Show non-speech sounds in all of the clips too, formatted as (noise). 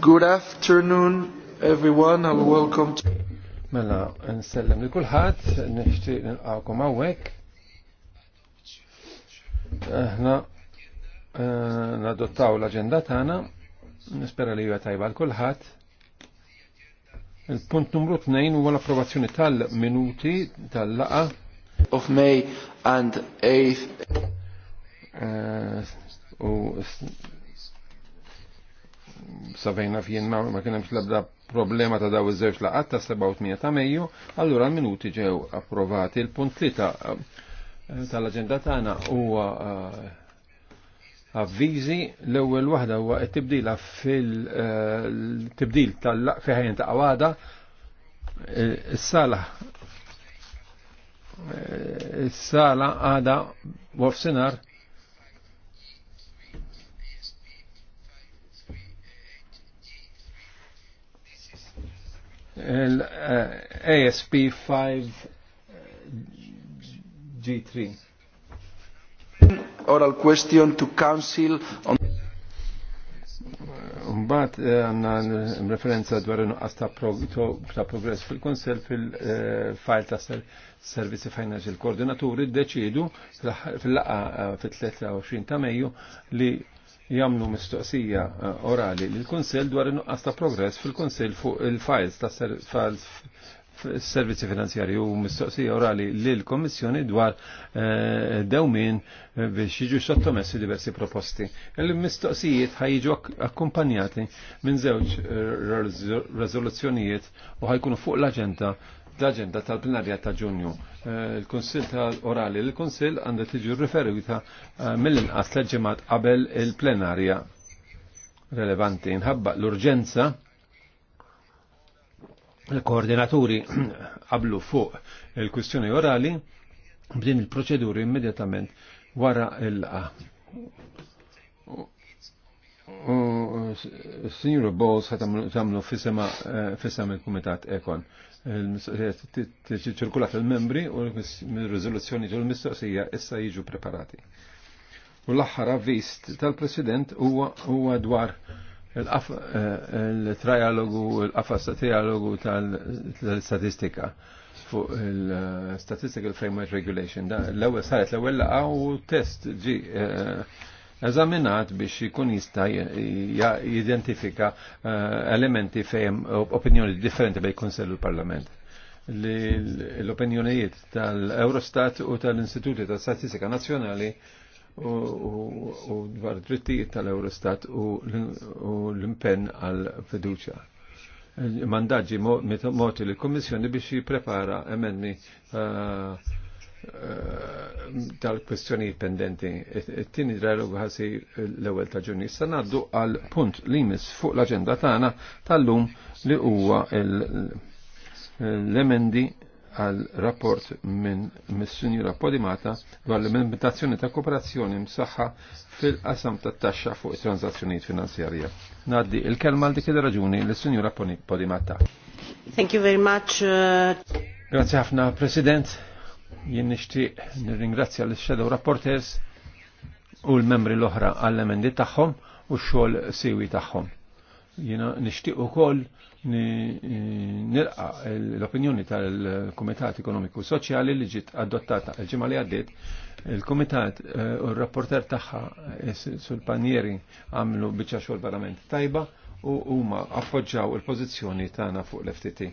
Good afternoon, everyone, and welcome to... Mela, nsellem li kullħat, nishti nilqawkom għawek. Aħna eh, nadottaw l-agenda tagħna, nispera li huwa tajba l kulħadd. Il-punt numru 2 huwa l-approvazzjoni tal-minuti tal-laqa of May and 8th Eh, u savejna fjien ma, ma kienem labda problema ta' daw iż-żewġ laqat ta' 7 ta' Mejju, allura l-minuti ġew approvati. Il-punt li ta' eh, tal agenda tagħna huwa eh, avviżi l-ewwel waħda huwa t-tibdila fil-tibdil tal-laqfiħajn ta' għawada is-sala is-sala għada wafsinar asp 5 5G3. Oral question to council on Mbagħad eh, għandna referenza dwar inqas ta' progress fil-Kunsell fil-fajl eh, ta' servizzi finanzjali. Il-koordinaturi ddeċidu fil-laqa eh, fit-23 ta' Mejju li jamlu mistoqsija eh, orali l kunsell dwar nuqqas ta' progress fil-Kunsel fuq il-files ta' servizzi finanzjari u mistoqsija orali l-Komissjoni dwar eh, dewmin eh, biex jiġu sottomessi diversi proposti. Il-mistoqsijiet ħajġu akkumpanjati minn żewġ rezoluzzjonijiet u ħajkunu fuq l-agenda l-agenda tal-plenarja ta' ġunju. Eh, Il-Konsil tal-orali, il-Konsil għandha tiġi riferita eh, mill-inqas l-ġemat qabel il-plenarja relevanti. Nħabba l-urġenza il-koordinaturi (clears throat) qablu fuq il-kwistjoni orali b'din il-proċeduri immedjatament wara il-laqa U s-sinjuru Bowles għatamlu fissema eh, il-Kumitat Ekon. Ċirkulat fil membri u l-rizoluzzjoni ġol mistoqsija issa jiġu preparati. U l-axħar avvist tal-President huwa dwar eh, il-trialogu, il-qafas trialogu tal-statistika fuq il-Statistical Framework Regulation. l ewel saret l ewel laqgħa u test ġi eh, eżaminat biex jkun jista' jidentifika eh, elementi fejn opinjoni differenti bej konsellu l-Parlament l-opinjonijiet tal-Eurostat u tal-Instituti tal-Statistika Nazjonali u dwar drittijiet tal-Eurostat u l-impenn għal fiduċa Mandaġi moti l-Kommissjoni biex jiprepara emenni eh, tal-kwestjoni pendenti. Tini tieni dialogu ħasir l ewel ta' Ġunju. Sanaddu għal punt li mis fuq l agenda tana tal-lum li huwa l-emendi għal rapport minn mis-Sinjura Podimata dwar l-implementazzjoni ta' kooperazzjoni msaħħa fil-qasam ta' taxxa fuq it-transazzjonijiet finanzjarja. Naddi il-kelma għal dik il-raġuni lis-Sinjura Podimata. Thank you very much. Uh, Grazie ħafna, President jien nixtieq nirringrazzja l-Shadow Rapporters u l-membri l-oħra għall-emendi tagħhom u x-xogħol siwi tagħhom. Jiena nixtieq ukoll nilqa l-opinjoni tal-Kumitat Ekonomiku Soċjali li ġiet adottata l-ġimgħa li għaddiet il-Kumitat eh, u r-rapporter tagħha eh, sul-Panieri għamlu biċċa xogħol verament tajba u huma appoġġaw il-pożizzjoni tagħna fuq l-FTT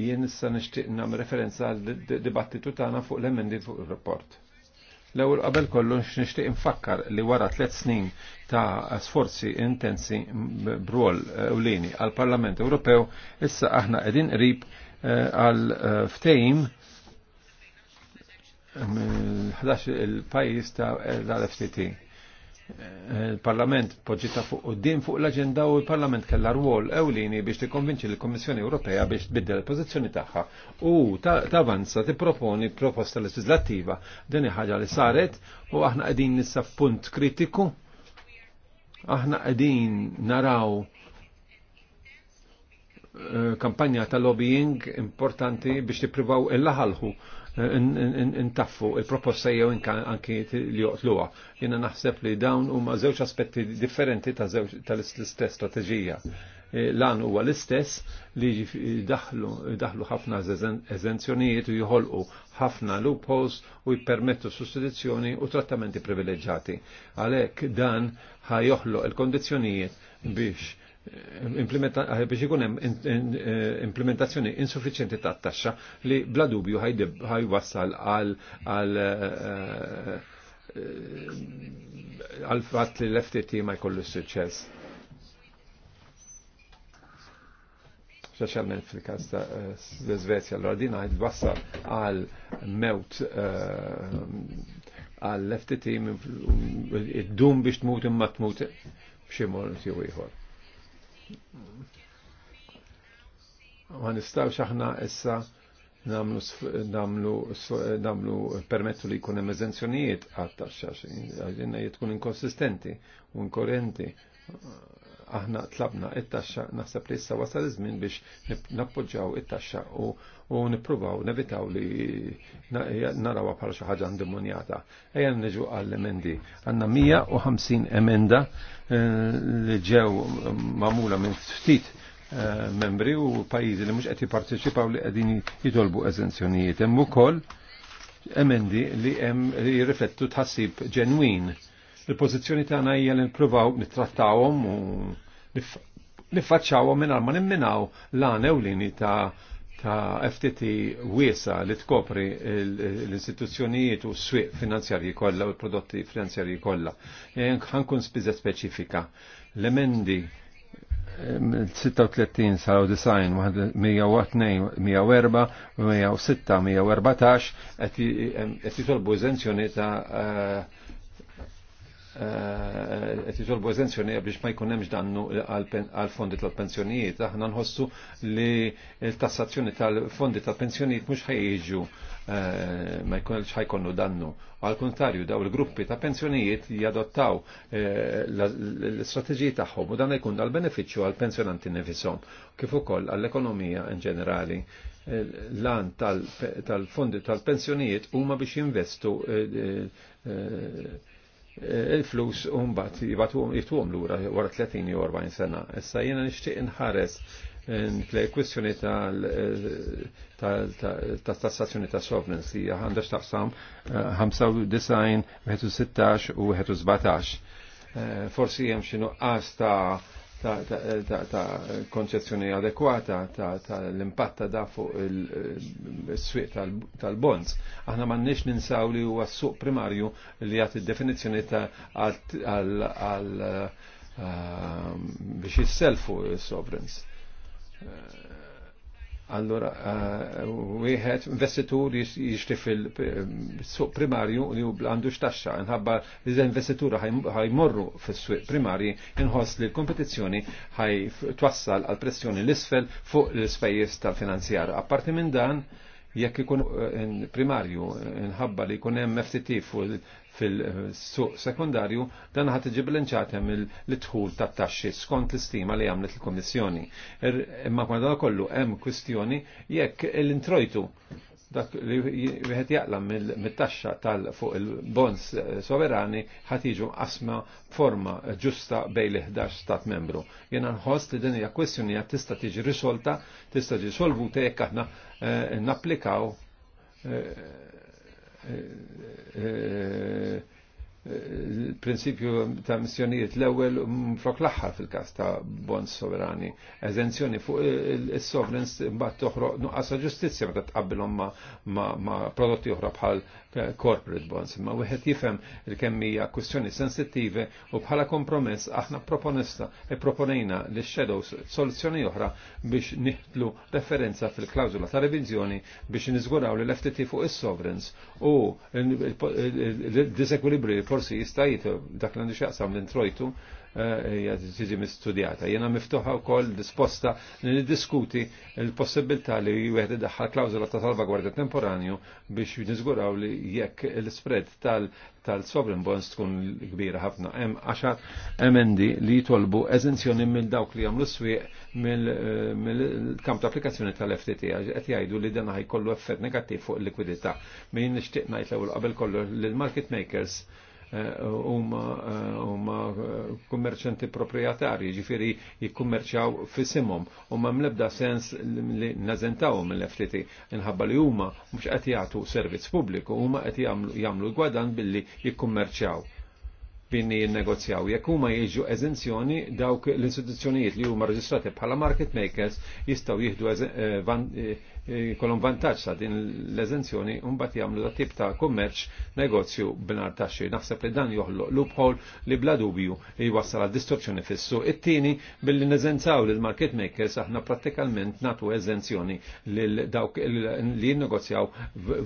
jien issa nixtieq nam referenza għal dibattitu tagħna fuq l-emendi fuq ir-rapport. L-ewwel qabel kollox nixtieq infakkar li wara tliet snin ta' sforzi intensi brol ewlieni għal Parlament Ewropew, issa aħna qegħdin qrib eh, għal eh, ftejim 11 il-pajjiż ta' l-FTT il-Parlament poġġita fuq u din fuq l-agenda u il-Parlament kella rwol ewlini biex tikkonvinċi l-Kommissjoni Ewropea biex tbiddel il-pożizzjoni tagħha u tavanza tipproponi proposta leġislattiva. Din ħaġa li saret u aħna qegħdin nissa punt kritiku. Aħna qegħdin naraw eh, kampanja ta' lobbying importanti biex tippruvaw il-laħalħu intaffu il-proposta jew anki li joqtluha. Jiena naħseb li dawn huma żewġ aspetti differenti ta' tal-istess strateġija. E, lan huwa l-istess li daħlu ħafna eżenzjonijiet u jħolqu ħafna loopholes u jippermettu sostituzzjoni u trattamenti privileġġati. Għalhekk dan ħajoħloq il-kondizzjonijiet biex Eh, biex ikun hemm eh, implementazzjoni insuffiċjenti tat-taxxa li bla dubju ħajwassal għal eh, għal fatt li l-FTT ma jkollu suċċess. Speċjalment fil-każ ta' Svezja l din għajd wassal għal mewt għal FTT id-dum biex tmut imma tmut b'xi mod ieħor. Ma nistawx aħna issa namlu, namlu, namlu permettu li jkun hemm eżenzjonijiet għat-taxxa, għalina tkun inkonsistenti u inkorrenti aħna tlabna it-taxxa naħseb li issa wasal iż-żmien biex nappoġġaw it-taxxa u nippruvaw nevitaw li narawha bħala xi ħaġa ndimonjata. Ejja niġu għall-emendi. Għandna 150 emenda eh, li ġew magħmula minn ftit eh, membri u pajjiżi li mhux qed jipparteċipaw li qegħdin jitolbu eżenzjonijiet. Hemm ukoll emendi li hemm li jirriflettu tħassib ġenwin Il-pozizjoni tagħna hija li nippruvaw nittrattawhom u niffaċċawhom mingħajr ma nimminaw l għan ewlini ta' ta' FTT wiesa li tkopri l-istituzzjonijiet u s-swieq finanzjarji kollha u l-prodotti finanzjarji kollha. E, ħankun spiza speċifika. L-emendi 36 saraw design 104 106 114 qed jitolbu eżenzjoni ta' eh, Eh, qed jitolbu eżenzjoni biex ma jkun hemmx dannu għal fondi tal-pensjonijiet. Aħna nħossu li l-tassazzjoni tal-fondi tal-pensjonijiet mhux ħejġu eh, ma jkunx ħajkollu dannu. Għal kontrarju daw il-gruppi ta' pensjonijiet jadottaw eh, l-istrateġiji tagħhom u dan jkun dal-benefiċċju għal pensjonanti nifisom kif ukoll għall-ekonomija in ġenerali l-an tal-fondi tal-pensjonijiet huma biex jinvestu Eh, il-flus umbat jitwom l-ura wara 30 u 40 sena. Issa jena nishtiq nħares eh, kwestjoni eh, ta' tassazzjoni ta' sovnensi għandax taqsam 95, 16 u 17. Forsi jem xinu qas ta' konċezzjoni adekwata ta' l-impatt ta' da' fuq il-swiq tal-bonds. Aħna m'għandniex ninsaw li huwa s-suq primarju li jagħti definizzjoni ta' għal uh, biex jisselfu sovereigns uh, Allora, eh, wieħed investitur jixtri fil-suq primarju li għandu xtaxxa, nħabba li l-investitura ħajmorru fil-suq primarji, inħoss li l-kompetizzjoni ħaj twassal għal pressjoni l-isfel fuq l-ispejjeż tal-finanzjar. Apparti minn dan, jekk ikun eh, primarju eh, nħabba li jkun hemm FTT fuq fil-suq sekundarju dan ħat iġib l-inċatem l-tħul ta' taxxi skont l-istima li għamlet l-Komissjoni. Er, imma kwa kollu hemm kwistjoni jekk l-introjtu dak li wieħed jaqlam mit-taxxa tal fuq il-bonds eh, soverani ħad jiġu asma forma ġusta bej l-11 stat membru. Jiena nħoss li din hija kwestjoni qed tista' tiġi risolta, tista' tiġi solvuta jekk aħna eh, napplikaw eh, uh, uh, il-prinċipju ta' missjonijiet l-ewwel mflok l-aħħar fil-każ ta' bonds sovrani. Eżenzjoni fuq is-sovereigns mbagħad toħroq nuqqas ġustizzja meta tqabbilhom ma' prodotti oħra bħal corporate bonds. Ma wieħed jifhem li kemm hija kwistjoni sensittive u bħala kompromess aħna proponista e proponejna li shadows soluzzjoni oħra biex niħtlu referenza fil klawzula ta' revizjoni biex niżguraw li l-FTT fuq is-sovereigns u l-disekwilibri forsi jista' dak l-għandu xaqsam l-introjtu eh, tiġi mistudjata. Jena miftuħa u koll disposta li niddiskuti l-possibilità li wieħed daħħal klawzula ta' salvagwardja temporanju biex nizguraw li jekk l-spread tal-sovereign bonds tkun kbira ħafna. Hemm għaxar emendi li jitolbu eżenzjoni mill dawk li jagħmlu swieq eh, mill-kamp ta' applikazzjoni tal-FTT qed jgħidu li dan ħajkollu effett negattiv fuq il-likwidità. Min nixtieq ngħid l-ewwel qabel kollu lill-market makers Eh, huma eh, eh, kummerċanti proprietari, ġifieri jikkummerċaw fisimhom u ma l-ebda sens li nażentawhom mill-FTT inħabba li huma mhux qed jagħtu servizz pubbliku, huma qed jagħmlu jagħmlu gwadan billi jikkummerċaw bini jinnegozjaw. Jek huma jiġu eżenzjoni dawk l-istituzzjonijiet li huma reġistrati bħala market makers jistgħu jieħdu eh, eh, eh, kolom vantaġġ ta' din l-eżenzjoni u mbagħad jagħmlu dat tip ta' kummerċ negozju b'nar taxxi. Naħseb li dan joħloq loophole li bla dubju jwassal għal distorzjoni fissu. It-tieni billi neżenzaw lil market makers aħna prattikalment natu eżenzjoni lil dawk li jinnegozjaw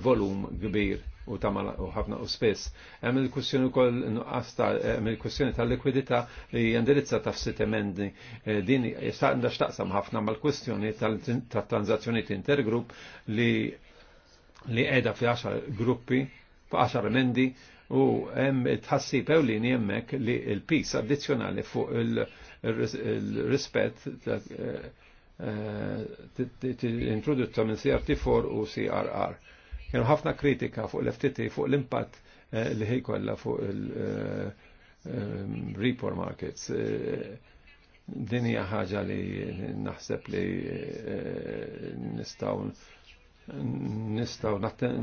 volum kbir u tamal u ħafna u spess. Hemm il-kwistjoni wkoll nuqqas hemm il-kwistjoni tal-likwidità li jindirizza ta' fsit emendi e, din għandha x'taqsam ħafna mal-kwistjoni tat-tranzazzjonijiet intergrupp li li qiegħda fi 10 gruppi fi 10 emendi u hemm tħassib ewlieni hemmhekk li l-pis addizzjonali fuq il-rispett e, e, introdutta minn CRT4 u CRR Kienu ħafna kritika fuq l-FTT, fuq l-impatt eh, li ħejkolla fuq il-report eh, eh, markets din hija ħaġa li naħseb li nistaw nistaw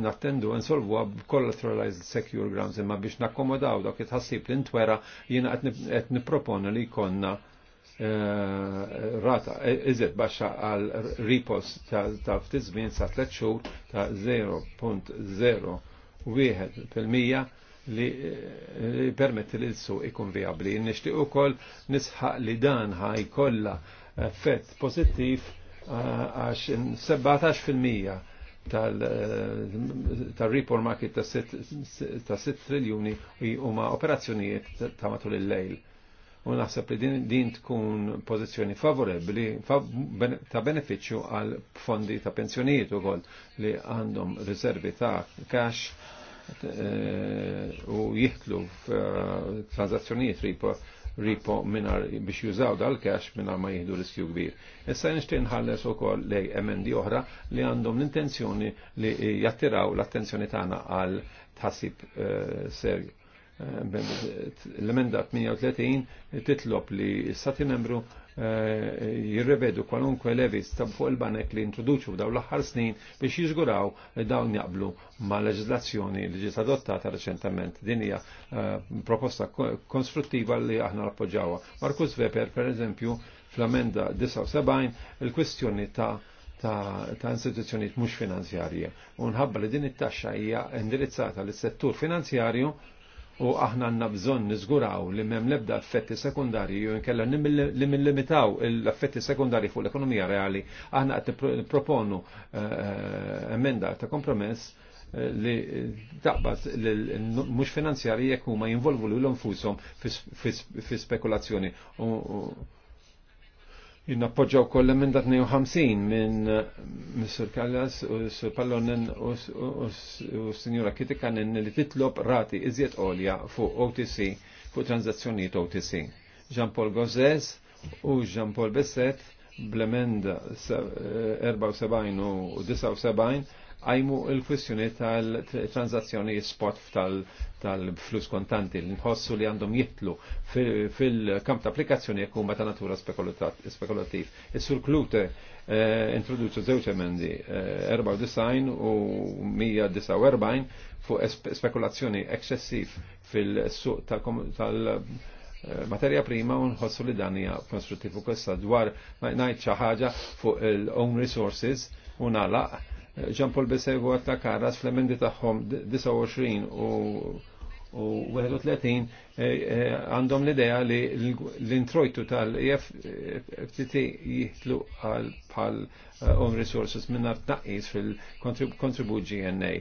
nattendu nsolvu collateralized secure grounds imma biex nakkomodaw dak it-ħassib li ntwera jiena qed nipproponu li jkollna Eh, rata eh, iżet baxa għal ripos ta' ftit żmien sa' tliet xhur ta' 0.01 fil-mija eh, li permetti li l-su ikun viabli. u ukoll nisħaq li dan kolla effett pozittiv għax 17% tal repo market ta' 6 triljuni huma operazzjonijiet ta' matul il-lejl u naħseb li din, din tkun pożizzjoni favorevoli ta' beneficju għal fondi ta' pensjonijiet ukoll li għandhom riservi ta' cash eh, u jihlu f'transazzjonijiet eh, ripo ripo minar biex jużaw dal-cash minar ma jihdu riskju kbir. Issa nishtin ħalles u koll lej emendi oħra li għandhom l-intenzjoni li jattiraw l-attenzjoni tagħna għal tħassib eh, serju l-emenda 38 titlob li s-sati membru eh, jirrevedu kwalunkwe levis ta' fuq il-banek li introduċu daw l-aħħar snin biex jiżguraw dawn jaqblu ma' leġislazzjoni li ġiet adottata reċentament. Din hija eh, proposta konstruttiva li aħna rappoġġawha. Markus Weber, per eżempju, fl-amenda 79 il-kwestjoni ta' ta', ta istituzzjonijiet mhux finanzjarje. Unħabba li din it-taxxa hija indirizzata lis settur finanzjarju u aħna għanna bżon nizguraw li mem lebda effetti sekundari u nkella li millimitaw l-effetti sekundari fuq l-ekonomija reali, aħna għat proponu eh, eh, emenda ta' kompromess eh, li taqbad mux finanzjari jekk huma jinvolvu l-infushom fi spekulazzjoni Jinnappoġġaw koll dat 52 minn eh, Mr. Kallas u Sir Pallonen u Sinjura Kitikanen li titlob rati iżjed olja fuq OTC, fuq transazzjonijiet OTC. Jean-Paul Gozes u Jean-Paul Besset blemenda 74 eh, u 79 għajmu il-kwissjoni tal-transazzjoni spot tal-flus kontanti li nħossu li għandhom jitlu fil-kamp ta' applikazzjoni jekk ma ta' natura spekulativ. Is-sur Klute eh, introduċu żewġ emendi 94 eh, u 149 fuq spekulazzjoni eċċessiv fil-suq tal- materja prima u nħossu li danija konstruttivu kossa dwar ma najt xi ħaġa fuq il-own resources u nalaq Ġan Paul għatta karas fl-emendi tagħhom 29 u u 31 eh, eh, għandhom l-idea li l-introjtu tal-FTT jihtlu għal pal eh, own resources minna tnaqis fil-kontribut GNA.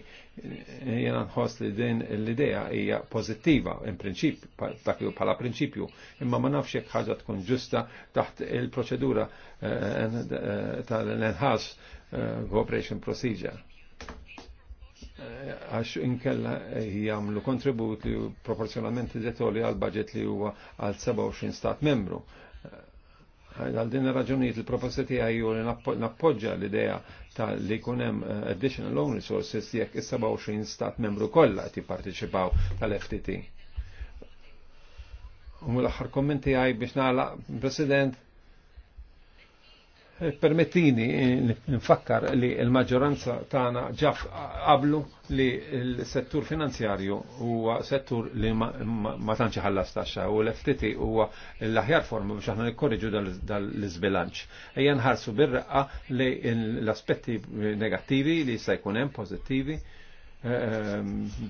Jena nħoss li din l-idea hija pozittiva in prinċip, dak pala prinċipju, imma ma nafx jekk ħaġa tkun ġusta taħt il-proċedura tal-enħas Uh, cooperation procedure uh, għax inkella eh, jgħamlu kontribut li proporzjonalment detoli għal budget li huwa għal 27 stat membru. Uh, għal din raġunijiet il-proposta tiegħi ju li nappoġġa l-idea ta' li kunem eh, additional loan resources jekk is-27 stat membru kollha qed jipparteċipaw tal-FTT. U l-aħħar kommenti għaj biex nagħlaq President Permettini eh, nfakkar li l-maġġoranza tagħna ġaf qablu li l-settur finanzjarju huwa settur li ma tantx ħallas taxxa u l-FTT huwa l-aħjar forma biex aħna nikkorriġu dal-iżbilanċ. Ejja nħarsu bir reqqa li l-aspetti negattivi li jista' jkun hemm pożittivi eh,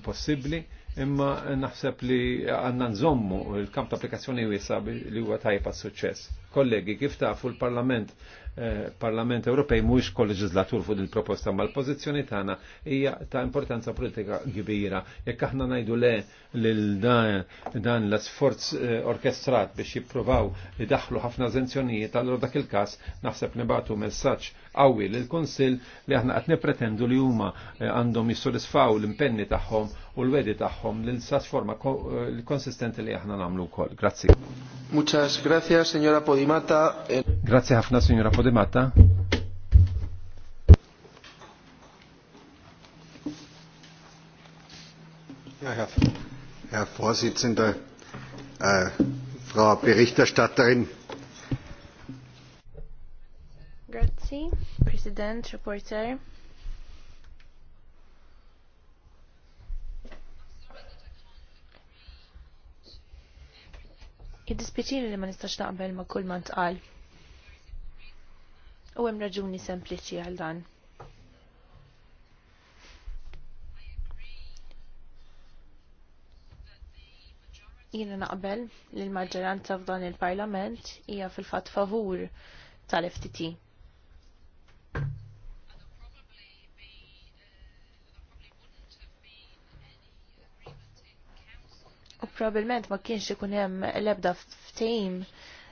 possibbli imma naħseb li għanna nżommu il-kamp ta' applikazzjoni wisa li huwa tajba s-suċċess. Kollegi, kif fu l-Parlament Parlament Ewropej mhuwiex kolleġislatur fuq il-proposta mal-pożizzjoni tagħna hija ta' importanza politika kbira. Jekk aħna ngħidu le lil dan l-sforz eh, orkestrat biex jippruvaw idaħlu ħafna żenzjonijiet, allura dak il-każ naħseb nibatu messaġġ qawwi lill-Kunsill li aħna qed nippretendu li huma eh, għandhom jissodisfaw l-impenni tagħhom u l-wedi taħħom l sas forma eh, konsistenti li aħna namlu kol. Grazzi. Muchas gracias, signora Podimata. Grazzi ħafna, signora Podimata. Ja, Herr, Herr Vorsitzender, äh, Frau Berichterstatterin. Grazie, President, Reporter. Jiddispjaċini li ma nistax naqbel ma' kull man tqal. U hemm raġuni sempliċi għal dan. Jiena naqbel li l-maġġoranza f'dan il-Parlament hija fil-fatt favur tal-FTT. probabilment ma kienx ikun hemm l-ebda ftehim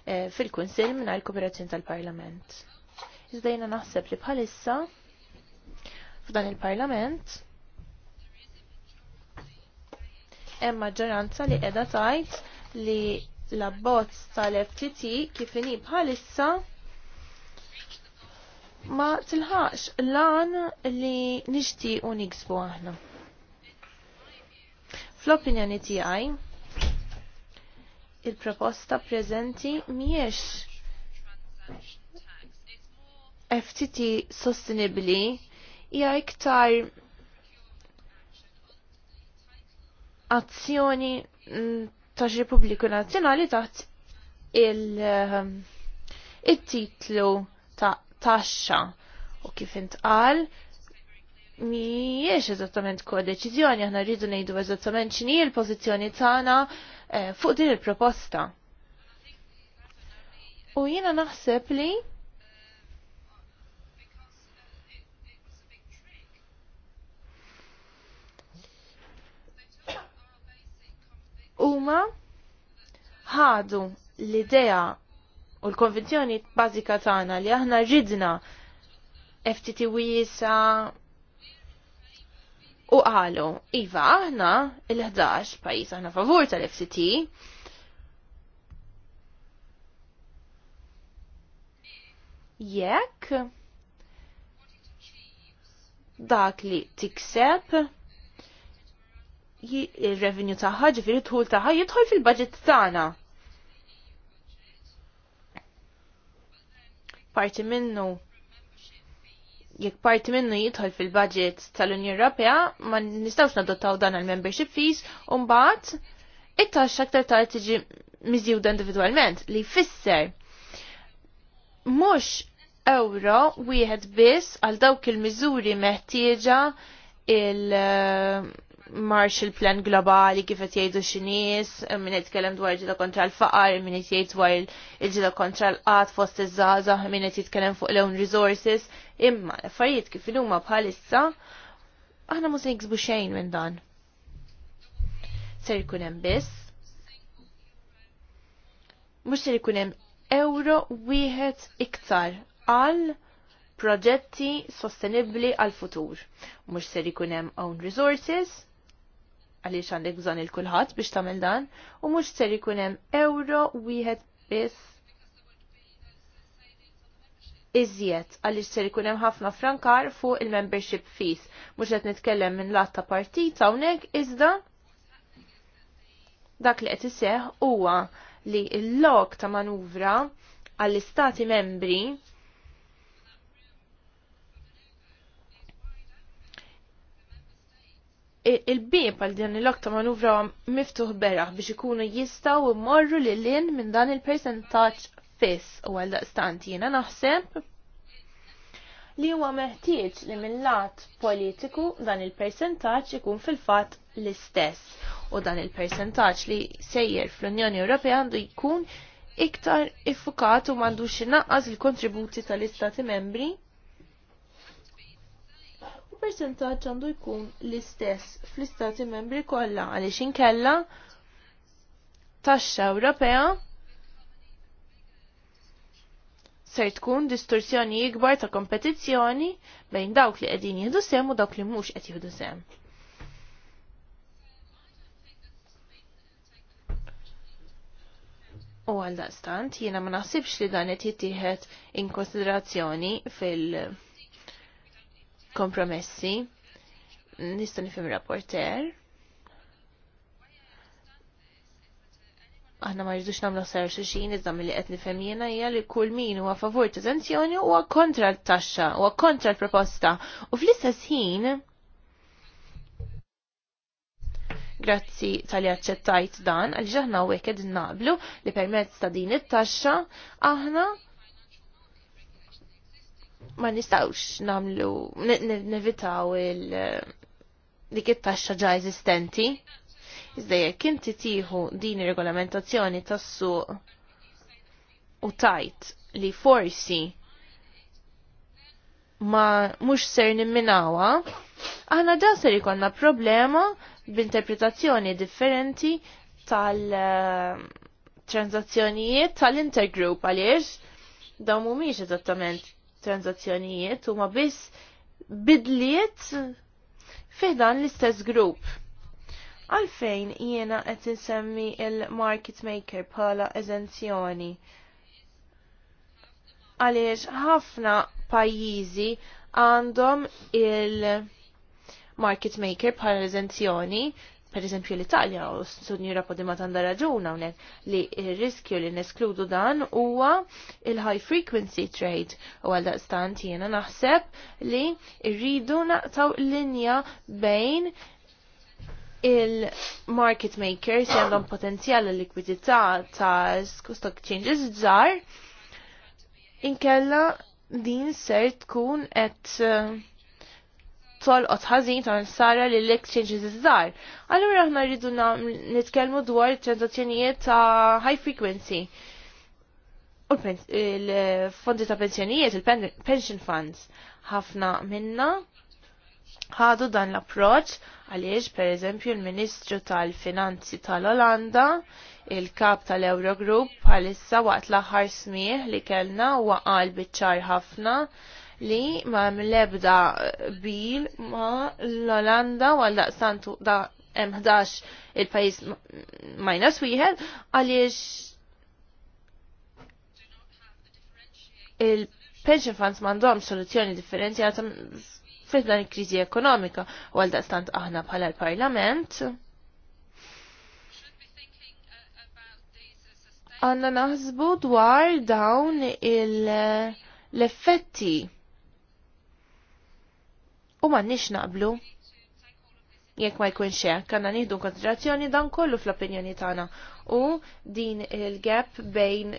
eh, fil-Kunsill mingħajr kooperazzjoni tal-Parlament. Iżda naħseb li bħalissa f'dan il-Parlament hemm maġġoranza li qiegħda tgħid li l-abbozz tal-FTT kif inhi bħalissa ma tilħaqx lan li nixtiequ niksbu aħna. Fl-opinjoni tiegħi il-proposta preżenti miex FTT sostenibbli hija iktar azzjoni mm, tax Repubbliku Nazzjonali taħt il-titlu um, ta' taxxa u kif intqal miex eżattament deċiżjoni, aħna rridu ngħidu eżattament x'inhi l-pożizzjoni tagħna Eh, fuq din il-proposta. U jiena naħseb li huma ħadu l-idea u l-konvenzjoni bażika tagħna li aħna ridna FTT wiesa u għalu, iva aħna il-11 pajjiż aħna favur tal-FCT jekk dak li tikseb il-revenju taħħa ġifiri tħul taħħa jidħol fil-budget tagħna. Parti minnu jekk parti minnu jidħol fil-budget tal-Unjoni Ewropea, ma nistgħux nadottaw dan għal-membership fees, u mbagħad it-taxxa aktar tard tiġi miżjuda individwalment li jfisser mhux euro wieħed biss għal dawk il-miżuri meħtieġa il- Marshall Plan globali kif qed jgħidu nies, min qed jitkellem dwar ġila kontra l-faqar, min qed jgħid dwar il-ġila kontra l qat fost iż-żgħażagħ, min qed jitkellem fuq l-own resources, imma l-affarijiet kif huma bħalissa aħna mhux se jiksbu xejn minn dan. Ser ikun hemm biss. Mhux ser ikun hemm euro wieħed iktar għal proġetti sostenibli għal futur. Mhux ser ikun hemm own resources, għaliex għandek bżonn il-kulħadd biex tagħmel dan u mhux ser ikun hemm euro wieħed biss iżjed għaliex ser ikun hemm ħafna frankar fuq il-membership fees. Mhux qed nitkellem minn lat ta' partit hawnhekk iżda dak li qed iseħħ huwa li l-lok ta' manuvra għall-istati membri il-bib għal din l-okta manuvra miftuħ beraħ biex ikunu jistaw immorru li l-in minn dan il-percentaċ fiss u għal daqstant jina naħseb li huwa meħtieġ li mill-lat politiku dan il-percentaċ ikun fil-fat l-istess u dan il-percentaċ li sejjer fl-Unjoni Ewropea għandu jkun iktar iffukat u mandux xinaqqas il-kontributi tal-istati membri il-percentaġġ għandu jkun l-istess fl-istati membri kollha għaliex inkella taxxa Ewropea ser tkun distorsjoni ikbar ta' kompetizzjoni bejn dawk li qegħdin jieħdu sem u dawk li mhux qed jieħdu sem. U għal daqstant jiena ma naħsibx li dan qed jittieħed in konsiderazzjoni fil- kompromessi. Nista' nifhem rapporter. aħna ma rridux nagħmlu sar xulxin iżda milli qed nifhem jiena hija li kull min huwa favur tensjoni huwa kontra l-taxxa, huwa kontra l-proposta. U fl-istess ħin Grazzi tal-li aċċettajt dan għal ġaħna u għeked naqblu li permezz ta' din it-taxxa aħna ma nistawx namlu nevitaw il eh, dik it-taxxa ġa eżistenti. Iżda jekk inti tieħu din ir-regolamentazzjoni tas-suq u tajt li forsi ma mhux ser nimminawa, aħna ġa ser ikonna problema b'interpretazzjoni differenti tal-transazzjonijiet eh, tal-intergroup għaliex dawn mhumiex eżattament transazzjonijiet huma biss bidliet fiħdan l-istess grupp. Għalfejn jiena qed insemmi il-market maker bħala eżenzjoni. Għaliex ħafna pajjiżi għandhom il- market maker bħala eżenzjoni per eżempju l-Italja u s-sunjura podima tanda raġuna unek li il-riskju li neskludu dan huwa il-high frequency trade u għal daqstant jena naħseb li rridu naqtaw linja bejn il-market makers għandhom potenzjal l-likwidità ta' stock changes żgħar inkella din ser tkun qed tolqot ħażin ta' sara li l-exchanges iż-żgħar. Allura aħna rridu nitkellmu dwar transazzjonijiet ta' high frequency. U l-fondi ta' pensjonijiet, il-pension funds, ħafna minna ħadu dan l-approċ għaliex per eżempju ministru tal-Finanzi tal-Olanda il-kap tal-Eurogroup għalissa waqt l-aħħar smieħ li kellna waqal biċċar ħafna li ma mlebda bil ma l-Olanda għal santu da M11 il-pajis minus wieħed għaliex il-pension funds mandom soluzzjoni differenzjata fil dan il-kriżi ekonomika u għal daqstant aħna bħala l-Parlament. Għanna naħsbu dwar dawn il- l-effetti u m'għandniex naqblu jekk ma jkunx hekk kanna nieħdu konsiderazzjoni dan kollu fl-opinjoni tagħna u din il-gap bejn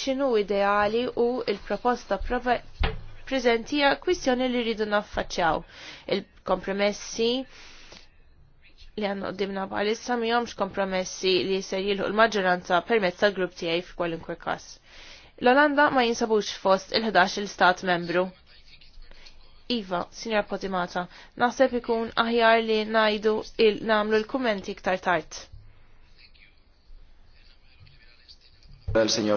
x'inhu ideali u il-proposta prezentija kwistjoni li rridu naffaċċjaw. Il-kompromessi li għannu qoddimna bħalissa miħomx kompromessi li ser jilħu l-maġġoranza permezz tal-grupp tiegħi f'kwalunkwe każ. L-Olanda ma jinsabux fost il-11 il-stat membru Iva, Sinjar Potimata, naħseb ikun aħjar li najdu il-namlu l-kummenti iktar tard. Thank you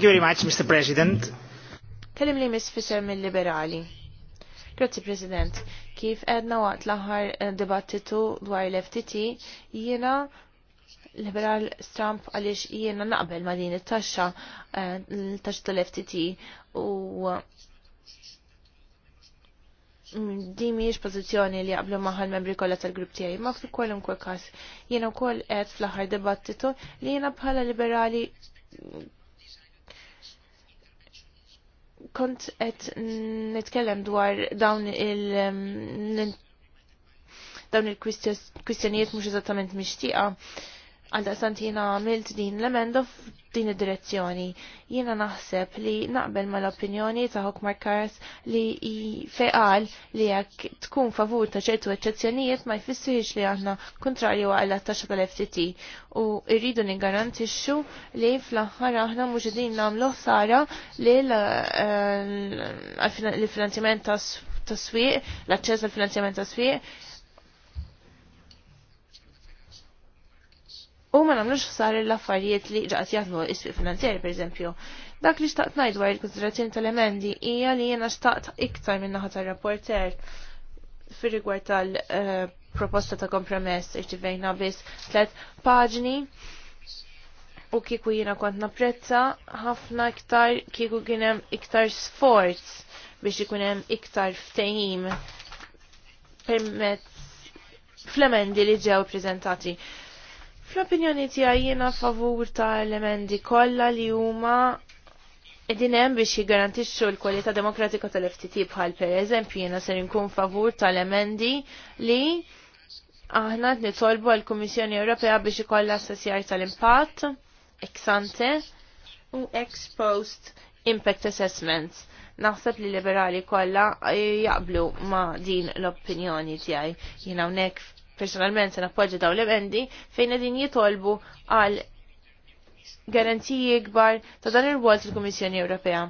very much, Mr. President. Kellim li mis fisser mill-liberali. Grazzi, President. Kif edna waqt l-aħħar eh, dibattitu dwar l-FTT, jiena liberal Trump għaliex jiena naqbel ma din it-taxxa eh, l-taxxa tal-FTT u mm, di miex pozizjoni li għablu maħal membri kollha tal-grupp tiegħi, ma fi kwalunkwe każ jiena wkoll qed fl-aħħar dibattitu li jiena bħala liberali kont qed nitkellem dwar dawn il mm, dawn il-kwistjonijiet mhux eżattament mixtieqa Għalda santina għamilt din l-emenda f'din id-direzzjoni. Jiena naħseb li naqbel ma l-opinjoni ta' Hokmar Kars li feqal li jekk tkun favur ta' ċertu eċċezzjonijiet ma jfissirx li aħna kontrarju għal taxxa tal-FTT u rridu nigarantixxu li fl-aħħar aħna mhux qegħdin nagħmlu ħsara li l-finanzjament eh, tas-swieq, l-aċċess għal finanzjament tas-swieq U ma namlux xsar l-affarijiet li ġaqat jazmu isfiq Finanzjeri per eżempju. Dak li xtaqt najd dwar il-konsiderazzjoni tal-emendi hija li jena xtaqt iktar minna naħa rapporter fir rigward tal-proposta ta' kompromess irċivejna biss tlet paġni u kieku jiena kont napprezza ħafna iktar kieku kienem iktar sforz biex ikunem iktar ftehim permezz fl-emendi li ġew prezentati. Fl-opinjoni tiegħi jiena favur ta' elementi kollha li huma qegħdin hemm biex jiggarantixxu l-kwalità demokratika tal-FTT bħal pereżempju jiena ser nkun favur ta' elementi li aħna qed nitolbu għall-Kummissjoni Ewropea biex ikollha assessjar tal-impatt ex ante u ex post impact assessments naħseb li liberali kollha jaqblu ma' din l-opinjoni tiegħi. Jiena hawnhekk personalment se nappoġġa dawn l-emendi fejn qegħdin jitolbu għal garanziji ikbar ta' dan il-wol fil-Kummissjoni Ewropea.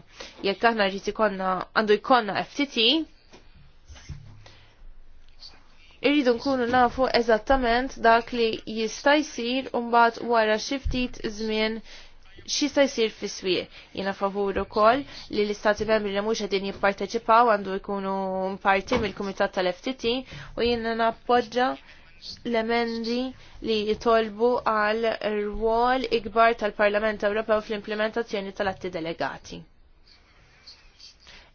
Jekk aħna rrid ikonna għandu jkollna FTT, irridu nkunu nafu eżattament dak li jista' jsir u mbagħad wara xi ftit żmien xista jisir fi swie. Jina favur u koll li l-istati membri li mux għedin jipparteċipaw għandu jkunu parti mill-Kumitat tal-FTT u jina nappoġġa l-emendi li jitolbu għal rwol ikbar tal-Parlament Ewropew fl-implementazzjoni tal-atti delegati.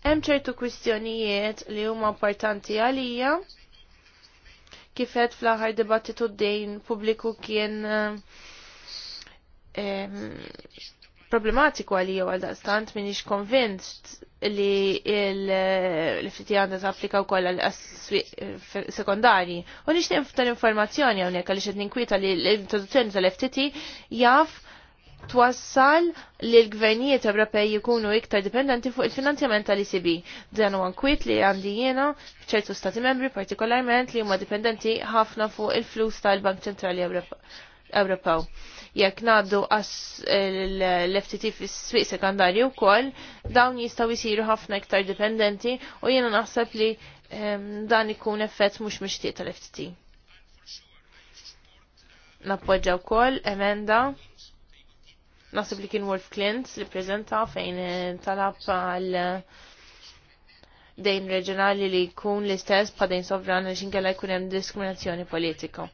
Hemm ċertu kwistjonijiet li huma importanti għalija kifet fl-aħħar dibattitu d-dejn pubbliku kien eh, problematiku għalija għal daqstant ix konvinst li l-ftit għandha tapplika wkoll għal sekondari. U nixtieq tal-informazzjoni hawnhekk għaliex qed ninkwita li l-introduzzjoni tal-FTT jaf twassal li l-gvernijiet Ewropej jikunu iktar dipendenti fuq il-finanzjament tal icb Dan huwa nkwiet li għandi jiena ċertu stati membri partikolarment li huma dipendenti ħafna fuq il-flus tal-Bank Ċentrali Ewropej. Ewropew. Jekk ngħaddu għas l-FTT fis-swieq sekandarju wkoll, dawn jistgħu jsiru ħafna iktar dipendenti u jiena naħseb li ehm, dan ikun effett mhux mixtieq tal-FTT. Nappoġġa wkoll emenda naħseb li kien Wolf Clint li preżenta fejn eh, talab għal eh, dejn reġjonali li jkun l-istess pa' dejn sovran għax inkella jkun hemm diskriminazzjoni politika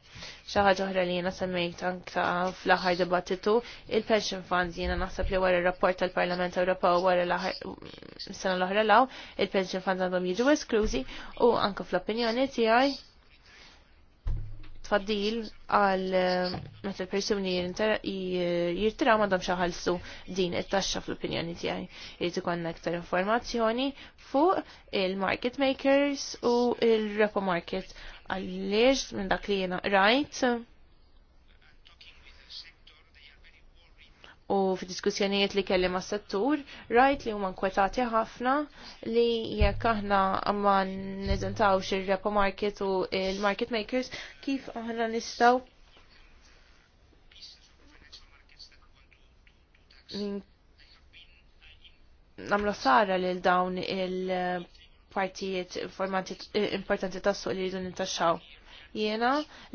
xi ħaġa oħra li jiena semmejt anke fl-aħħar dibattitu, il-pension funds jiena naħseb li wara r-rapport tal-Parlament Ewropew wara l-sena l-oħra law, il-pension funds għandhom jiġu esklużi u anke fl-opinjoni tiegħi tfaddil għal eh, meta l-persuni jirtiraw għandhom xaħalsu din it-taxxa fl-opinjoni tiegħi. Irid ikun aktar informazzjoni fuq il-market makers u il-repo market għalliex minn dak li jena rajt. U fi diskussjonijiet li kelli ma' settur, rajt li huma nkwetati ħafna li jekk aħna ma neżentawx ir-repo market u il-market makers kif aħna nistgħu namlu sara lil dawn il- partijiet eh, importanti tas-suq li jridu nintaxxaw. Jiena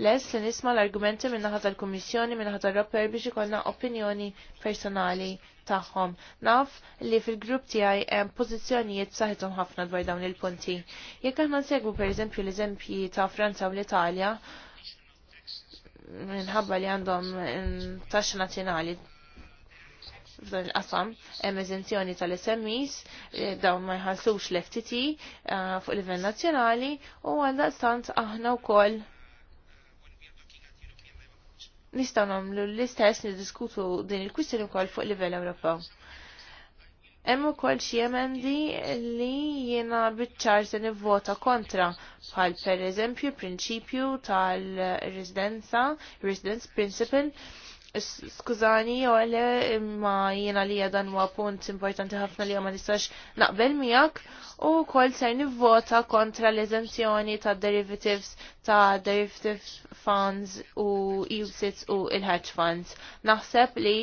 les li nisma' l-argumenti minn naħa tal-Kummissjoni minn naħa tar rapper biex ikollna opinjoni personali tagħhom. Naf li fil-grupp tiegħi hemm pożizzjonijiet saħithom ħafna dwar dawn il-punti. Jekk aħna nsegwu pereżempju l-eżempji ta' Franza u l-Italja, minħabba li għandhom mm, taxxa nazzjonali f'dan il-qasam hemm eżenzjoni tal-SMEs eh, dawn ma jħallsux l-FTT eh, fuq livell nazzjonali u għanda stant aħna wkoll nistgħu nagħmlu l-istess niddiskutu din il-kwistjoni wkoll fuq livell Ewropew. Hemm ukoll xi emendi li jiena biċ-ċar se nivvota kontra bħal pereżempju il-prinċipju tal-residenza, residence principle, Skużani, jo għale, ma jena li dan huwa punt importanti ħafna li ma nistax naqbel miegħek u kol ser nivvota kontra l-eżenzjoni ta' derivatives ta' derivatives funds u USITs u il-hedge funds. Naħseb li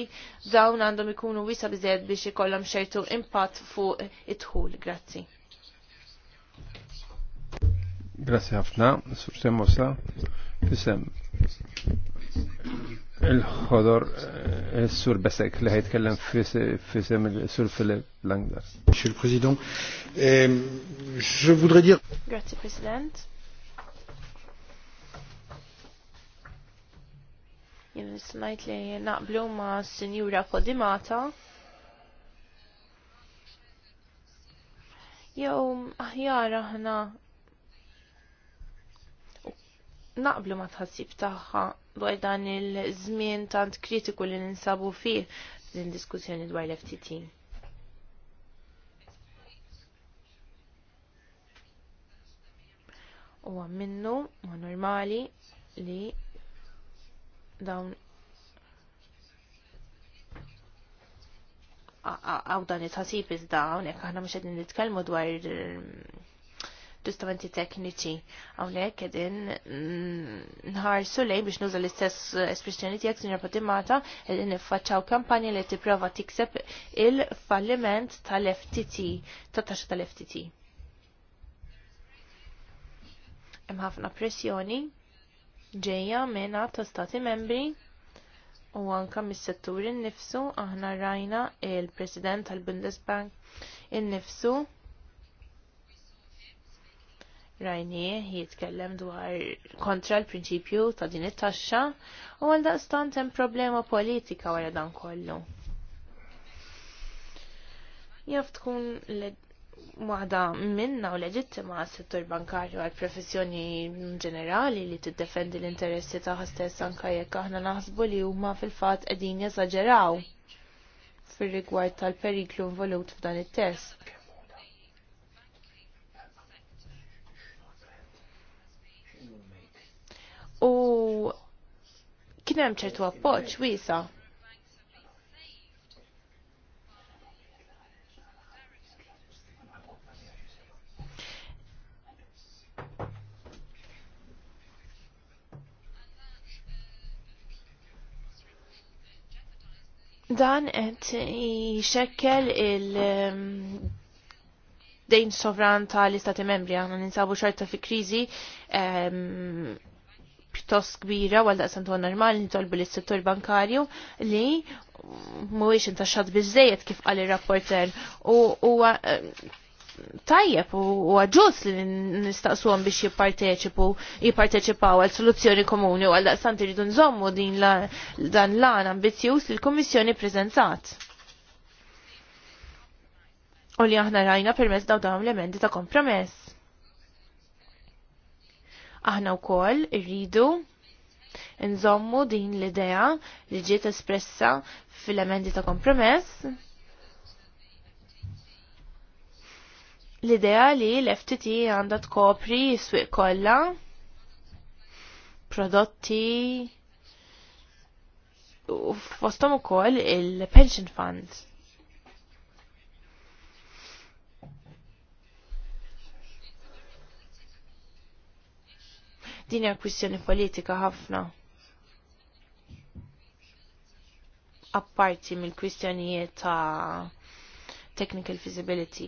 dawn għandhom ikunu wisa biżed biex ikollhom xertu impatt fuq it-tħul. Grazzi. Grazzi ħafna, Sur Mosla, tisem الخضر السور بسك اللي هيتكلم في في سم السور في Filip شو البريزيدون le Président, eh, je voudrais dire... Grazie, President. Jien smajt li naqblu ma' Sinjura Podimata. Jew aħjar aħna naqblu ma tħassib tagħha dwar dan il-żmien tant kritiku li ninsabu fih din diskussjoni dwar l-FTT. U minnu ma normali li dawn għaw dan it-ħasib iżda dawn, jek aħna mux għedin nitkelmu dwar l-istrumenti tekniċi. Hawnhekk qegħdin mm, nħarsu lej biex nuża l-istess eh, espressjoni tiegħek sinjor Patimata qegħdin niffaċċaw kampanja li tipprova tikseb il-falliment tal-FTT, ta' taxxa tal-FTT. Hemm ħafna pressjoni ġejja mena ta' stati membri u anka mis-settur in-nifsu aħna rajna il-President tal-Bundesbank innifsu rajni jitkellem dwar kontra l-prinċipju ta' din it-taxxa u għal daqstant hemm problema politika wara dan kollu. Jaf tkun waħda minna u leġittima s-settur bankarju għal professjoni ġenerali li tiddefendi l-interessi ta' stess anka jekk aħna naħsbu li huma fil-fatt qegħdin jeżaġeraw fir-rigward tal-periklu involut f'dan it-test u kien hemm ċertu appoġġ wiesa' Dan qed jxekkel il- um, dejn sovran tal-istati membri għanna ninsabu xorta fi krizi um, pjuttost kbira għal daqsan tuħan normali nitolbu li settur bankarju li mhuwiex intaxħad bizzejet kif qal ir-rapporter u huwa eh, tajjeb u għadġus li nistaqsuhom biex jipparteċipu jipparteċipaw għal soluzzjoni komuni u għal daqstant irridu nżommu din dan l-għan ambizjus li l-Kummissjoni preżentat. U li aħna rajna permezz daw dawn l-emendi ta' kompromess. Aħna wkoll irridu nżommu din l-idea li ġiet espressa fil-emendi ta' kompromess l-idea li l-FTT għandha tkopri s-swieq kollha prodotti u fostom ukoll il-pension funds. Din hija kwistjoni politika ħafna. Apparti mill-kwistjonijiet ta' technical feasibility.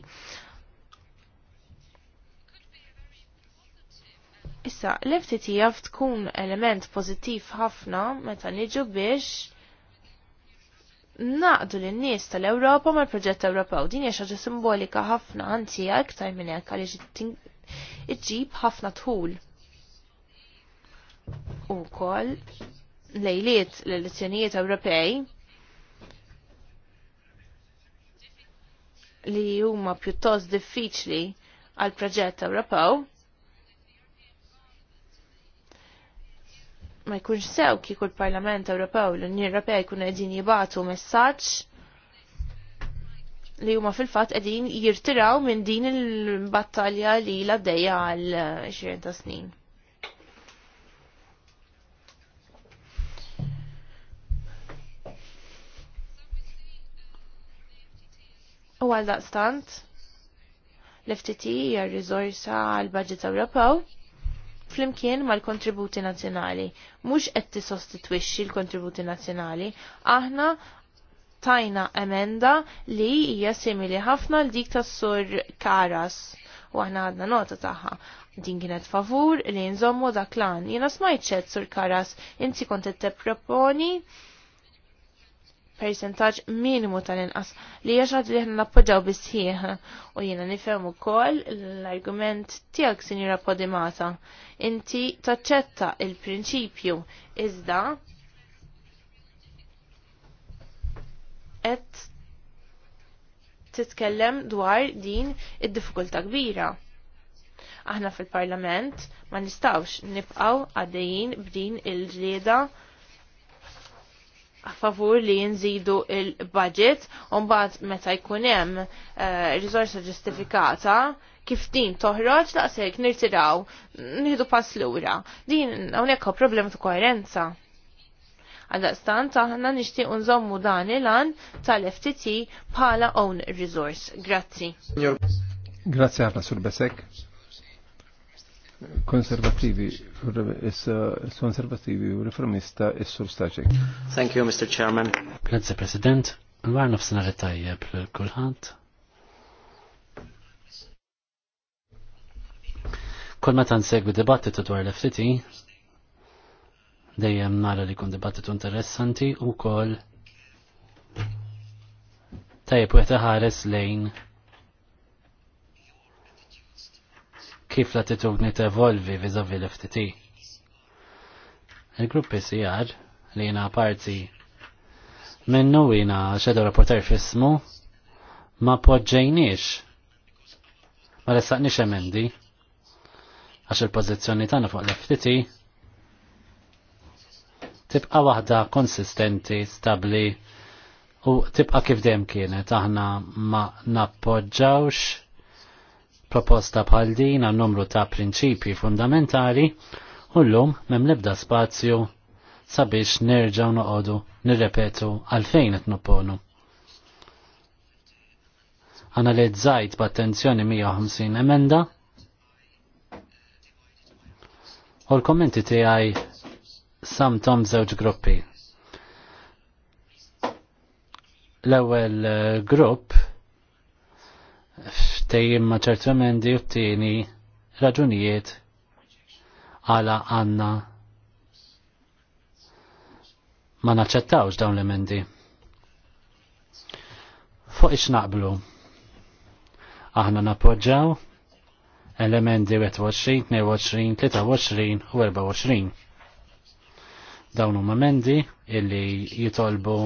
Issa, l-FTT jaf tkun element pozittiv ħafna meta niġu biex naqdu l-nies tal-Ewropa mal proġett Ewropew. Din hija ħaġa simbolika ħafna anzi aktar minn hekk għaliex iġġib ħafna tħul kol lejliet l-elezzjonijiet Ewropej li huma pjuttost diffiċli għal proġett Ewropew ma jkunx sew kieku l-Parlament Ewropew l-Unjoni Ewropea jkunu qegħdin jibatu messaġġ li huma fil-fatt qegħdin jirtiraw minn din il-battalja li la dejja għal 20 ta' snin. u għal daqstant l-FTT hija r-riżorsa għal budget Ewropew flimkien mal-kontributi nazzjonali. Mhux qed tisostitwixxi l-kontributi nazzjonali, aħna tajna emenda li hija simili ħafna l dik tas-sur Karas u aħna għadna nota taħħa. Din kienet favur li nżommu dak lan. Jiena smajt ċed sur Karas, inti kont proponi percentaġġ minimu tal-inqas li jaxħad li ħna nappoġġaw bis u jiena nifhem ukoll l-argument tiegħek Sinjura Podimata. Inti taċċetta il-prinċipju iżda qed titkellem dwar din id diffikultà kbira. Aħna fil-Parlament ma nistawx nibqgħu għaddejjin b'din il-ġlieda il il ġlieda favur li jinżidu il-budget u meta jkun hemm eh, risorsa ġustifikata kif din toħroġ daqshekk nirtiraw nieħdu pass lura. Din hawnhekk problema ta' koerenza. Għaldaqstant aħna nixtieq nżommu dan il-għan tal-FTT bħala own resource. Grazzi. Grazzi ħafna sur Besek konservativi konservativi u reformista is-sur staċek. Thank you, Mr. Chairman. Grazie, President. Nwar nofsinari tajjeb l-kulħant. Kol meta nsegwi dibattitu dwar l-FTT, dejjem nara li kun dibattitu interessanti u kol tajjeb u ħares lejn kif l-attitudni tevolvi vizavi l-FTT. Il-grupp PCR e li jina parti minnu jina xedu rapporter fismu ma poġġejniex ma ressaqniex emendi għax il-pozizjoni tagħna fuq l-FTT tibqa' waħda konsistenti, stabli u tibqa' kif dejjem kienet aħna ma nappoġġawx proposta bħal din għal numru ta' prinċipji fundamentali u llum m'hemm nibda spazju sabiex nerġgħu noqogħdu nirrepetu għalfejn qed nopponu. Analizzajt b'attenzjoni 150 emenda u l-kommenti tiegħi samtom żewġ gruppi. L-ewwel eh, grupp ftejim ma' ċertu emendi u t-tieni raġunijiet għala għanna ma naċċettawx dawn l-emendi. Fuq ix naqblu. Aħna napoġġaw elementi 21, 22, 23 u 24. Dawn huma emendi illi jitolbu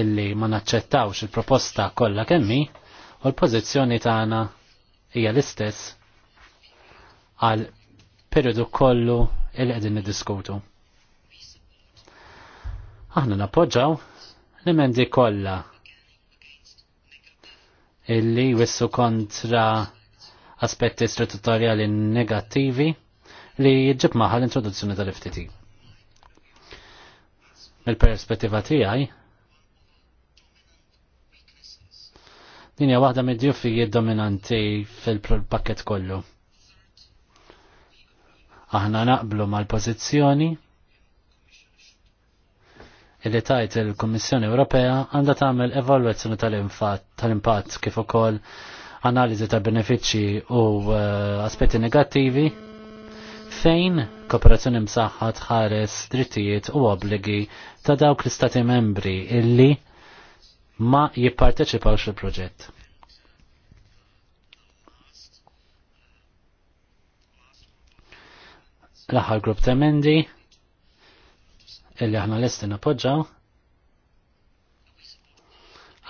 illi ma naċċettawx il-proposta kollha kemmi U l-pożizzjoni tagħna hija l-istess għal periodu kollu il qegħdin niddiskutu. Aħna nappoġġaw l-emendi kollha illi wissu kontra aspetti istitutorjali negattivi li jġib maħal introduzzjoni tal-FTT. Mill-perspettiva tiegħi, dinja waħda mid-djuffijiet dominanti fil-pakket kollu. Aħna naqblu mal-pożizzjoni illi tajt il-Kommissjoni Ewropea għandha tagħmel evalwazzjoni tal-impatt kif ukoll analiżi ta' benefiċċji u eh, aspetti negattivi fejn kooperazzjoni msaħħa tħares drittijiet u obbligi ta' dawk l-istati membri illi ma jipparteċipawx xil proġett L-aħħar grupp ta' emendi illi aħna lesti napoġġaw.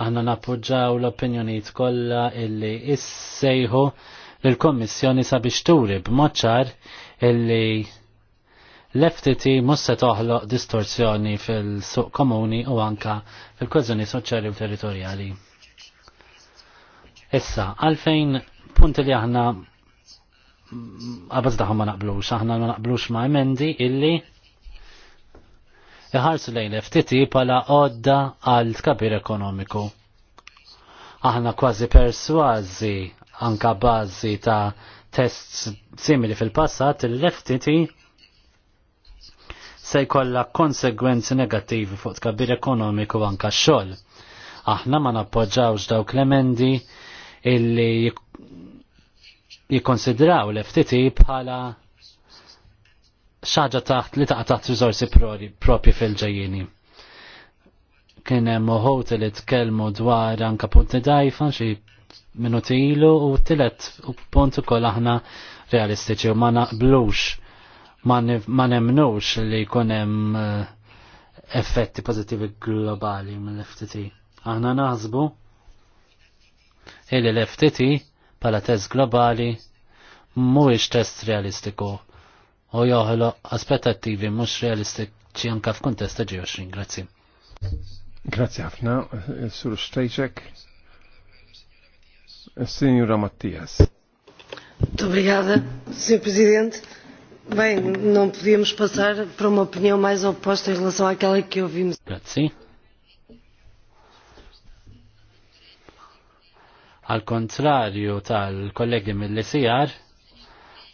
Aħna napoġġaw l-opinjonijiet kollha illi issejħu lill-Kommissjoni sabiex turi b'moċċar illi l-FTT mhux se toħloq distorsjoni fil-suq komuni u anka fil-kwezzjoni soċjali u territorjali. Issa, għalfejn punti li aħna għabaz daħu ma naqblux, aħna ma naqblux ma' emendi illi iħarsu lejn l FTT pala għodda għal tkabir ekonomiku. Aħna kważi perswazi anka bazi ta' test simili fil-passat l-FTT se jkollha konsegwenzi negattivi fuq tkabbir ekonomiku anka x-xogħol. Aħna ma nappoġġawx dawk l-emendi illi jikkonsidraw l-FTT bħala xaġa taħt li taqa' taħt riżorsi propri fil-ġejjini. Kien hemm uħut li tkellmu dwar anka punti dajfa xi minuti ilu u tilet u punt ukoll aħna realistiċi u ma naqblux ma nemnux li jkunem eh, effetti pozittivi globali mill-FTT. Aħna naħsbu illi l-FTT pala test globali mhuwiex test realistiku u joħloq aspettattivi mhux realistiċi anke f'kuntest ta' g Grazie. Grazzi. Grazzi ħafna, Sur Stejċek. Signora Mattias. Obrigada, Sr. President. Bem, não podíamos passar para uma opinião mais oposta em relação àquela que ouvimos. Grazie. Al kontrarju tal-kollegi mill-ICR,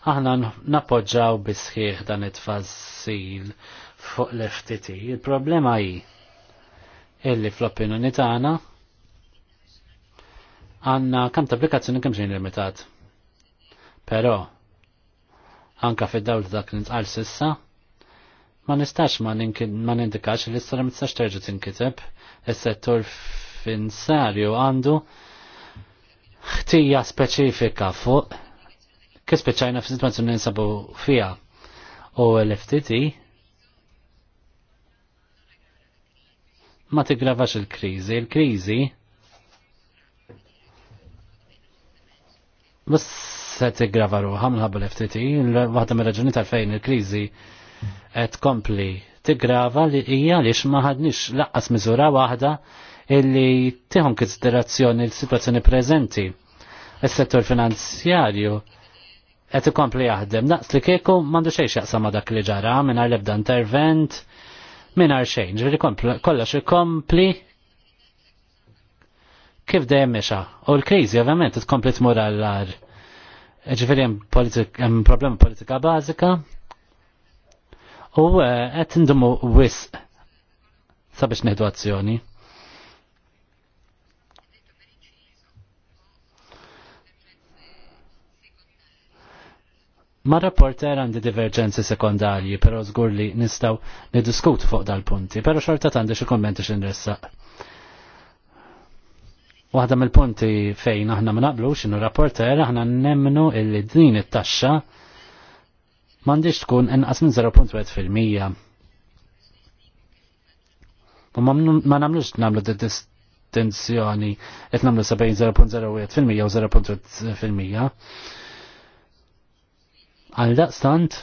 aħna napoġġaw bisħiħ dan it-tfassil fuq l-FTT. Il-problema hi illi fl-opinjoni tagħna għandna kemm ta' applikazzjoni kemm xejn limitat. Però anka fid-dawl dak li nitqal sissa, ma nistax ma nindikax li s-sara mistax terġu tinkiteb, il-settur finsarju għandu ħtija speċifika fuq kif speċajna f'sitwazzjoni ninsabu fija u l-FTT ma tigravax il-krizi. Il-krizi Mus se tigrava ruħa minħabba l-FTT, waħda mir raġuni tal-fejn il krizi qed kompli t-grava li hija li ma ħadniex laqqas miżura waħda illi tieħu konsiderazzjoni l-sitwazzjoni preżenti. il settur finanzjarju qed kompli jaħdem. Naqs li kieku mandu xejn x'jaqsam ma' dak li ġara mingħajr l-ebda intervent mingħajr xejn. Ġveri kollox ikompli kif dejjem mexa. U l krizi ovvjament tkompli tmur l ar Ġifiri, hemm problema politika bażika. U eh, qed indumu wisq sabiex ngħidu azzjoni. Ma' rapporter għandi divergenzi sekondarji, pero zgur li nistaw nidiskut fuq dal-punti, pero xorta għandi xie kommenti xinressaq. Waħda mill-punti fejn aħna ma naqblux inhu rapporter aħna nemmnu li din it-taxxa m'għandix tkun inqas minn 0.1 fil-mija. U ma nagħmlux nagħmlu distinzjoni qed nagħmlu 0.01 fil-mija u 0.1 fil-mija. Għal daqstant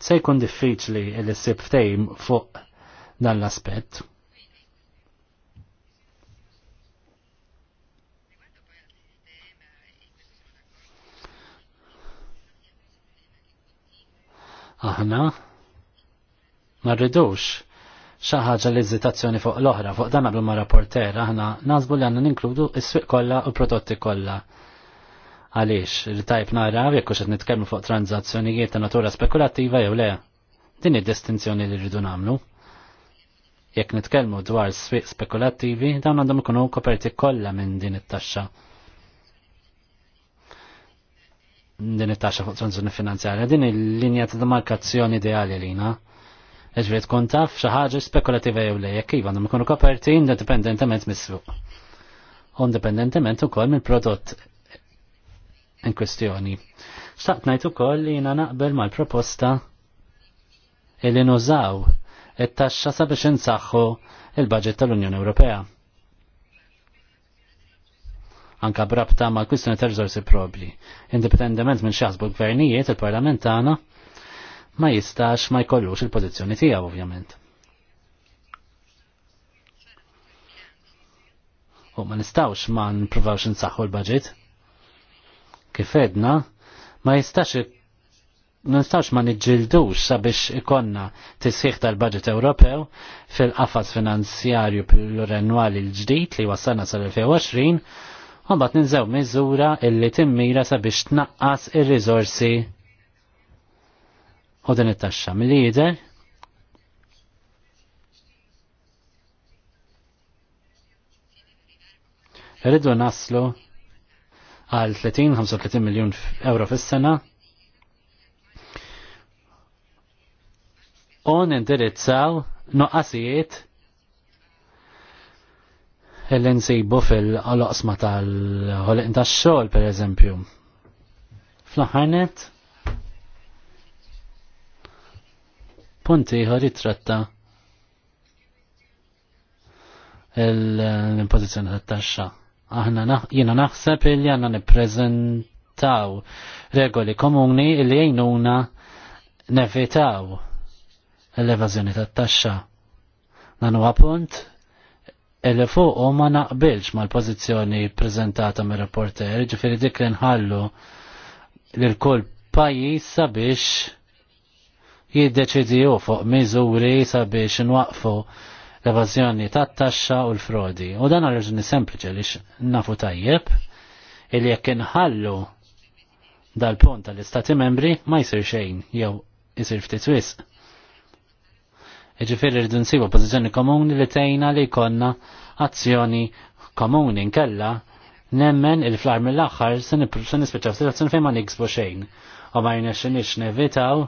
se jkun diffiċli li ssib ftejm fuq dan l-aspett. Aħna ma rridux xi ħaġa li eżitazzjoni fuq l-oħra, fuq dan għablu ma rapporter, aħna nażbu li għandna ninkludu s-swieq kollha u prodotti kollha. Għaliex, li tajb nara jekk qed nitkellmu fuq tranzazzjonijiet ta' natura spekulattiva jew le. Din id-distinzjoni li rridu nagħmlu jekk nitkellmu dwar swieq spekulattivi, dan għandhom ikunu koperti kollha minn din it-taxxa. din it-taxxa fuq tranzizzjoni finanzjarja, din il-linja ta' demarkazzjoni ideali lina. Eġveri kontaf taf xi ħaġa spekulativa jew lejja iva, kif għandhom ikunu koperti indipendentement mis-suq. U indipendentement ukoll mill-prodott in kwestjoni. Xtaqt ngħid ukoll li jiena naqbel mal-proposta illi nużaw it-taxxa sabiex insaħħu il-budget tal-Unjoni Ewropea anka brabta ma' kwistjoni ta' riżorsi propri. Indipendement minn xaħsbu gvernijiet, il-parlament tagħna ma jistax ma jkollux il-pożizzjoni tiegħu ovvjament. U ma nistawx ma nprovawx nsaħħu l-budget. Kif edna, ma jistax nistax ma nġildux sabiex ikonna tisħiħ tal-budget Ewropew fil-qafas finanzjarju plurianwali l-ġdid li wasalna sal-2020 Mbagħad ninżew miżura illi timmira sabiex tnaqqas ir-riżorsi u din it-taxxa mill-lider rridu naslu għal 30-35 miljon euro fis-sena. U nindirizzaw noqqasijiet illi nsibu fil-qaloqsma tal-ħolqin tax-xogħol pereżempju. Fl-aħħarnet punti ieħor jitratta l-impożizzjoni tat-taxxa. Aħna jiena naħseb illi għandna nippreżentaw regoli komuni li jgħinuna nevitaw l-evażjoni tat-taxxa. Dan huwa punt Illi fuqu ma naqbilx mal-pozizjoni prezentata mir reporter ġifiri dik li nħallu l-kull pajis sabiex jiddeċidiju fuq miżuri sabiex nwaqfu l-evazjoni tat taxxa u l-frodi. U dan għal-raġuni sempliċi li nafu tajjeb illi jekk inħallu dal-punt tal-Istati membri ma jisir xejn jew jisir ftit wisq iġifir irridu nsibu pożizzjoni komuni li tejna li konna azzjoni komuni nkella nemmen il-flar mill-axar se nispeċaw situazzjoni fejn ma niksbu xejn. U ma jnexxinix nevitaw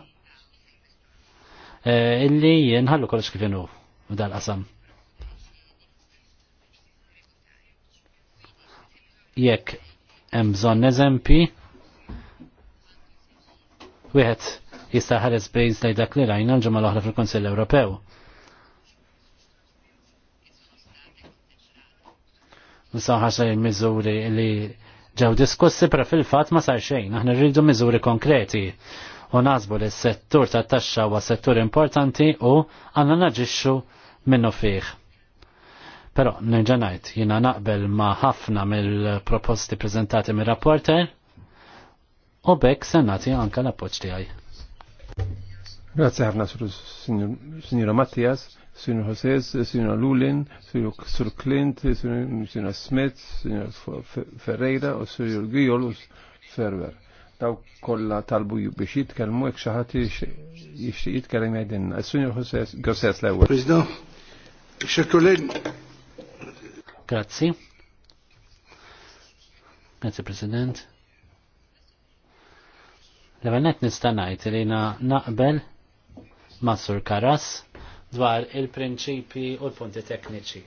eh, illi nħallu kollox kif inhu dal-qasam. Jekk hemm bżonn eżempi wieħed jista' ħares bejn staj dak li rajna l-ġimgħa l-oħra fil-Kunsill Ewropew. Nsaħħax il-miżuri li ġew diskussi pra fil-fatt ma sar xejn, aħna rridu miżuri konkreti u nażbu li s-settur ta' taxxa huwa settur importanti u għandna naġixxu minnu fih. Pero, nerġanajt, jina naqbel ma ħafna mill-proposti prezentati mir rapporter u bekk senati anka l-appoċ tiegħi. Grazie a ħafna signora Mattias, signor José, signor Lulin, signor Clint, signor Smith, signor Ferreira u signor Gijol u Ferver. Daw kolla talbu biex jitkelmu jek xaħat jixti jitkelmu jgħidinna. Signor José, l-ewel. President, xerkulin. Grazie. Grazie Presidente l nistanajt li na naqbel Massur Karas dwar il-prinċipi u l-punti tekniċi.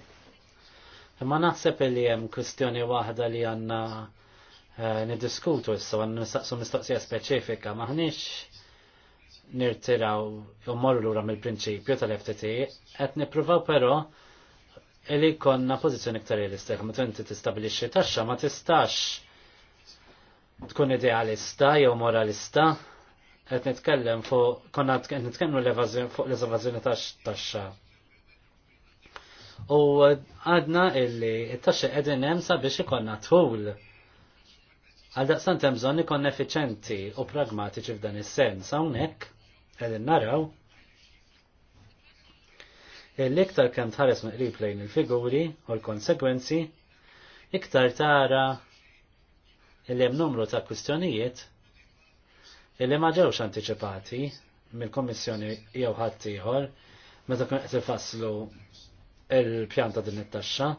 Imma naħseb li hemm kwistjoni waħda li għandna eh, nidiskutu issa għanna nistaqsu mistoqsija speċifika maħniex nirtiraw u morru lura mill-prinċipju tal-FTT qed nippruvaw però li konna pożizzjoni iktar realistika meta inti t-istabilixi taxxa ma tistax tkun idealista jew moralista, qed nitkellem fuq konna nitkellmu fuq l-evażjoni tax-taxxa. U għadna illi it-taxxa qegħdin hemm sabiex ikonna tħul. Għal daqstant hemm bżonn ikun effiċenti u pragmatiċi f'dan is-sens hawnhekk qegħdin naraw l-iktar kem tħares meqrib lejn il-figuri u l-konsekwenzi, iktar tara il-lem numru ta' kwistjonijiet il ma ġewx antiċipati mill komissjoni jew ħadd ieħor meta kien qed ifasslu il-pjan ta' din it-taxxa.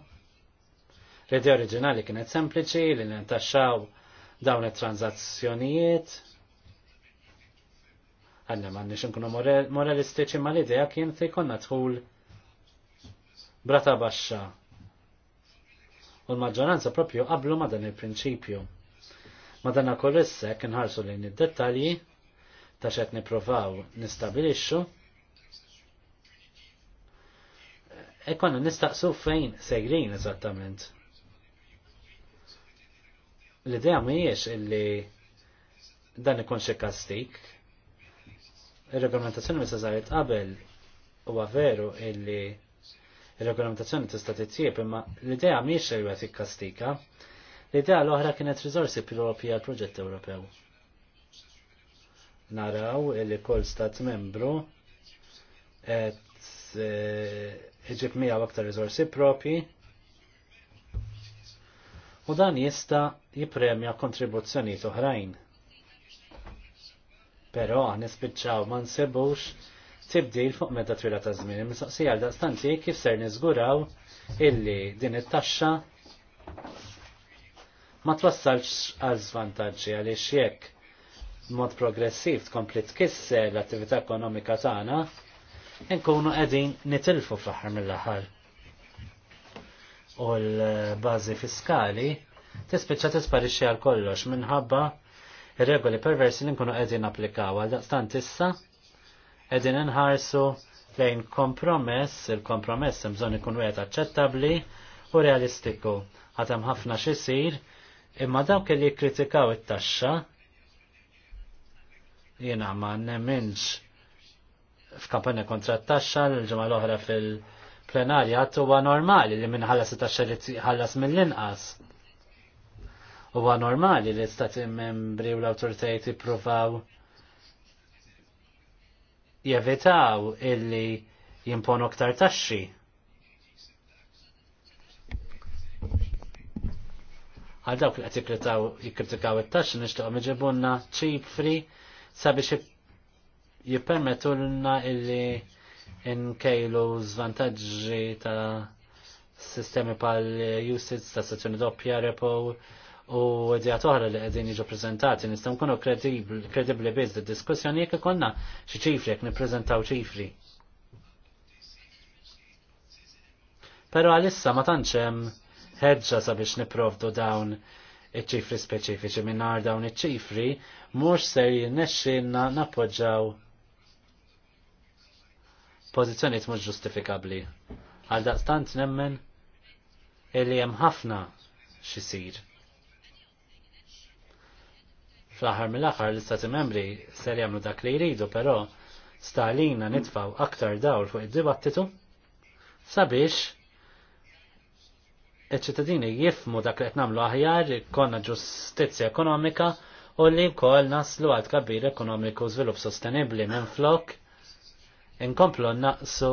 L-idea oriġinali kienet sempliċi li nintaxxaw dawn it-tranzazzjonijiet għanna ma nix nkunu moralistiċi ma l-idea kien se konna tħul brata baxxa. U l-maġġoranza propju qablu ma dan il-prinċipju. Madana korrisse kien ħarsu lejn id-dettalji ta' xed niprofaw nistabilixxu. Ekkonna nistaqsu fejn sejrin eżattament. L-idea mhijiex illi dan ikun xi kastik. Ir-regolamentazzjoni ma sażaret qabel huwa veru illi ir-regolamentazzjoni tista' titjieb imma l-idea mhijiex li wieħed ikkastika. L-idea l-oħra kienet rizorsi propi għal proġett Ewropew. Naraw li kull stat membru et eh, iġib miegħu aktar rizorsi propi u dan jista' jipremja kontribuzzjonijiet oħrajn. Però nispiċċaw ma nsebux tibdil fuq meta twila ta' żmien. Mistoqsija għal daqstanti kif ser niżguraw illi din it-taxxa ma twassalx għal zvantaġġi għaliex jekk mod progressiv tkompli tkisser l-attività ekonomika tagħna, nkunu qegħdin nitilfu fl-aħħar mill-aħħar. U l-bażi fiskali tispiċċa tisparixxi għal kollox minħabba regoli perversi li nkunu qegħdin applikaw għal daqstant issa qegħdin inħarsu lejn kompromess, il-kompromess bżonn ikun wieħed aċċettabbli u realistiku. Għatem ħafna xisir, Imma dawk li jikkritikaw it-taxxa jiena ma nemminx f'kampanja kontra t-taxxa l-ġimgħa l-oħra fil-plenarja huwa normali li min ħallas it-taxxa li ħallas mill-inqas. Huwa normali li stati membri u l-awtoritajiet jippruvaw jevitaw illi jimponu aktar taxxi. Għal dawk li qed jikkritikaw it tax nishtuq meġibunna cheap free sabiex jippermettulna illi nkejlu zvantagġi ta' sistemi pal usage ta' stazzjoni doppja repo u idea toħra li għedin iġu prezentati nistaw nkunu kredibli biz di diskussjoni jek ikonna xi ċifri jek niprezentaw ċifri. Pero għalissa ma tanċem ħedġa sabiex niprovdu dawn iċ-ċifri speċifiċi minnar dawn iċ-ċifri mhux ser jinnexxinna nappoġġaw pożizzjonijiet mhux ġustifikabbli. Għal daqstant nemmen illi hemm ħafna xisir. Fl-aħħar mill-aħħar l-istati membri ser jagħmlu dak li jridu, però stalina nitfaw aktar dawl fuq id-dibattitu sabiex iċ-ċittadini jifmu dak li qed nagħmlu aħjar, konna ġustizja ekonomika u li kol naslu għad kabir ekonomiku żvilupp sostenibbli minn flok inkomplu naqsu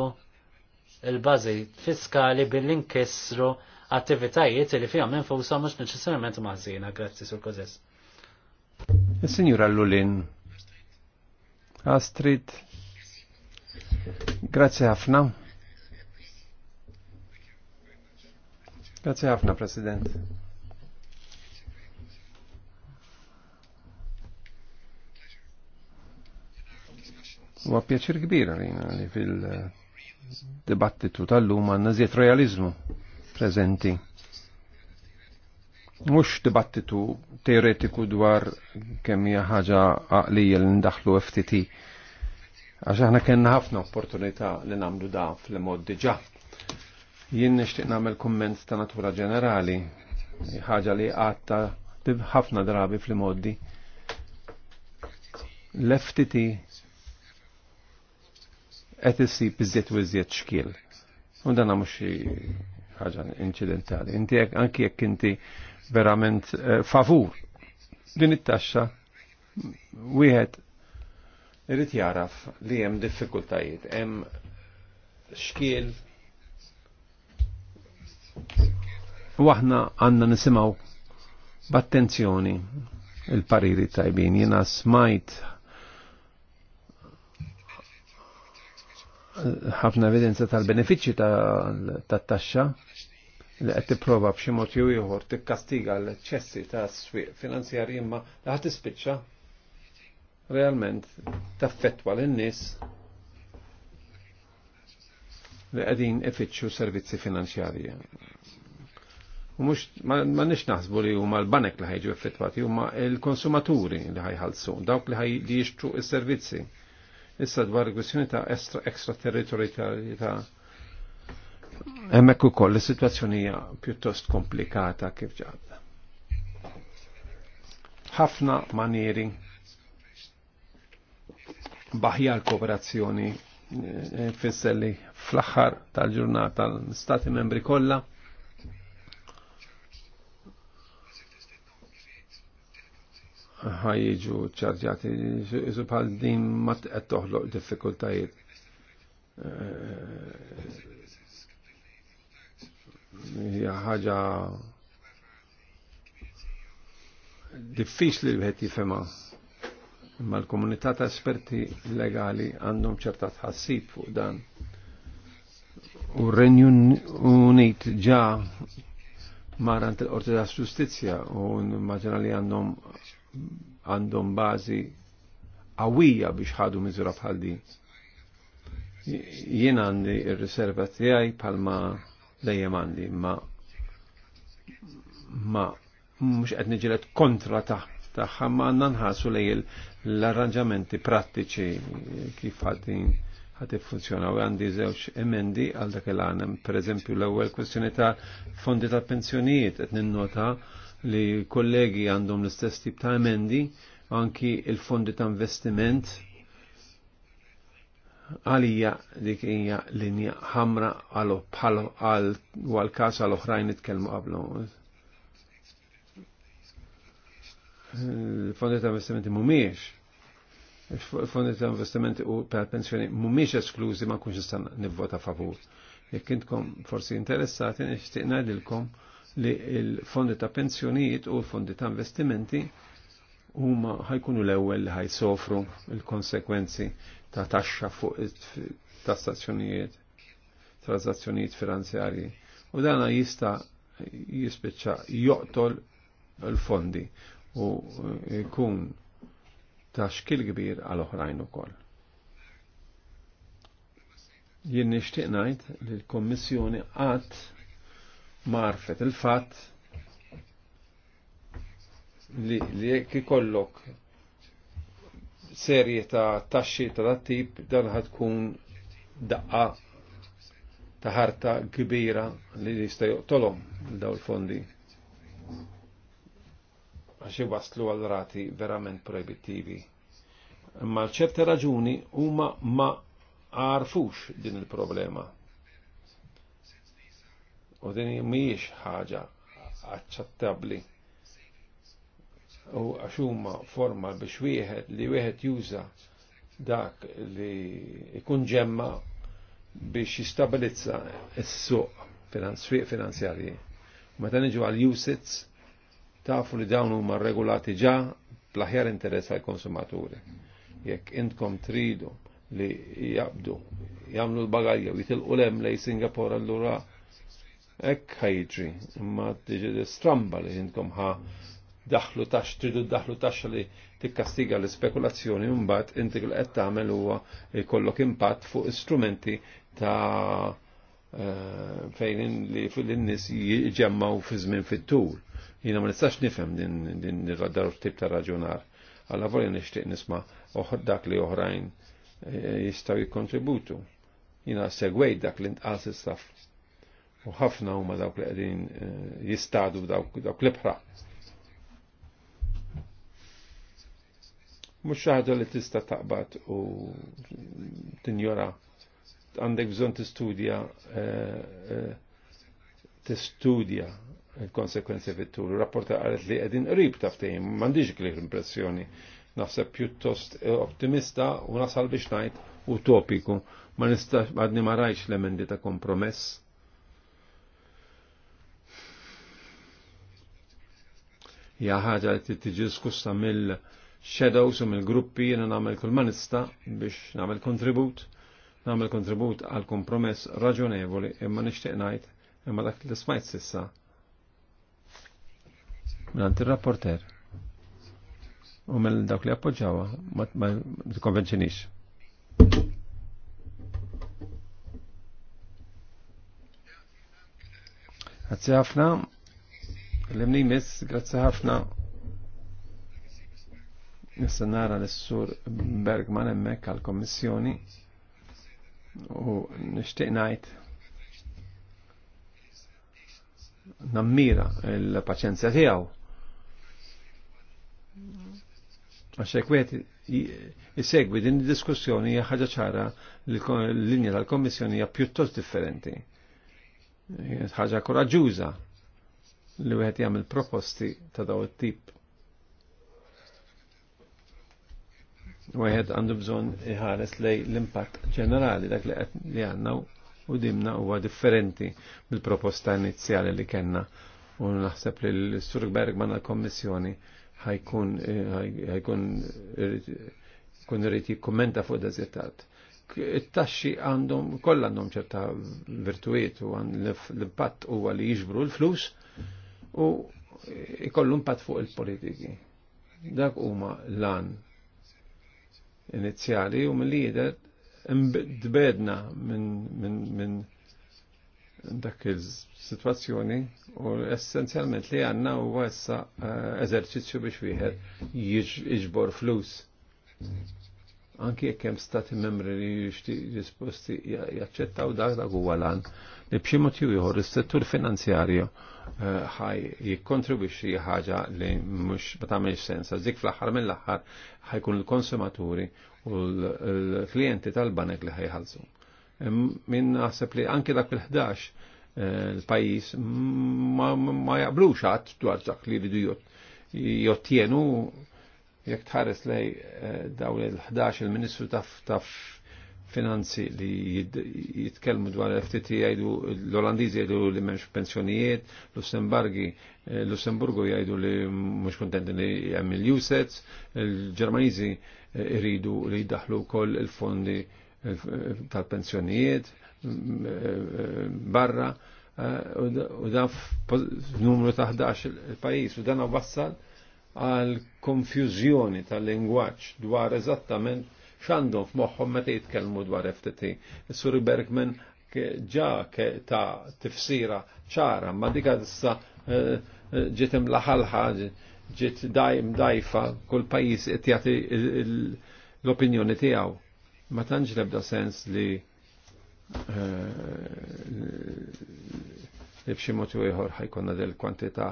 il-bażi fiskali billi nkissru attivitajiet li fihom infushom mhux neċessarjament maħżina, grazzi sur kożess. Is-Sinjura Lulin. Astrid. Grazzi ħafna. Grazie ħafna, President. U pjaċir kbir għalina li fil-dibattitu tal-lum għanna ziet realizmu prezenti. Mux dibattitu teoretiku dwar kemm hija ħaġa għaqlija li ndaħlu FTT. Għax aħna kellna ħafna opportunità li nagħmlu da fl-mod diġà Jien nixtieq nagħmel kumment ta' natura ġenerali, ħaġa li għatta ħafna drabi fl-moddi. L-FTT qed isib iżjed u iżjed xkiel. U dan mhux ħaġa inċidentali. Inti anki jekk inti verament eh, favur din it-taxxa wieħed irid jaraf li hemm diffikultajiet, hemm xkiel U aħna għanna nisimaw b'attenzjoni il-pariri tajbin. Jena smajt ħafna evidenza tal-benefiċċji tat-taxxa li qed tipprova b'xi mod jew ieħor tikkastiga l-eċċessi ta' swieq finanzjarji imma li ħad tispiċċa realment taffettwa lin-nies li qegħdin ifittxu servizzi finanzjarji. U mux, ma nix naħsbu li huma l-banek li ħajġu effettwati, huma l-konsumaturi li ħajħalsu, dawk li ħaj jixtru s-servizzi. Issa dwar kwestjoni ta' ekstra ekstraterritorialità. Hemmhekk ukoll is-sitwazzjoni hija pjuttost komplikata kif ġadda. Ħafna manieri baħjar kooperazzjoni eh, fisselli fl-aħħar tal-ġurnata l-Stati membri kollha ħajġu ċarġati, bħal din ma qed toħloq diffikultajiet. Eh, hija ħaġa diffiċli li wieħed jifhemha. Imma l-komunità ta' esperti legali għandhom ċerta tħassib fuq dan u Renju Unit ġa marant il-Qorti ta' u maġna li għandhom għandhom bażi għawija biex ħadu miżura bħal din. Jien għandi ir-riserva tiegħi bħalma dejjem għandi, ma ma mhux qed niġilet kontra ta' tagħha ma għandna nħassu lej l-arranġamenti prattiċi kif għaddin ħat funzjona u għandi zewċ emendi għal dak il-għanem. Per eżempju, l-ewel kwestjoni ta' fondi ta' pensjonijiet, għet ninnota li kollegi għandhom l-istess tip ta' emendi, anki il-fondi ta' investiment, għalija dik hija linja ħamra għal għal kas għal oħrajn għablu. il Fondi ta' investimenti mumiex fondi ta' investimenti u ta' pensjoni mumiex esklużi ma' kunx istan nivvota favur. Jekk kintkom forsi interessati, nixtieq ngħidilkom li l-fondi ta' pensjonijiet u l-fondi ta' investimenti huma ħajkunu l-ewwel li ħajsofru l-konsekwenzi ta' taxxa fuq tassazzjonijiet, transazzjonijiet finanzjarji. U dana jista' jispiċċa joqtol l-fondi u jkun ta' xkil kbir għal oħrajn ukoll. Jien nixtieq ngħid li l-Kommissjoni qatt marfet il-fatt li jekk ikollok serje ta' taxxi ta' dat tip dan ħad tkun daqqa ta' ħarta kbira li jista' joqtolhom dawn il-fondi għax waslu għal rati verament proibittivi. Imma ċerti raġuni huma ma għarfux din il-problema. U din mhijiex ħaġa aċċettabbli. U għax huma forma biex wieħed li wieħed juża dak li ikun ġemma biex jistabilizza s-suq finanzjarji. Meta niġu għal usits, tafu li dawn huma regolati ġa bl-aħjar interess għal konsumaturi. Jekk intkom tridu li jabdu, jamlu l-bagalja u jitilqu lem lej Singapore l-lura, ekk ħajġi, imma tiġi stramba li intkom ħa daħlu tax, tridu daħlu tax li tikkastiga l-spekulazzjoni mbagħad inti qed tagħmel huwa jkollok impatt fuq istrumenti ta' eh, fejn li fil-nis jġemmaw fi żmien fit-tul Jina ma nistax nifem din ir-radar tip ta' raġunar. Alla volja nishtiq nisma' oħr dak li oħrajn eh, jistaw jikontributu. Jina segwej dak li ntqas istaf. saf U ħafna huma dawk li qegħdin eh, jistadu dawk l-ibħra. Mux ħaġa li tista' taqbad u tinjora għandek bżon t-studja, eh, t-studja il-konsekwenzi fit-tul. Rapporta għalet li għedin rib taftejn, mandiġ klir impressjoni. Naħseb pjuttost eh, optimista u nasal biex najt utopiku. Ma nistax għadni ma l-emendi ta' kompromess. Ja ħaġa li tiġi diskussa mill-shadows u mill-gruppi jena namel kull manista biex namel kontribut. Namel kontribut għal kompromess raġonevoli imma nishtiq najt imma dak li smajt sissa mill il-rapporter u mill dawk li appoġġawa ma t-konvenċinix. Grazzi ħafna, l mis, grazzi ħafna. Nissa nara l-sur Bergman emmek għal-kommissjoni u nishtiq najt nammira il-paċenzja tijaw Għaxek wieħed jisegwi din id-diskussjoni hija ħaġa ċara l-linja tal-Kommissjoni hija pjuttost differenti. Ħaġa koraġuża li wieħed jagħmel proposti ta' daw it-tip. Wieħed għandu bżonn iħares lej l-impatt ġenerali dak li qed li għandna u dimna huwa differenti mill-proposta inizjali li kellna u naħseb li l-Sur Bergman l kommissjoni ħajkun eh, ħajkun kun irid jikkummenta fuq dażjettat. It-taxxi għandhom kollha għandhom ċerta virtuiet u l-impatt huwa li jiġbru l-flus u jkollu impatt fuq il-politiki. Dak huma lan inizjali u mill-lider dbedna minn dak il-situazzjoni u essenzjalment li għanna u issa eżerċizzju biex wieħed jiġbor flus. Anki jekk hemm stati membri li disposti jaċċettaw dak dak huwa lan li b'xi motiv ieħor is-settur finanzjarju ħaj jikkontribwixxi ħaġa li mhux ma tagħmilx sens. Dik fl-aħħar mill-aħħar ħajkun il-konsumaturi u l-klijenti tal-banek li ħajħalżu. Min naħseb li anke dak il-11 eh, l-pajis ma jaqblux għat dwar dak li ridu jottienu jekk tħares lej eh, daw il-11 il-Ministru taf finanzi li jitkellmu dwar l-FTT jgħidu l-Olandiżi jgħidu li m'hemmx pensjonijiet, l eh, Lussemburgu jgħidu li mhux kontenti li hemm il-usets, il-Ġermaniżi jridu li jdaħlu wkoll il-fondi tal-pensjonijiet barra u dan numru ta' 11 il-pajis u dan wassal għal konfużjoni tal-lingwaġġ dwar eżattament x'għandhom f'moħħhom meta jitkellmu dwar FTT. Suri Bergman ġa ta' tifsira ċara, ma dik issa eh, eh, ġiet imlaħalħa, ġiet dajm dajfa, kull pajjiż qed jagħti l-opinjoni tiegħu ma tantx lebda sens li eh, li b'xi mod ieħor ħajkonna del kwantità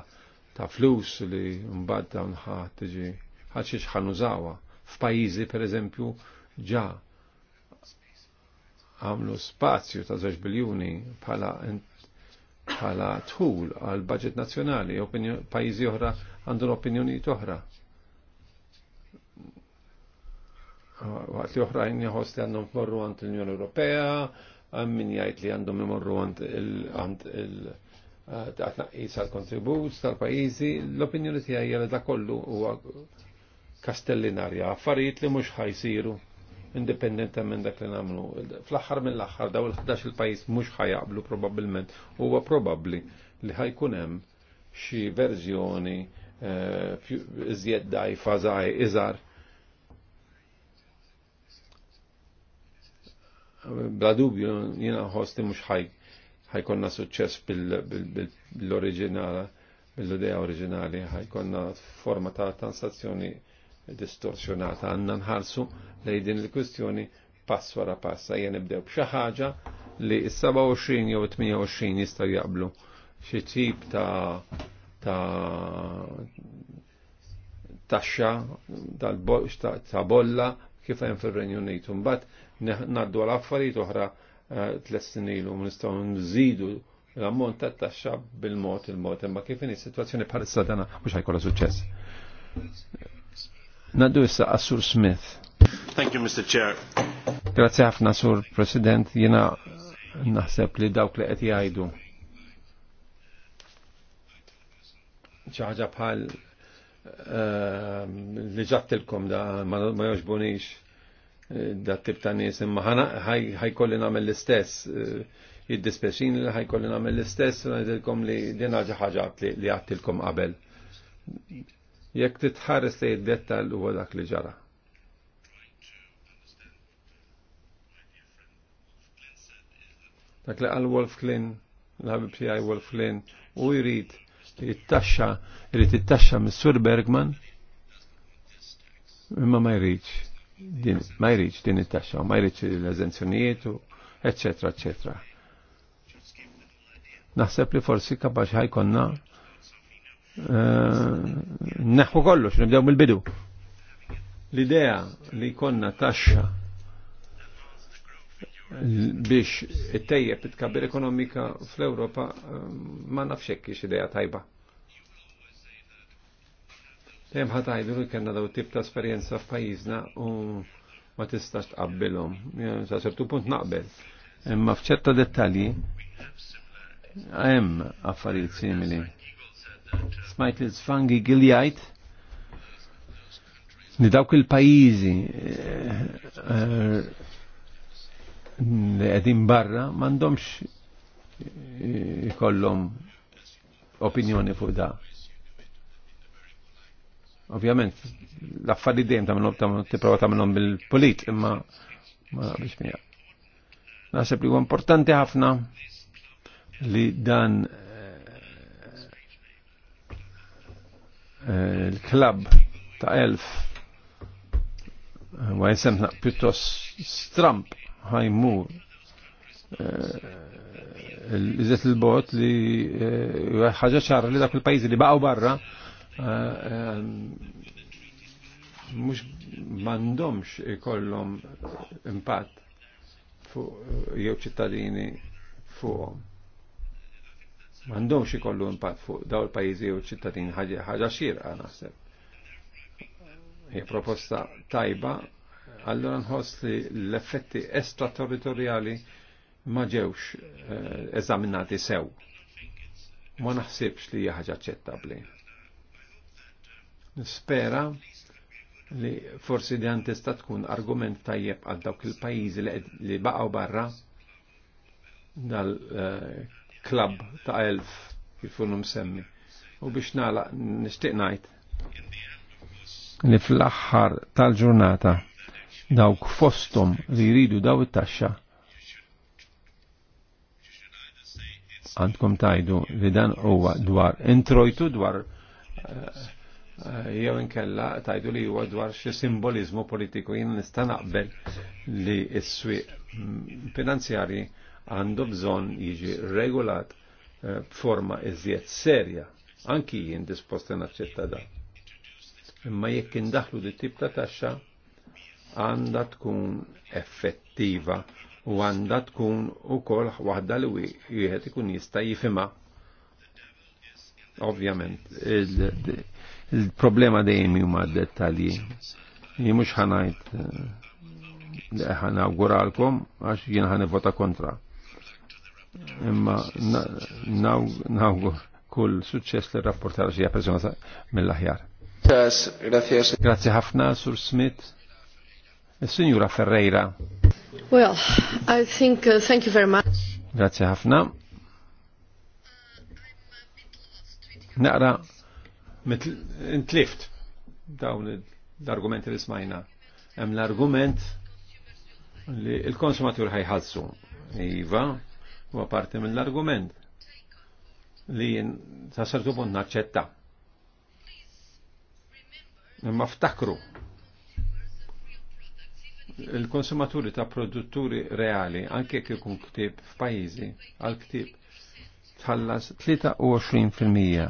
ta' flus li mbagħad dawn ħa tiġi ħadd xi ħanużawha. F'pajjiżi pereżempju ġa għamlu spazju ta' żewġ biljuni bħala bħala tħul għal budget nazzjonali, pajjiżi oħra għandhom opinjoni oħra. waqt li oħrajn jħoss li għandhom morru għand l-Unjoni Ewropea, għam min jgħid li għandhom imorru għand il- taqnaqis kontribut tal-pajizi, l-opinjoni tiegħi li da kollu huwa kastellinarja, affarijiet li mhux ħajsiru indipendentament dak li nagħmlu. Fl-aħħar mill-aħħar daw il-11 il-pajjiż mhux ħajaqblu probabbilment, huwa probabbli li ħajkun hemm xi verżjoni eh, iżjed dajfa iżar bla dubju jina ħosti mux ħajkonna suċċess bil-oriġinala, bil-idea oriġinali, ħajkonna forma ta' transazzjoni distorsjonata. Għanna nħarsu lej din il-kwistjoni pass wara pass, jen nibdew b'xi ħaġa li s-27 jew 28 jistgħu jaqblu xi tip ta' ta' taxxa ta' bolla kif hemm fir-Renju Unit. Mbagħad naddu għal affarijiet oħra eh, tlet snilu nistgħu nżidu l-ammont ta' taxxa bil-mod il-mod imma kif inhi situazzjoni bħalissa dana mhux ħajkollha suċċess. Naddu issa Assur Smith. Thank you, Mr. Chair. Grazie ħafna, Sur President. Jena naħseb li dawk li qed jgħidu. ħaġa bħal eh, li ġattilkom da ma joġbunix dat tip ta' nies imma ħajkolli nagħmel l-istess jiddispeċin eh, li ħajkolli nagħmel l-istess u ngħidilkom li din ħaġa ħaġa li għattilkom qabel. Jekk titħares li jiddettal huwa dak li ġara. Dak li għal Wolf Klin, l-ħabib tiegħi Wolf Klin, u jrid jittaxxa, jrid jittaxxa mis-Sur Bergman, imma ma jridx ma jridx din it-taxxa, ma jridx l-eżenzjonijiet, eccetera, eccetera. Naħseb li forsi kapax ħajkonna eh, neħu kollox, nibdew mill-bidu. L-idea li konna taxxa biex it-tejjeb it-kabir ekonomika fl-Europa eh, ma nafxekk idea tajba. Dejjem ħatajdu li kena daw tip ta' esperienza f'pajizna u ma tistax tqabbilhom. Sa ċertu punt naqbel. Imma f'ċerta dettalji hemm affarijiet simili. Smajt li sfangi Giljajt li dawk il-pajizi li eh, eh, qegħdin barra m'għandhomx eh, ikollhom opinjoni fuq da. Ovvjament, l-affari dejjem ta' minnhom tipprova ta' minnhom bil-polit, imma ma biex mija. Naħseb li huwa importanti ħafna li dan eh, il-klab ta' elf ma eh, jisemna pjuttos stramp ħajmur eh, iżet il-bot li ħagġa ċarra li dak il-pajzi li baqgħu barra Eh, mux ehm, mandomx ikollom impatt fuq eh, jew ċittadini fuqhom. Mandomx ikollu impatt fuq daw il-pajjiżi jew ċittadini ħaġa xirqa' naħseb. Hija proposta tajba, allura nħoss li l-effetti estraterritorjali ma ġewx eh, eżaminati sew. Ma naħsibx li hija ħaġa ċettabli. Nispera li forsi dan tista' tkun argument tajjeb għal dawk il-pajjiżi li baqaw barra dal-klab eh, ta' elf jifunu msemmi. U biex nala nishtiqnajt li fl-aħħar tal-ġurnata dawk fostom li jridu daw it-taxxa għandkom tajdu li dan huwa dwar introjtu dwar uh, Eh, jew inkella tajdu li huwa dwar xi simbolizmu politiku jien nista' naqbel li s-swieq mm, finanzjarji għandu bżonn jiġi regolat eh, b'forma iżjed serja. Anki jien disposta naċċetta dan. Imma jekk indaħlu di tip ta' taxxa għandha tkun effettiva u għandha tkun ukoll waħda li wieħed ikun jista' jifhimha. Ovvjament, Il-problema dejjem huma d-dettalji. Jien mhux ħanajt li eh, ħanawguralkom għax jien vota kontra. Imma nawgur kull suċċess li rapportar xi persona mill-aħjar. Grazie ħafna, Sur Smith. Il-Sinjura Ferreira. Well, I think, uh, thank you very much. Grazie ħafna. Naqra intlift dawn l argument li smajna. Hemm l-argument li l-konsumatur ħajħalsu. Iva, huwa parti l argument li ta' sartu punt naċċetta. Imma ftakru il-konsumaturi ta' produtturi reali, anke kikun ktib f'pajjiżi, għal ktib tħallas 23%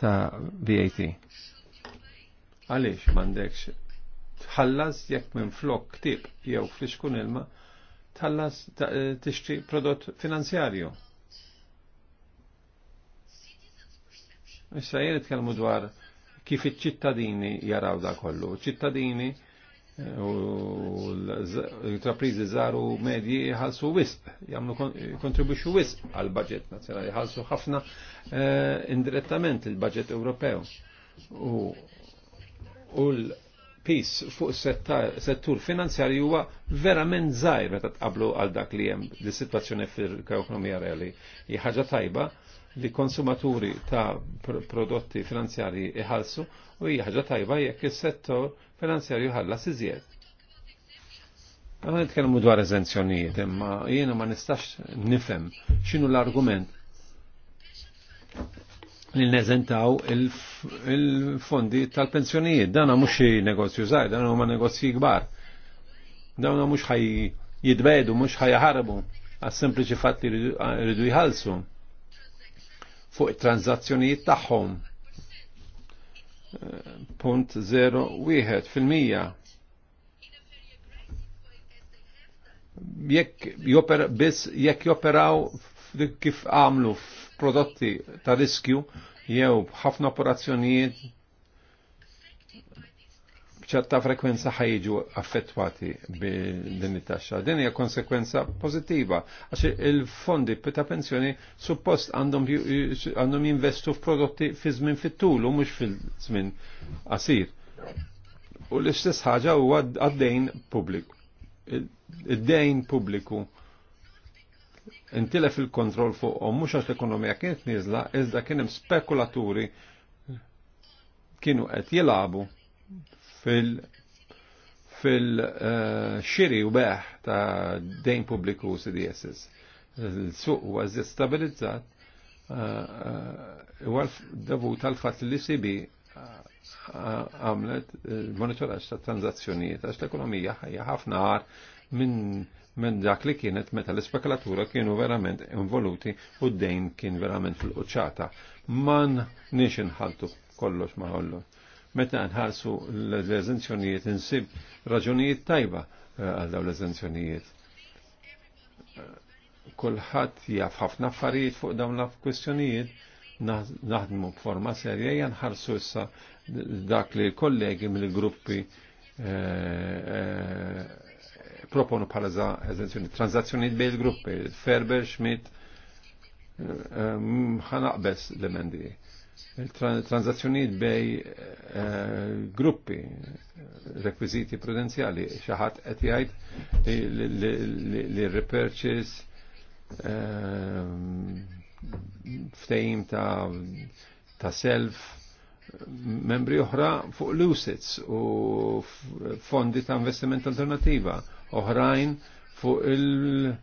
ta' VAT. Għaliex m'għandekx tħallas jekk minn flok tip jew fliexkun ilma tħallas eh, tixtri prodott finanzjarju. Issa jien nitkellmu dwar kif iċ-ċittadini jaraw da kollu. ċittadini u l-intraprizi zaru medji jħalsu wisp, jamlu kontribuċu wisp għal budget nazjonali, jħalsu ħafna eh, indirettament il-budget Ewropew. U l-pis fuq settur finanzjarju huwa verament zaħir meta tqablu għal dak li hemm li situazzjoni fil-ekonomija reali. Hija tajba li konsumaturi ta' prodotti finanzjari jħalsu u hija ħaġa tajba jekk is-settur finanzjarju ħallas iżjed. Għan nitkellmu dwar eżenzjonijiet, imma jiena ma nistax nifhem x'inhu l-argument li neżentaw il-fondi tal-pensjonijiet. Dan mhux xi negozju żgħar, dan huma negozji kbar. Dawn mhux ħaj jitbedu, mhux jaħarbu għas sempliċi fatt li rridu jħallsu fuq it-tranzazzjonijiet tagħhom punt fil-mija. Jekk joper, joperaw kif għamlu f-prodotti ta' riskju jew b'ħafna operazzjonijiet ċerta frekwenza ħajġu affettwati bi din it-taxxa. Din hija konsekwenza pożittiva għax il-fondi ta' pensjoni suppost għandhom jinvestu f'prodotti fi żmien fit-tul u mhux fil-żmien qasir. U l-istess ħaġa huwa għad-dejn pubbliku. Id-dejn pubbliku intilef il-kontroll fuqhom mhux għax l-ekonomija kienet nieżla, iżda kien hemm spekulaturi kienu qed jilagħbu fil- fil-xiri eh, u beħ ta' dejn publiku CDSS. L-suq u għazzi stabilizzat eh, eh, u davu tal-fat li sibi għamlet monitoraġġ ta' tranzazzjonijiet għax l-ekonomija ħajja ħafna għar minn minn dak li kienet meta l-ispekulatura kienu verament involuti u d-dejn kien verament fil-qċata. Man nix inħaltu kollox ma Meta nħarsu l ezenzjonijiet insib raġunijiet tajba eh, għal dawn l ezenzjonijiet eh, Kulħadd jaf ħafna affarijiet fuq dawn l-kwistjonijiet naħdmu b'forma serja janħarsu issa dak li kollegi mill-gruppi eh, proponu bħala eżenzjoni, tranzazzjoni bejn il-gruppi, Ferber, Schmidt, ħanaqbess l-emendi transazzjonijiet bej eh, gruppi rekwiziti prudenzjali xaħat qed jgħid li repurchase eh, ftejim ta' ta' self membri oħra fuq l u fondi ta' investiment alternativa oħrajn fuq il-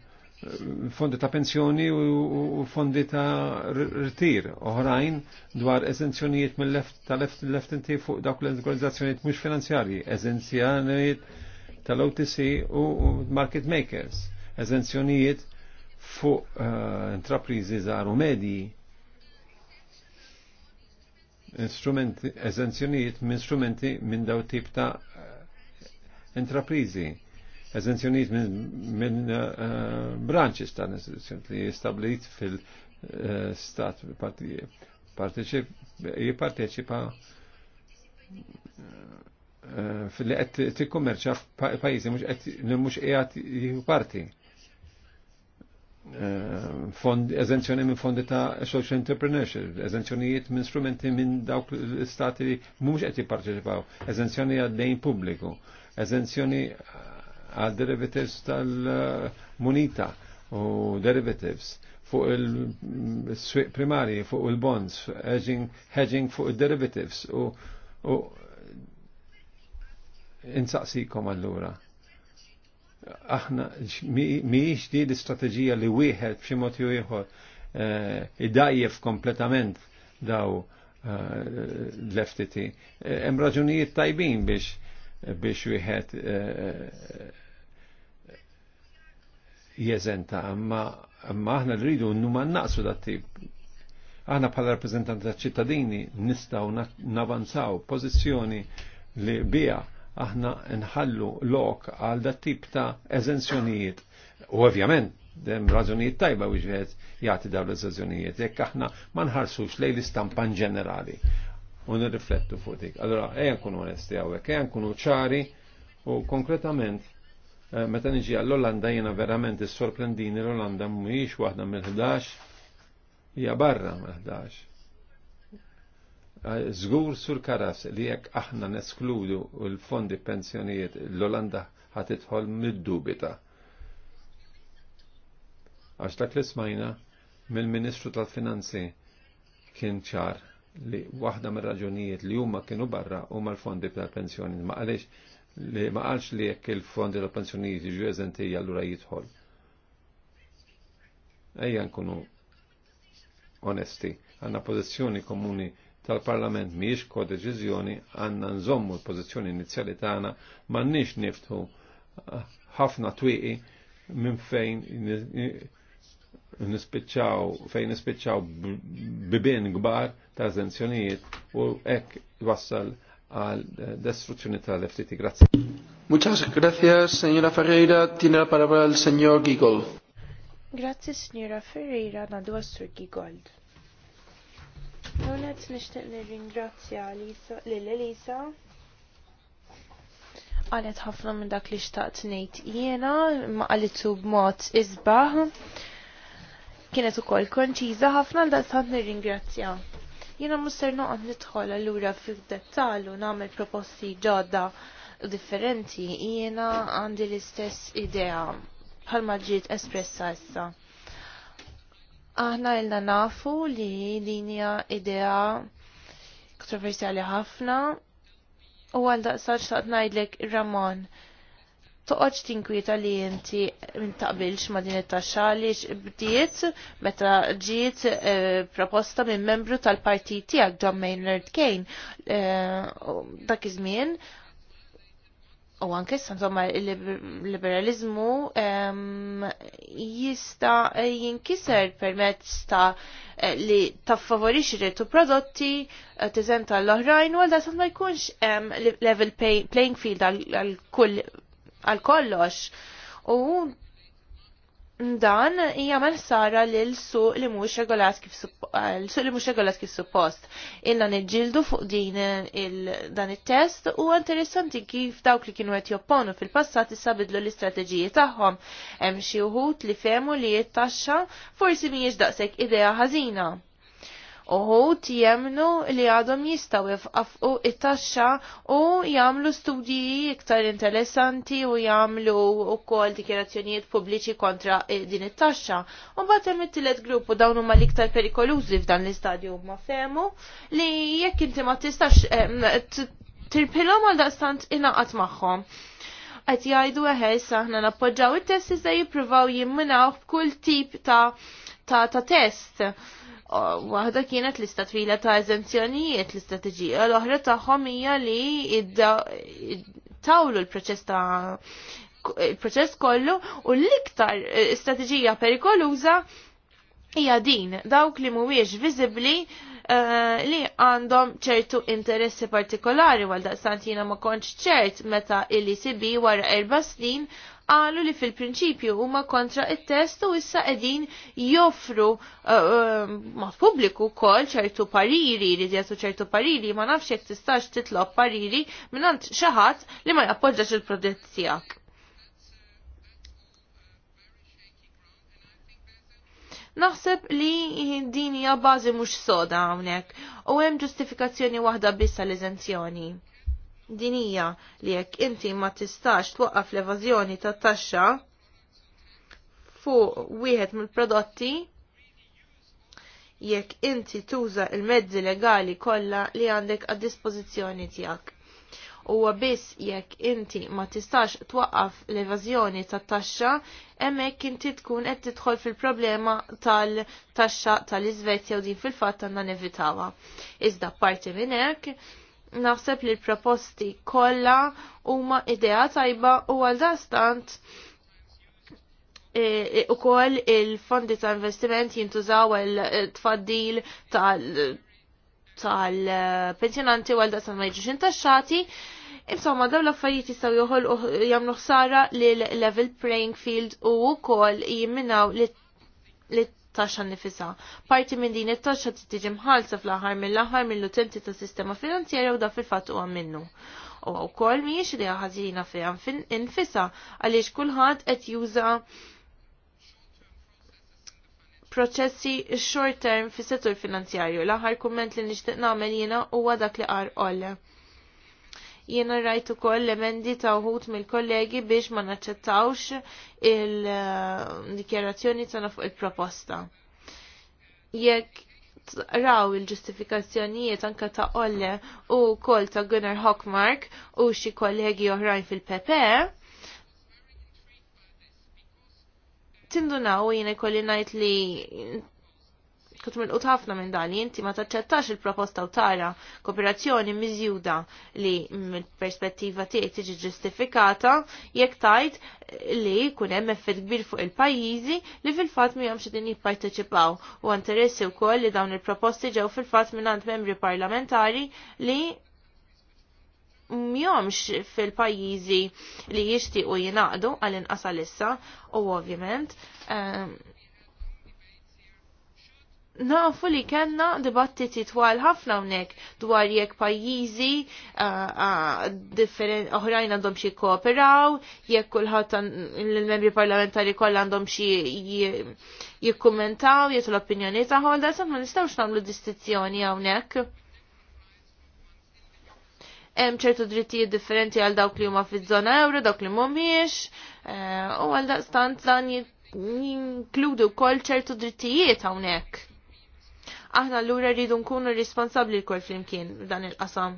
fondi ta' pensjoni u fondi ta' ritir oħrajn dwar eżenzjonijiet mill-left tal-FNT fuq dawk l-organizzazzjonijiet mhux finanzjarji, eżenzjonijiet tal-OTC u market makers, eżenzjonijiet fuq entrapriżi eh, żgħar u medji eżenzjonijiet minn strumenti minn daw tip ta' eh, intraprizi eżenzjoniet minn eh, branċis ta' istituzzjoni li jistablit fil-stat eh, jipparteċipa eh, fil-li għed t-kommerċa f pajizi, mux għed jihu parti. Eżenzjoni minn fondi ta' social entrepreneurship, eżenzjonijiet minn strumenti minn dawk l-stati li mux għed jiparteċipaw, eżenzjoni għaddejn publiku, eżenzjoni għal derivatives tal-munita u derivatives fuq il-swiq primari, fuq il-bonds, hedging, hedging fuq il-derivatives u, u insaqsikom allura. Aħna miex di l istrategija li wieħed b'xi mod jew ieħor eh, idajjef kompletament daw eh, l-FTT. Eh, hemm raġunijiet tajbin biex biex wieħed jeżenta, imma aħna li rridu n-numa naqsu dat tip. Aħna bħala rappresentanti ta' ċittadini nistaw navanzaw pożizzjoni li bija aħna nħallu lok għal dat tip ta' eżenzjonijiet. U ovvjament, dem raġunijiet tajba wieġed jagħti dawn l-eżenzjonijiet, jekk aħna ma nħarsux lejn l istampa ġenerali u nirriflettu fuq dik. Allora, ejja nkunu onesti hawnhekk, ejja nkunu ċari u konkretament Eh, meta niġi għall-Olanda jena verament is-sorprendini l-Olanda mhijiex waħda mill-11 hija barra mill-11. Eh, żgur sur karas li jekk aħna neskludu l-fondi pensjonijiet l-Olanda ħatidħol mid-dubita. Għax dak li smajna mill-Ministru tal-Finanzi kien ċar li waħda mir raġunijiet li huma kienu barra huma l-fondi tal-pensjoni ma għaliex li ma qalx li jekk il-fondi ta' pensjonijiet ġu eżenti allura jidħol. Ejja nkunu onesti, għanna pożizzjoni komuni tal-Parlament miex kodeċiżjoni għanna nżommu l-pożizzjoni inizjali tagħna m'għandniex niftu ħafna twiqi minn fejn nispiċċaw fejn nispiċċaw bibien gbar ta' eżenzjonijiet u hekk wassal għal eh, destruzzjoni tal-FTT. Grazie. Muchas gracias, signora Ferreira. Tiene la parola il signor Gigol. Grazie, signora Ferreira. Nadu sur Gigold. Għonet nishtiq nir-ringrazzja l-Elisa għalet ħafna minn dak li xtaqt nejt jiena, ma għalitu b'mod izbaħ. Kienet ukoll konċiza ħafna l-dastant nir-ringrazzja. Jiena muster noqgħod nidħol allura fid dettal u nagħmel proposti ġodda differenti, jiena għandi l-istess idea bħalma ġiet espressa issa. Aħna ilna nafu li dinja idea kontroversjali ħafna u għal daqsaċ taqt Ramon toqgħodx tinkwieta li inti taqbilx ma' din it-taxxa li bdiet meta ġiet eh, proposta minn membru tal-partit tiegħek John Maynard Kane eh, dak iż-żmien u anke insomma il-liberalizmu ehm, jista jinkiser permezz ta' eh, li taffavorixxi ċertu prodotti tiżenta l-oħrajn u għal ma jkunx ehm, level playing field għal kull għal kollox. U dan hija mansara lil suq li mhux regolat kif suq li mhux regolat kif suppost. Illa niġġieldu fuq din dan it-test u interessanti kif dawk li kienu qed jopponu fil-passat issa bidlu l-istrateġiji tagħhom. Hemm xi wħud li fehmu li t-taxxa forsi mhijiex daqshekk idea ħażina. Uħut jemnu li għadhom jistaw jifqafqu it-taxxa u jagħmlu studji iktar interessanti u jagħmlu wkoll dikjerazzjonijiet pubbliċi kontra eh, din it-taxxa. U mbagħad hemm it-tielet grupp u dawn huma l-iktar perikolużi f'dan l-istadju huma femu li jekk inti ma tistax eh, tirpilhom għal daqstant inaqat magħhom qed jgħidu eħes aħna nappoġġaw it-test iżda jippruvaw jimminaw b'kull tip ta' ta' ta' test Waħda kienet lista twila ta' eżenzjonijiet l-istrateġija, l-oħra tagħhom hija li tawlu l-proċess ta' il-proċess kollu u l-iktar eh, strateġija perikoluża hija din dawk li mhuwiex viżibbli eh, li għandhom ċertu interessi partikolari għal daqstant jiena ma kontx ċert meta il icb wara erba' snin qalu li fil-prinċipju huma kontra it-test u issa qegħdin joffru eh, eh, ma' pubbliku wkoll ċertu pariri li jagħtu ċertu pariri ma nafx jekk tistax titlob pariri mingħand xi ħadd li ma jappoġġax il-prodett tiegħek. Naħseb li din hija bażi mhux soda hawnhekk u hemm ġustifikazzjoni waħda biss għall-eżenzjoni dinija li jekk inti ma tistax twaqqaf l-evażjoni ta' taxxa fuq wieħed mill-prodotti jekk inti tuża il-mezzi legali kollha li għandek għad dispożizzjoni tiegħek. Huwa biss jekk inti ma tistax twaqqaf l-evażjoni tat-taxxa hemmhekk inti tkun qed tidħol fil-problema tal-taxxa tal-Iżvezja u din fil-fatt għandna nevitawha. Iżda parti minn hekk naħseb li l-proposti kollha huma idea tajba u għal dastant eh, u koll il-fondi ta' investiment jintużaw il-tfaddil eh, tal-pensjonanti għal dastant ma jġux intaxxati. Insomma, dawn l-affarijiet jistgħu joħol jagħmlu ħsara lil level playing field u wkoll jimminaw li taxxa nifisa. Parti minn din it-taxxa tiġi mħalsa fl-aħħar mill-aħħar mill-utenti tas sistema finanzjarja u da fil-fatt huwa minnu. U wkoll mhijiex idea ħażina fiha infisa għaliex kulħadd qed juża proċessi short term fis settur finanzjarju. L-aħħar kumment li nixtieq nagħmel jiena huwa dak li qar Jiena rajt ukoll l-emendi ta' uħut mill-kollegi biex ma naċċettawx il-dikjarazzjoni tagħna fuq il-proposta. Jekk raw il-ġustifikazzjonijiet anka ta' Olle u kol ta' Gunnar Hockmark u xi kollegi oħrajn fil-PP, tindunaw jina kolli najt li kont milqut ħafna minn dan li inti ma taċċettax il-proposta u tara kooperazzjoni miżjuda li mill-perspettiva tiegħek tiġi ġustifikata jekk tajt li kun hemm effett kbir fuq il-pajjiżi li fil-fatt mihom xi din jipparteċipaw u interessi wkoll li dawn il-proposti ġew fil-fatt mingħand membri parlamentari li mjomx fil-pajjiżi li jixtiequ jinaqdu għal inqasalissa issa u ovvjament um, nafu li kena dibattiti twal ħafna unnek dwar jekk pajjiżi oħrajn għandhom xie kooperaw, jekk kullħat l-membri parlamentari koll għandhom xie jikkumentaw, jiet l-opinjoni taħol, da ma nistawx namlu distizjoni għawnek. Hemm ċertu drittijiet differenti għal dawk li huma fiż-żona euro, dawk li mhumiex, e, u għal stant dan jinkludu kol ċertu drittijiet hawnhekk Aħna l-lura rridu nkunu responsabli l-kol flimkien dan il-qasam.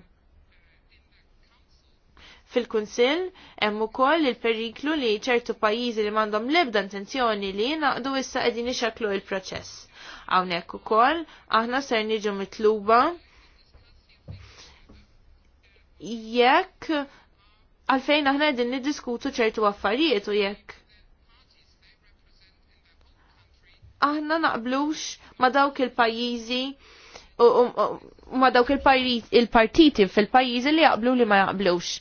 Fil-Kunsill, hemm ukoll il-periklu li ċertu pajjiżi li m'għandhom l-ebda intenzjoni li jinaqdu issa qegħdin ixaklu il-proċess. Hawnhekk ukoll aħna ser niġu mitluba jekk għalfejn aħna qegħdin niddiskutu ċertu affarijiet u jekk aħna naqblux ma dawk il-pajjiżi u ma dawk il-partiti fil-pajjiżi li jaqblu li ma jaqblux.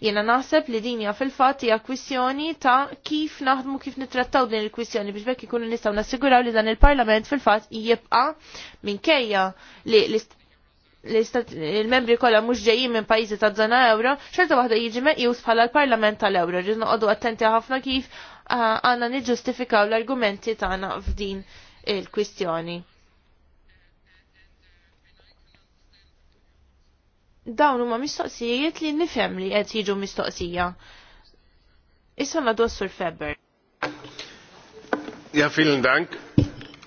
Jena naħseb li dinja fil-fatt hija kwistjoni ta' kif naħdmu kif nittrattaw din il kwissjoni biex bekk ikunu nistgħu nassiguraw li dan il-Parlament fil-fatt jibqa' minkejja li il-membri kollha mhux ġejjin minn pajjiżi ta' żona euro, xorta waħda jiġi meqjus bħala l-Parlament tal-Euro. rridu noqogħdu attenti ħafna kif għanna niġustifikaw l-argumenti tagħna f'din il-kwistjoni. Dawn huma mistoqsijiet li nifhem li qed jiġu mistoqsija. Issa nagħdu sur Feber. Ja, vielen Dank.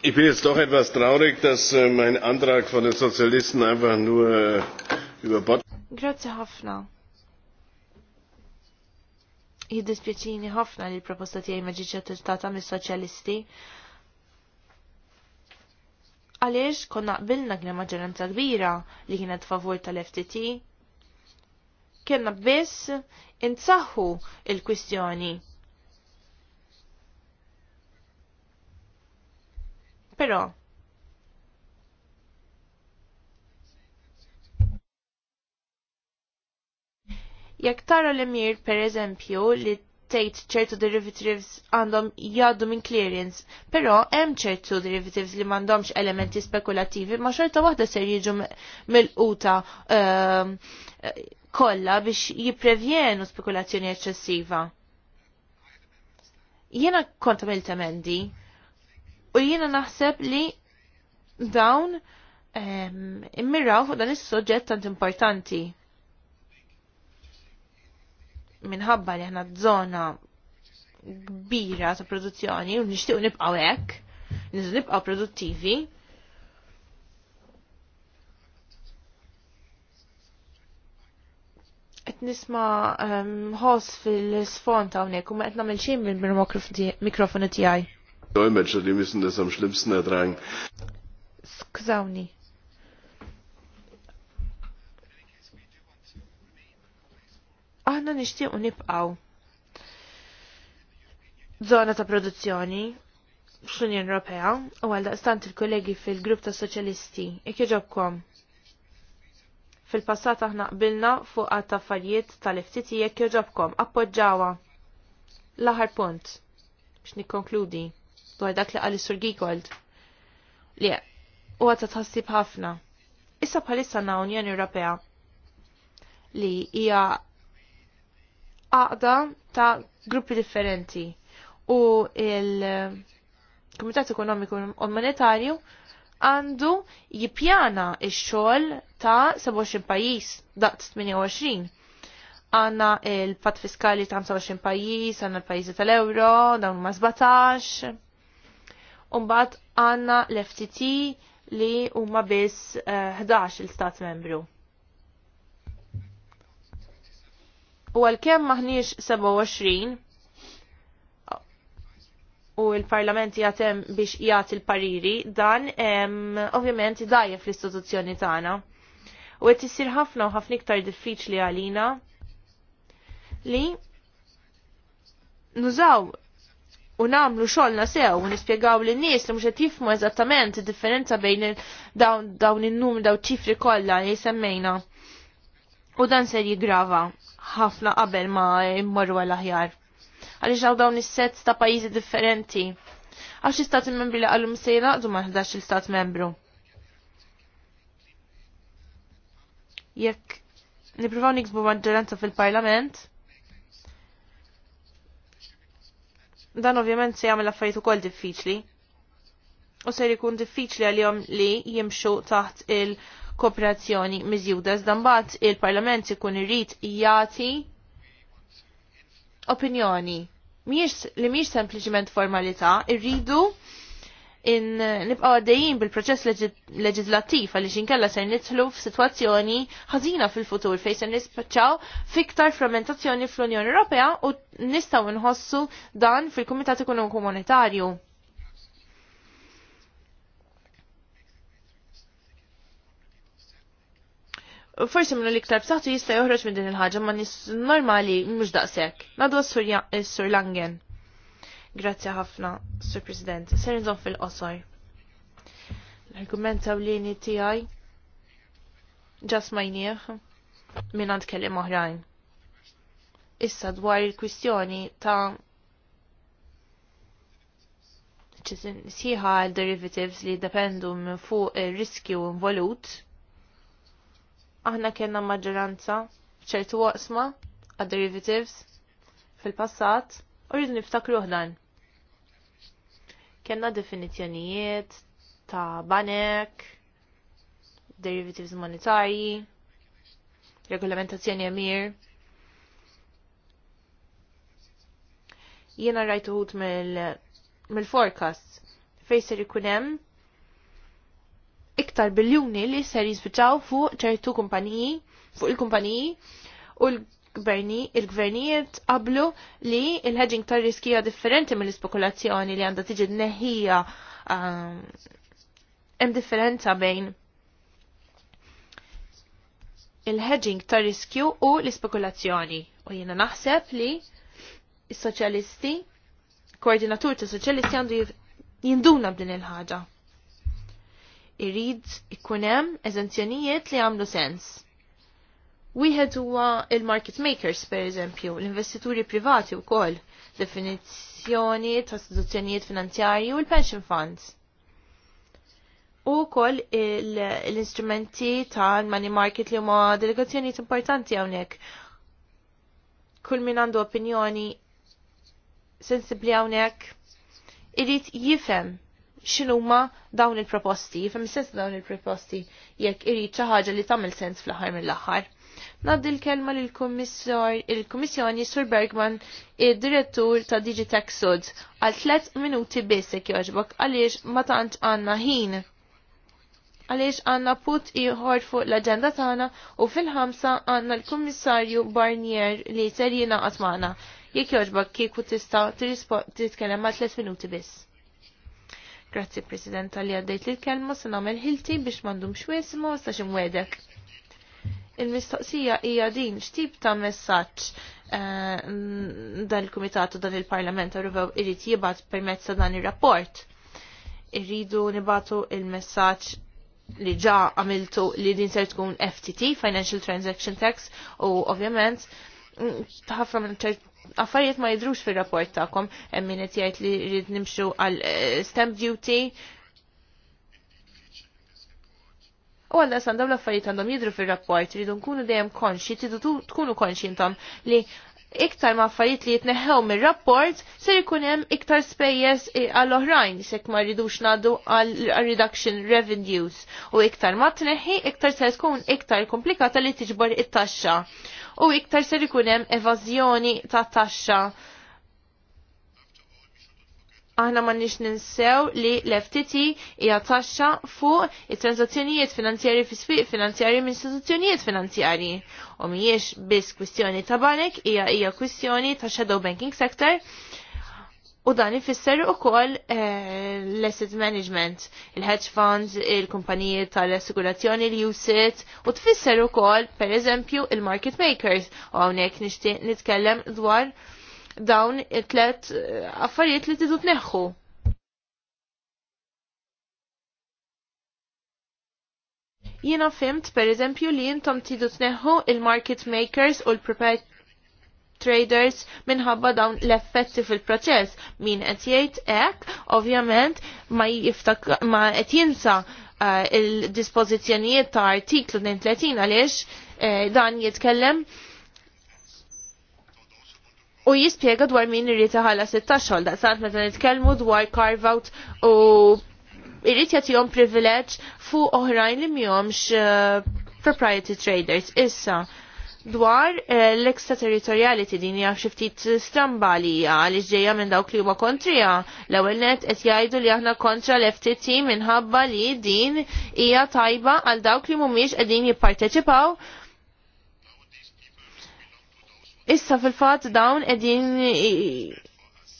Ich bin jetzt doch etwas traurig, dass äh, mein Antrag von den Sozialisten einfach nur äh, über Bord. Grazie ħafna. Jiddispjaċini ħafna li l-proposta tiegħi ma ġietx attestata mis-soċjalisti. Għaliex konna qbilna kien maġġoranza kbira li kienet favur tal-FTT. Kienna biss insaħħu il-kwistjoni. Però, Jekk tara l-emir per eżempju li tgħid ċertu derivatives għandhom jgħaddu minn clearance, però hemm ċertu derivatives li m'għandhomx elementi spekulattivi ma xorta waħda ser jiġu mill-quta ehm, kollha biex jipprevjenu spekulazzjoni eċċessiva. Jiena kont għamilt emendi u jiena naħseb li dawn ehm, immiraw fuq dan is-soġġett tant importanti minħabba li aħna żona kbira ta' produzzjoni u nixtiequ nibqgħu hekk, niżu nibqgħu produttivi. Qed nisma' ehm, ħoss fil-sfond hawnhekk u ma qed nagħmel xejn mill mikrofonu tiegħi. Skużawni. aħna nixtiequ nibqgħu zona ta' produzzjoni fl-Unjoni Ewropea u għal daqstant il-kollegi fil-grupp ta' soċjalisti ikjoġobkom. Fil-passat aħna qbilna fuq għat taffarijiet tal-FTT jekk joġobkom appoġġawa. L-aħar punt biex nikkonkludi dwar dak li qal is-Sur Giegold. Li huwa ta' tħassib ħafna. Issa bħalissa na Unjoni Ewropea li hija għaqda ta' gruppi differenti u il-Komitat Ekonomiku u l-Monetarju għandu jipjana il xogħol ta' 27 pajjiż daqt 28. Għanna il-pat fiskali ta' 27 pajjiż, għanna l-pajjiżi tal-euro, dawn ma' 17. Umbat għanna l-FTT li huma biss 11 eh, il-stat membru. U għalkemm maħniex 27 u l-Parlament jatem biex jagħti l-pariri, dan ovvjament dajja fl-istituzzjoni tagħna. U qed isir ħafna u ħafna iktar diffiċli għalina li nużaw u namlu xolna sew u nispjegaw lin nies li mhux qed jifhmu eżattament id-differenza bejn dawn in-numri daw ċifri kollha li semmejna. U dan ser jigrava ħafna qabel ma jmorru għal aħjar. Għaliex għaw dawn is-sets ta' pajjiżi differenti. Għax istat membri li għallum se jinaqdu ma' ħdax il-stat membru. Jekk niprofaw niksbu maġġoranza fil-parlament, dan ovvjament se jagħmel affarijiet ukoll diffiċli. U ser ikun diffiċli għalihom li jimxu taħt il- kooperazzjoni miżjuda iżda il-Parlament ikun irrid jagħti opinjoni. Miex li miex sempliċement formalità, irridu in nibqaw għaddejjin bil-proċess leġislattiv għaliex inkella se nidħlu f'sitwazzjoni ħażina fil-futur fejn se nispaċċaw fiktar frammentazzjoni fl-Unjoni Ewropea u nistgħu nħossu dan fil-Kumitat Ekonomiku Monetarju. forsi minnu liktar b'saħtu jista' joħroġ minn din il-ħaġa ma' nis normali mhux daqshekk. Nadu s-sur eh, Langen. Grazzi ħafna, Sur President. Ser nżomm fil-qosor. L-argument tawlini tiegħi ġasmajnieh minn għand kellim oħrajn. Issa dwar il-kwistjoni ta' sħiħa l derivatives li dependu minn fuq ir-riskju involut aħna kena maġġoranza f'ċertu waqsma għad derivatives fil-passat u rridu niftakru dan. Kenna definizjonijiet ta' banek, derivatives monetarji, regolamentazzjoni emir. Jiena rajtu mill-forecast mil fejser ikunem hemm iktar biljuni li ser jisbitaw fuq ċertu kumpaniji, fuq il-kumpaniji u il-gvernijiet qablu li il-hedging tar riskija differenti mill-ispekulazzjoni li għandha tiġi neħija um, hemm differenza bejn il-hedging tar riskju u l-ispekulazzjoni. U jiena naħseb li is-soċjalisti, koordinatur ta' soċjalisti għandu jinduna b'din il-ħaġa irrid ikun hemm eżenzjonijiet li għamlu sens. Wieħed huwa il-market makers pereżempju, l-investituri privati wkoll, definizzjoni ta' istituzzjonijiet finanzjarji u l-pension funds. U wkoll l-instrumenti tal-money market li huma delegazzjonijiet importanti hawnhekk. Kull min għandu opinjoni sensibli hawnhekk irid jifhem x'inhuma dawn il-proposti, fem sens dawn il-proposti jekk irid xi ħaġa li tagħmel sens fl-aħħar mill-aħħar. Naddi l-kelma lil il-Kummissjoni Sur Bergman, id-direttur ta' Digitech Sud, għal tliet minuti biss jekk jogħġbok għaliex ma tantx għandna ħin. Għaliex għandna put ieħor fuq l-aġenda tagħna u fil-ħamsa għandna l-Kummissarju Barnier li ser jingħaqad magħna. Jekk jogħġbok kieku tista' titkellem ma' tliet minuti biss. Grazzi President għalli għaddejt l-kelma se nagħmel ħilti biex mandum xwies ma stax imwedek. Il-mistoqsija hija din x'tip ta' messaġġ eh, dan il-Kumitat u dan il-Parlament Ewropew irid jibgħat permezz ta' dan ir-rapport. Irridu nibatu il-messaġġ li ġa għamiltu li din ser tkun FTT, Financial Transaction Tax, u ovvjament mm, ħafna minn ċertu affarijiet ma jidrux fil-rapport ta'kom, min qed jgħid li rrid nimxu għal eh, stamp duty. U għalla san dawn l-affarijiet għandhom jidru fil-rapport, rridu nkunu dejjem konxi, tridu tkunu konxi intom li iktar ma' affarijiet li jitneħħew mir-rapport ser ikun hemm iktar spejjeż għall-oħrajn sekk ma rridux ngħaddu għal reduction revenues u iktar ma tneħħi iktar se tkun iktar komplikata li tiġbor it-taxxa u iktar ser ikun hemm evażjoni ta' taxxa aħna ma nix ninsew li l-FTT hija taxxa fuq it-transazzjonijiet finanzjari fi sfiq finanzjari minn istituzzjonijiet finanzjari. U mhijiex biss kwistjoni ta' banek hija hija kwistjoni ta' shadow banking sector u dan ifisser ukoll eh, l-asset management, il-hedge funds, il-kumpaniji tal-assigurazzjoni li jusit u tfisser ukoll pereżempju il-market makers u hawnhekk nixtieq nitkellem dwar dawn it-tlet eh, affarijiet li tidu tneħħu. Jiena fimt, per eżempju, li jintom tidu tneħħu il-market makers u l-prepared traders minħabba dawn l-effetti fil-proċess. Min qed jgħid hekk, ovvjament, ma jiftak ma qed jinsa uh, il-dispożizzjonijiet ta' artiklu 32 għaliex uh, dan jitkellem u jispjega dwar min irrit iħalla 16 xogħol daqsant meta nitkellmu dwar carve out u irrit jagħtihom privileġġ fuq oħrajn li mjomx eh, propriety traders. Issa, dwar eh, l extraterritoriality din hija xi ftit strambalija għaliex ġejja minn dawk li huma kontrija. L-ewwel net qed jgħidu li aħna kontra l-FTT minħabba li din hija tajba għal dawk li mhumiex qegħdin jipparteċipaw Issa fil-fat dawn edin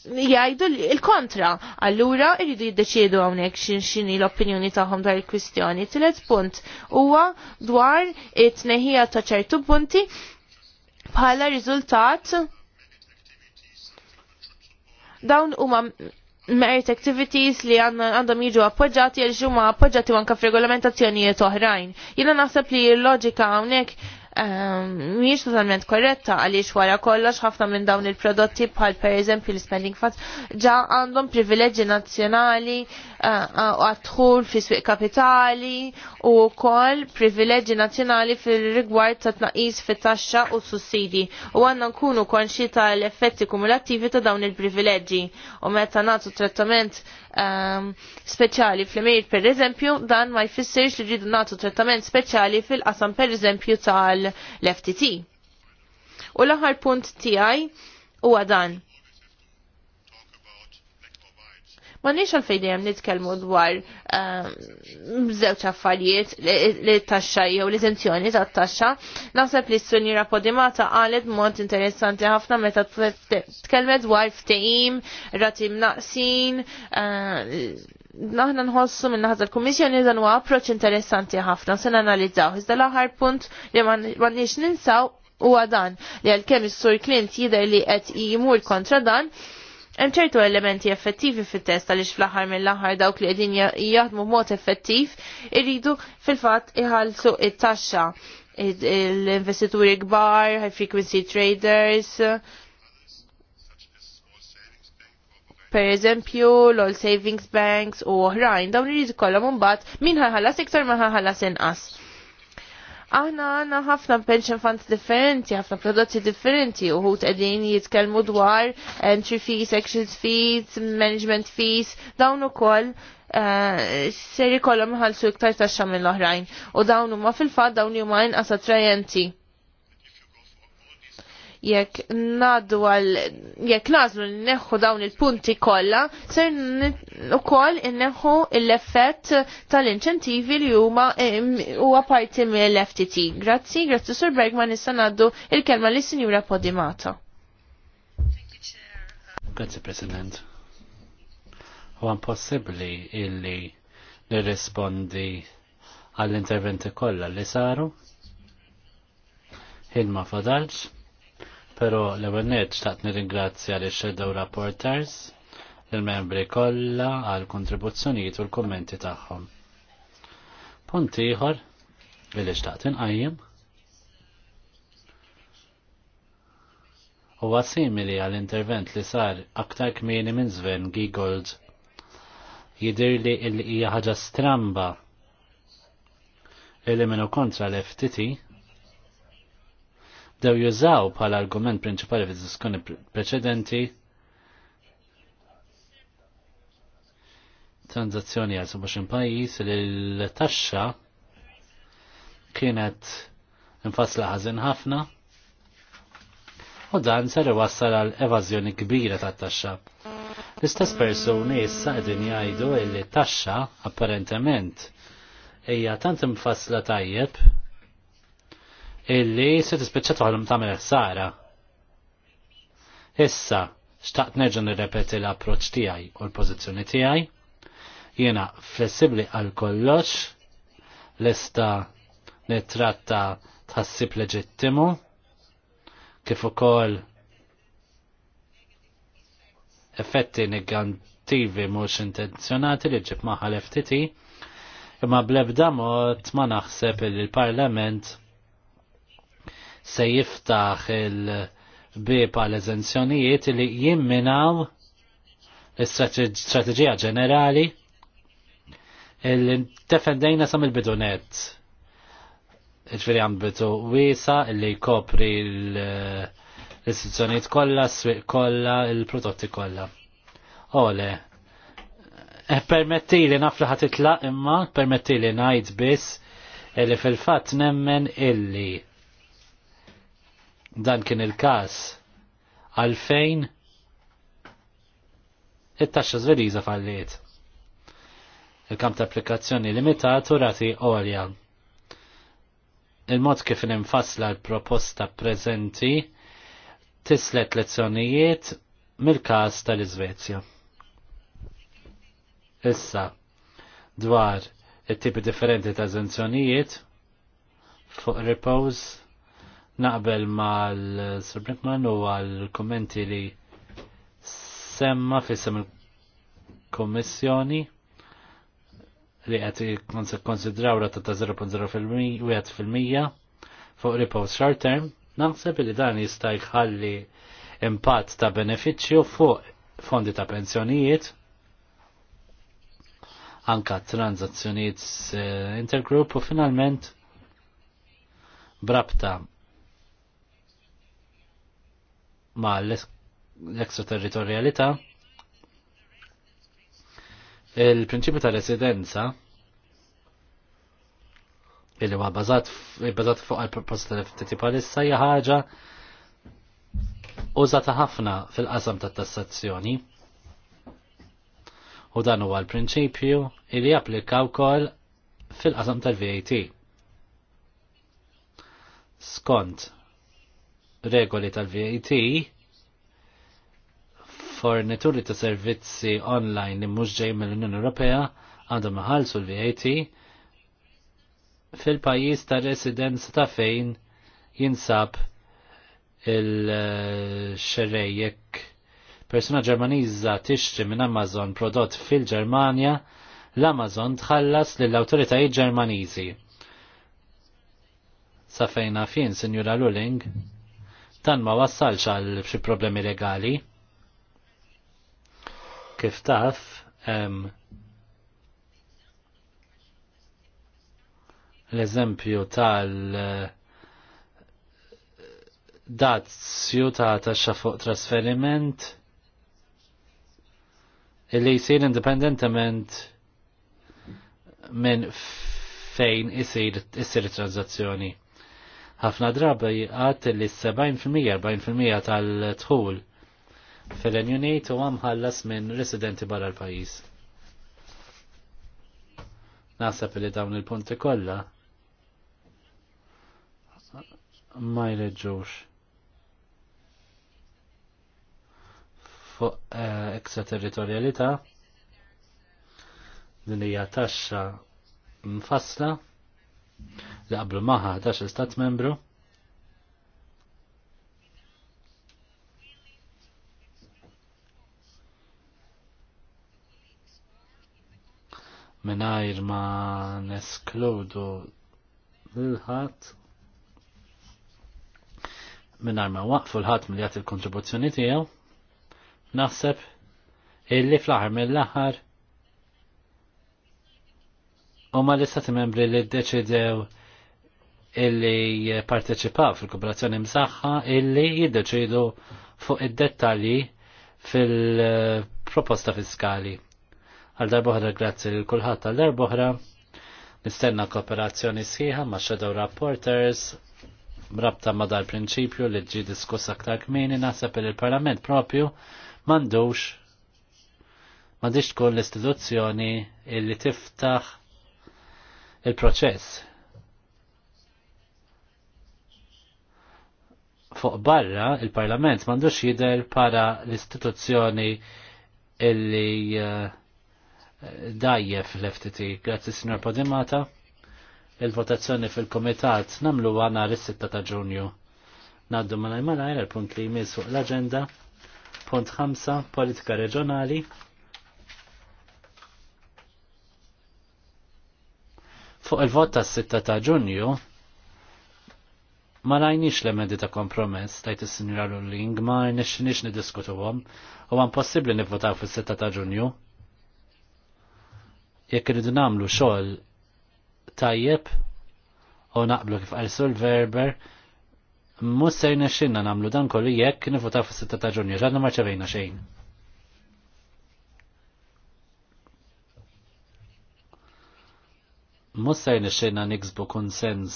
jgħidu il-kontra. Allura irridu jiddeċiedu hawnhekk x'inxini l-opinjoni tagħhom dwar il-kwistjoni. Tielet punt huwa dwar it neħija ta' ċertu punti bħala riżultat dawn huma merit activities li għandhom jiġu appoġġati għal ġumma appoġġati anke f'regolamentazzjonijiet oħrajn. Jiena naħseb li l-loġika hawnhekk Ehm, mhijiex totalment korretta għaliex wara kollox ħafna minn dawn il-prodotti bħal pereżempju l-spending fat ġa għandhom privileġġi nazzjonali eh, eh, u għadħul fi swieq kapitali u wkoll privileġġi nazzjonali fil-rigward ta' tnaqis fit-taxxa u sussidi u għandna nkunu konxi tal-effetti kumulattivi ta' dawn il-privileġġi u meta nagħtu trattament um, speċjali fl-imejl per eżempju, dan ma jfissirx li rridu nagħtu trattament speċjali fil-qasam per eżempju tal-FTT. U l-aħħar punt tiegħi huwa dan Ma nix għalfej dejjem nitkelmu dwar ehm, żewġ affarijiet li t-taxxa jew l-intenzjoni tat-taxxa. Naħseb li s-sunjira Podimata qalet mod interessanti ħafna meta tkellmet dwar ftehim, ratim naqsin, naħna ehm, nħossu minn naħza l-Komissjoni dan huwa approċċ interessanti ħafna se nanalizzaw. Iżda l-aħħar punt li ma nix ninsaw huwa dan li għalkemm is-Sur Clint jidher li qed jimur kontra dan, Hemm ċertu elementi effettivi fit-test għaliex fl-aħħar mill-aħħar dawk li qegħdin jaħdmu mod effettiv irridu fil-fatt iħallsu it-taxxa l-investituri kbar, high frequency traders, per eżempju l-all savings banks u oħrajn, dawn irridu kollha mbagħad min ħaħallas iktar ma ħaħallas inqas Aħna għanna ħafna pension funds differenti, ħafna prodotti differenti, għut għedin jitkelmu dwar entry fees, exit fees, management fees, dawn u koll eh, seri kollom ħalsu iktar taxxa mill-oħrajn. U dawn huma fil-fat dawn huma jinqas attrajenti jekk nadu għal jekk nażlu neħħu dawn il-punti kollha ser ukoll inneħħu l-effett tal-inċentivi li huma huwa parti mill-FTT. Grazzi, grazzi Sur Bergman issa ngħaddu il-kelma lis sinjura Podimata. Grazzi President. Huwa impossibbli illi nirrispondi għall-interventi kollha li saru. Hilma fadalx Pero l-ewwel nett xtaqt nirringrazzja lil shadow rapporters, il-membri kollha għal kontribuzzjonijiet u l-kummenti tagħhom. Punt ieħor li xtaqt inqajjem. Huwa simili għal intervent li sar aktar kmieni minn Sven Gigold jidir li il-hija ħaġa stramba illi minu kontra l-FTT dew jużaw bħala argument prinċipali fi diskussjoni preċedenti tranzazzjoni għal 27 pajis li l-taxxa kienet infasla ħażin ħafna u dan ser iwassal għal evażjoni kbira tat-taxxa. L-istess persuni issa qegħdin jgħidu li t-taxxa apparentement hija tant infasla tajjeb illi se tispiċċa toħlom tagħmel ħsara. Issa, xtaqt nerġa' nirrepeti l-approċċ tiegħi u l-pożizzjoni tiegħi. Jiena flessibbli għal kollox lista nittratta tħassib leġittimu kif ukoll effetti negattivi mhux intenzjonati li ġib maħal FTT imma blebda mod ma naħseb il-Parlament se jiftaħ il-bib għal eżenzjonijiet li jimminaw l-strategija ġenerali li tefendejna sam il-bidunet. Iġveri għambitu wisa li kopri l istituzjoniet kolla, s-swiq kolla, il-prodotti kolla. Ole, eh, permetti li naf li imma, permetti li najt biss li fil-fat nemmen illi Dan kien il-każ għalfejn it-taxxa Zvediża falliet. Il-kamp ta' applikazzjoni limitat u rati għolja. Il-mod kif nimfassla l-proposta prezenti tislet lezzjonijiet mill-każ tal-Iżvezja. Issa, dwar it-tipi differenti ta' zenzjonijiet fuq repose naqbel mal-Sir Brinkman u għal-kommenti li semma fissem il-Kommissjoni li għet konsidraw rata ta' 0.01% fuq repos short term, naħseb li dan jista' jħalli impatt ta' beneficju fuq fondi ta' pensjonijiet, anka tranzazzjonijiet eh, intergroup u finalment brabta ma l extraterritorialità il-prinċipju ta' residenza illi huwa bbażat fuq il-proposta tal-FTT palissa hija ħaġa użata ħafna fil-qasam tat-tassazzjoni. U dan huwa l-prinċipju illi japplika wkoll fil-qasam tal-VAT. Skont regoli tal-VAT fornituri ta' servizzi online li mhux ġej mill-Unjoni Ewropea għandhom iħallsu l-VAT fil-pajjiż ta' residenza ta' fejn jinsab il-xerejjek. Persuna Ġermaniża tixtri minn Amazon prodott fil-Ġermanja, l-Amazon tħallas lill-awtoritajiet Ġermaniżi. Sa fejna fin, Sinjura Luling? Dan ma wassalx għal xi problemi legali. Kif taf, l-eżempju tal eh, dazzju ta' taxxa fuq trasferiment illi jisir indipendentement minn fejn isir isir transazzjoni ħafna drabi għat li 70-40% tal-tħul fil-Renju Unit u għamħallas minn residenti barra l-pajis. Nasab li dawn il-punti kollha ma jreġġux. Fuq eh, din hija taxxa mfassla li qablu maħa 11 stat membru Mingħajr ma neskludu l-ħat Mingħajr ma waqfu l-ħat mill-jat il-kontribuzzjoni tijaw naħseb illi fl-ħar mill-ħar U ma l-istati membri li d-deċidew illi parteċipa fil-kooperazzjoni msaħħa illi jiddeċidu fuq id-dettalji fil-proposta fiskali. Għal darbohra grazzi l kulħadd għal darbohra nistenna kooperazzjoni sħiħa ma' Shadow Rapporters mrabta ma' dal prinċipju li ġi diskuss aktar kmini naħseb il parlament propju mandux mandix tkun l-istituzzjoni illi tiftaħ il-proċess. Fuq barra, il-Parlament mandux jider para l-istituzzjoni illi eh, dajjef l-FTT. Grazzi, Signor Podimata. Il-votazzjoni fil-Komitat namlu għana r 6 ta' ġunju. Naddu malaj malaj, punt li jmiss fuq l-agenda. Punt 5, politika reġjonali. fuq il-vot tas 6 ta' ġunju ma rajniex l-emendi ta' kompromess tajt is-sinjura Lulling ma nixxinix niddiskutuhom u għan possibli nivvotaw fis-6 ta' ġunju. Jekk irridu nagħmlu xogħol tajjeb u naqblu kif qal Sul-Verber, Mus sejna xinna namlu dan kollu jekk nifuta fis-sitta ta' ġunju, ġadna marċevejna xejn. mussaj xena niksbu konsens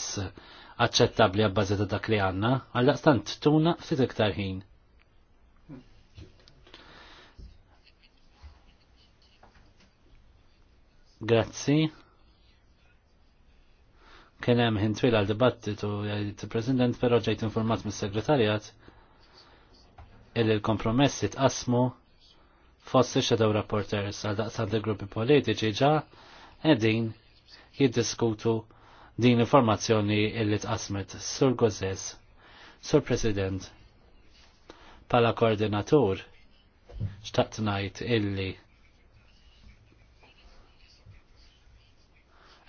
aċċettabli għabbażi ta' dak li għanna, għalla stant tuna fit iktar ħin. Grazzi. Kien hemm ħin twil għal dibattitu jgħid president però ġejt informat mis-segretarjat illi l-kompromessi tqasmu fossi ix rapporters għal daqs il gruppi politiċi ġa qegħdin jiddiskutu din informazzjoni illi tqasmet Sur Gozes, Sur President, pala koordinatur, xtaqt najt illi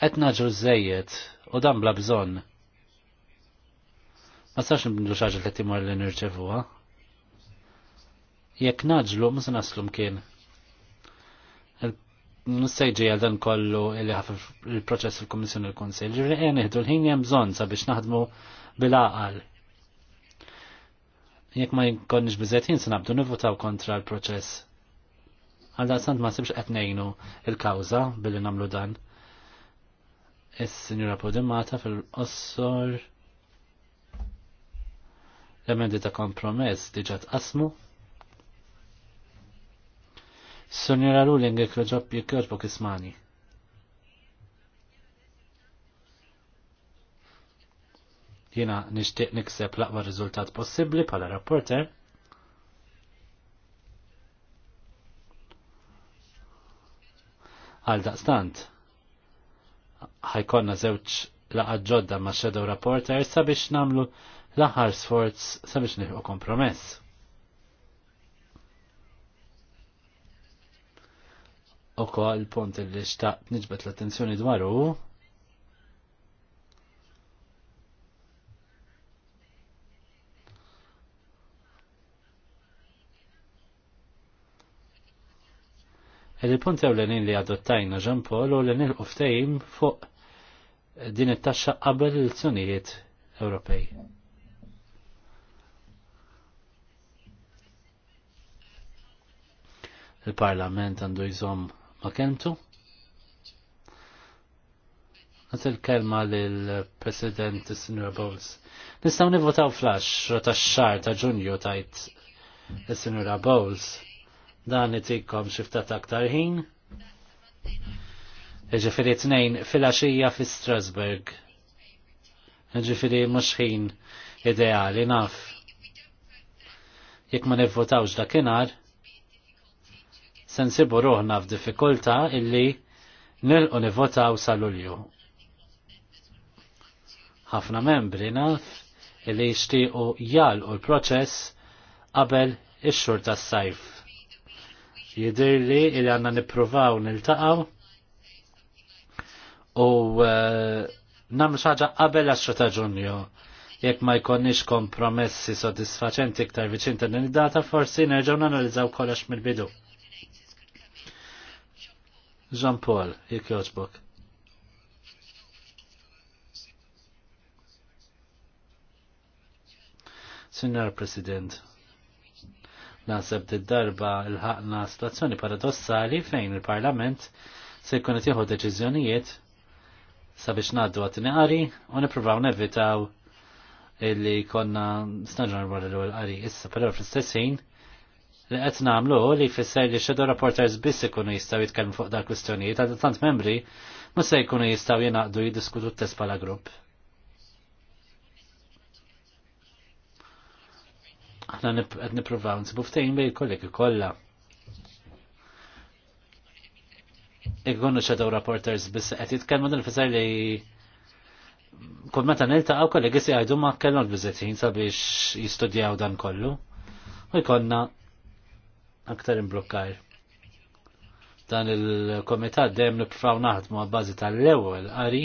etna ġużejiet u dan bla bżonn. Ma sax nbindu xaġa li timur li nirċevuha. Jekk naġlu ma se naslu mkien nustajġi għadan kollu li ħafif il-proċess fil komissjoni l-Konsil. Ġirri għen eh, l-ħin jem bżon sabiex naħdmu bil-aqal. Jek ma jkonniġ bizet jinsa nabdu nivotaw kontra l-proċess. Għadda sant ma sibx għetnejnu il-kawza billi namlu dan. Is-Sinjura Podimata fil-qossor l-emendi ta' kompromess diġat asmu Sonjera Ruling jekroġob jekroġbok kismani. Jina nishtiq nikseb laqwa rizultat possibli pala rapporter. Għal daqstant, ħajkonna zewċ laqa ġodda ma' Shadow Reporter sabiex namlu laħar sforz sabiex nilħu kompromess. u kol punt li xtaqt nġbet l-attenzjoni dwaru Il-punt għaw l-enin li għadottajna ġan pol u l-enin uftajim fuq din it-taxxa qabel l zonijiet Ewropej. Il-Parlament għandu jżomm ma kentu. Għat il-kelma l-President Sinjor Bowles. Nistaw nivotaw flash ta' xar ta' ġunju tajt Sinjora Bowles. Dan itikom xiftat aktar ħin. Ġifiri t-nejn fil-axija fi Strasburg. Ġifiri mux ideali naf. Jek ma nivvotawx dakinar, sensibu ruħna f'diffikulta illi nilqu nivotaw sal-ulju. Ħafna membri naf illi jixtiequ jgħalqu l-proċess qabel ix-xhur tas-sajf. Jidirli illi għandna nippruvaw niltaqgħu u e, namlu xaġa qabel għax ta' Ġunju jekk ma jkonniex kompromessi sodisfaċenti iktar viċin ta' din id-data forsi nerġgħu nanalizzaw kollox mill-bidu. Jean Paul, jek joġbok. Signor President, naħseb d-darba il-ħakna situazzjoni paradossali fejn il-Parlament se jkun qed jieħu deċiżjonijiet sabiex ngħaddu għat qari u nippruvaw nevitaw illi konna staġnar wara l-ewwel qari. Issa però fl-istess li qed nagħmlu li jfisser li xedu rapporters biss ikunu jistgħu jitkellmu fuq dal kwistjonijiet għal tant membri ma se jkunu jistgħu jingħaqdu jiddiskutu t-test bħala grupp. Aħna qed nippruvaw nsibu ftehim bej kollegi kollha. Ikunu xedu rapporters biss qed jitkellmu din fisser li kull meta niltaqgħu kollegi se jgħidu ma kellhom biżetin sabiex jistudjaw dan kollu. U jkollna aktar imblokkar. Dan il-komitat dejjem nipfraw naħdmu bażi tal-ewwel qari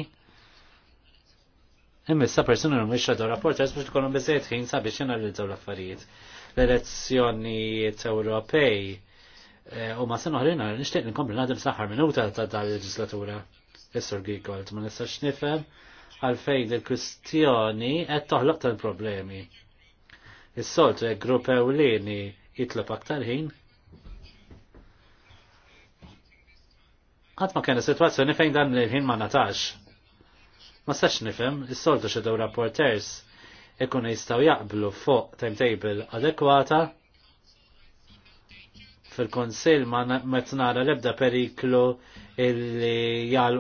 Immissa persuna li mhix xedew rapporters biex tkunu biżejjed ħin sabiex jenalizzaw l-affarijiet. L-elezzjonijiet Ewropej eh, u ma sena oħrina nixtieq nkompli ngħadem saħħar minuta ta' dan il-leġislatura. Is-Sur Gigold ma nistax nifhem għalfejn il-kwistjoni qed toħloq tal-problemi. Is-solt grupp ewlieni jitlob aktar ħin Għat ma kena situazzjoni fejn dan l-ħin ma natax. Ma sax nifem, il soltu daw rapporters ikun jistaw jaqblu fuq timetable adekwata fil-konsil ma metnara lebda periklu illi jgħal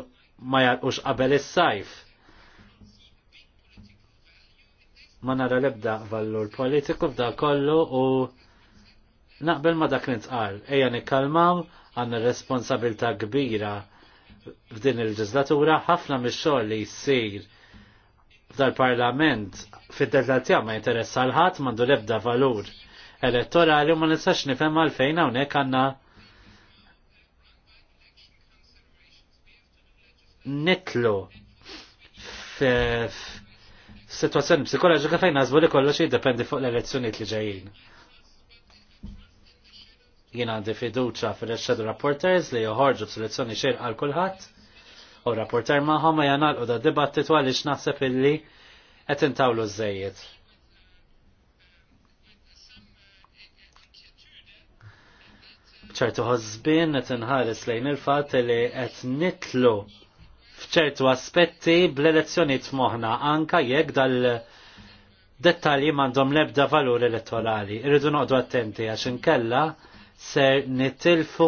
ma jgħalqux qabel is-sajf. Ma nara lebda vallur politiku f'da kollu u naqbel ma dak nitqal, ejja nikkalmaw għanna responsabilta kbira f'din il-ġizlatura ħafna mix-xogħol li jsir f'dal-parlament fid-detlatja ma jinteressa l-ħadd m'għandu l-ebda valur elettorali u ma nistax nifhem għalfejn hawnhekk għandna nitlu f'sitwazzjoni psikoloġika fejn nażbu li kollox jiddependi fuq l-elezzjonijiet li ġejjin jien għandi fiduċa fil-Shadow Rapporters li joħorġu b'selezzjoni xejn għal kulħadd u rapporter magħhom ma janalqu da dibattitu għaliex naħseb illi qed intawlu żejjed. ċertu ħozbin qed inħares lejn il-fatt li qed nitlu f'ċertu aspetti bl-elezzjonijiet moħna anka jekk dal dettalji m'għandhom l-ebda valur elettorali. Irridu noqdu attenti għax inkella kella ser nitilfu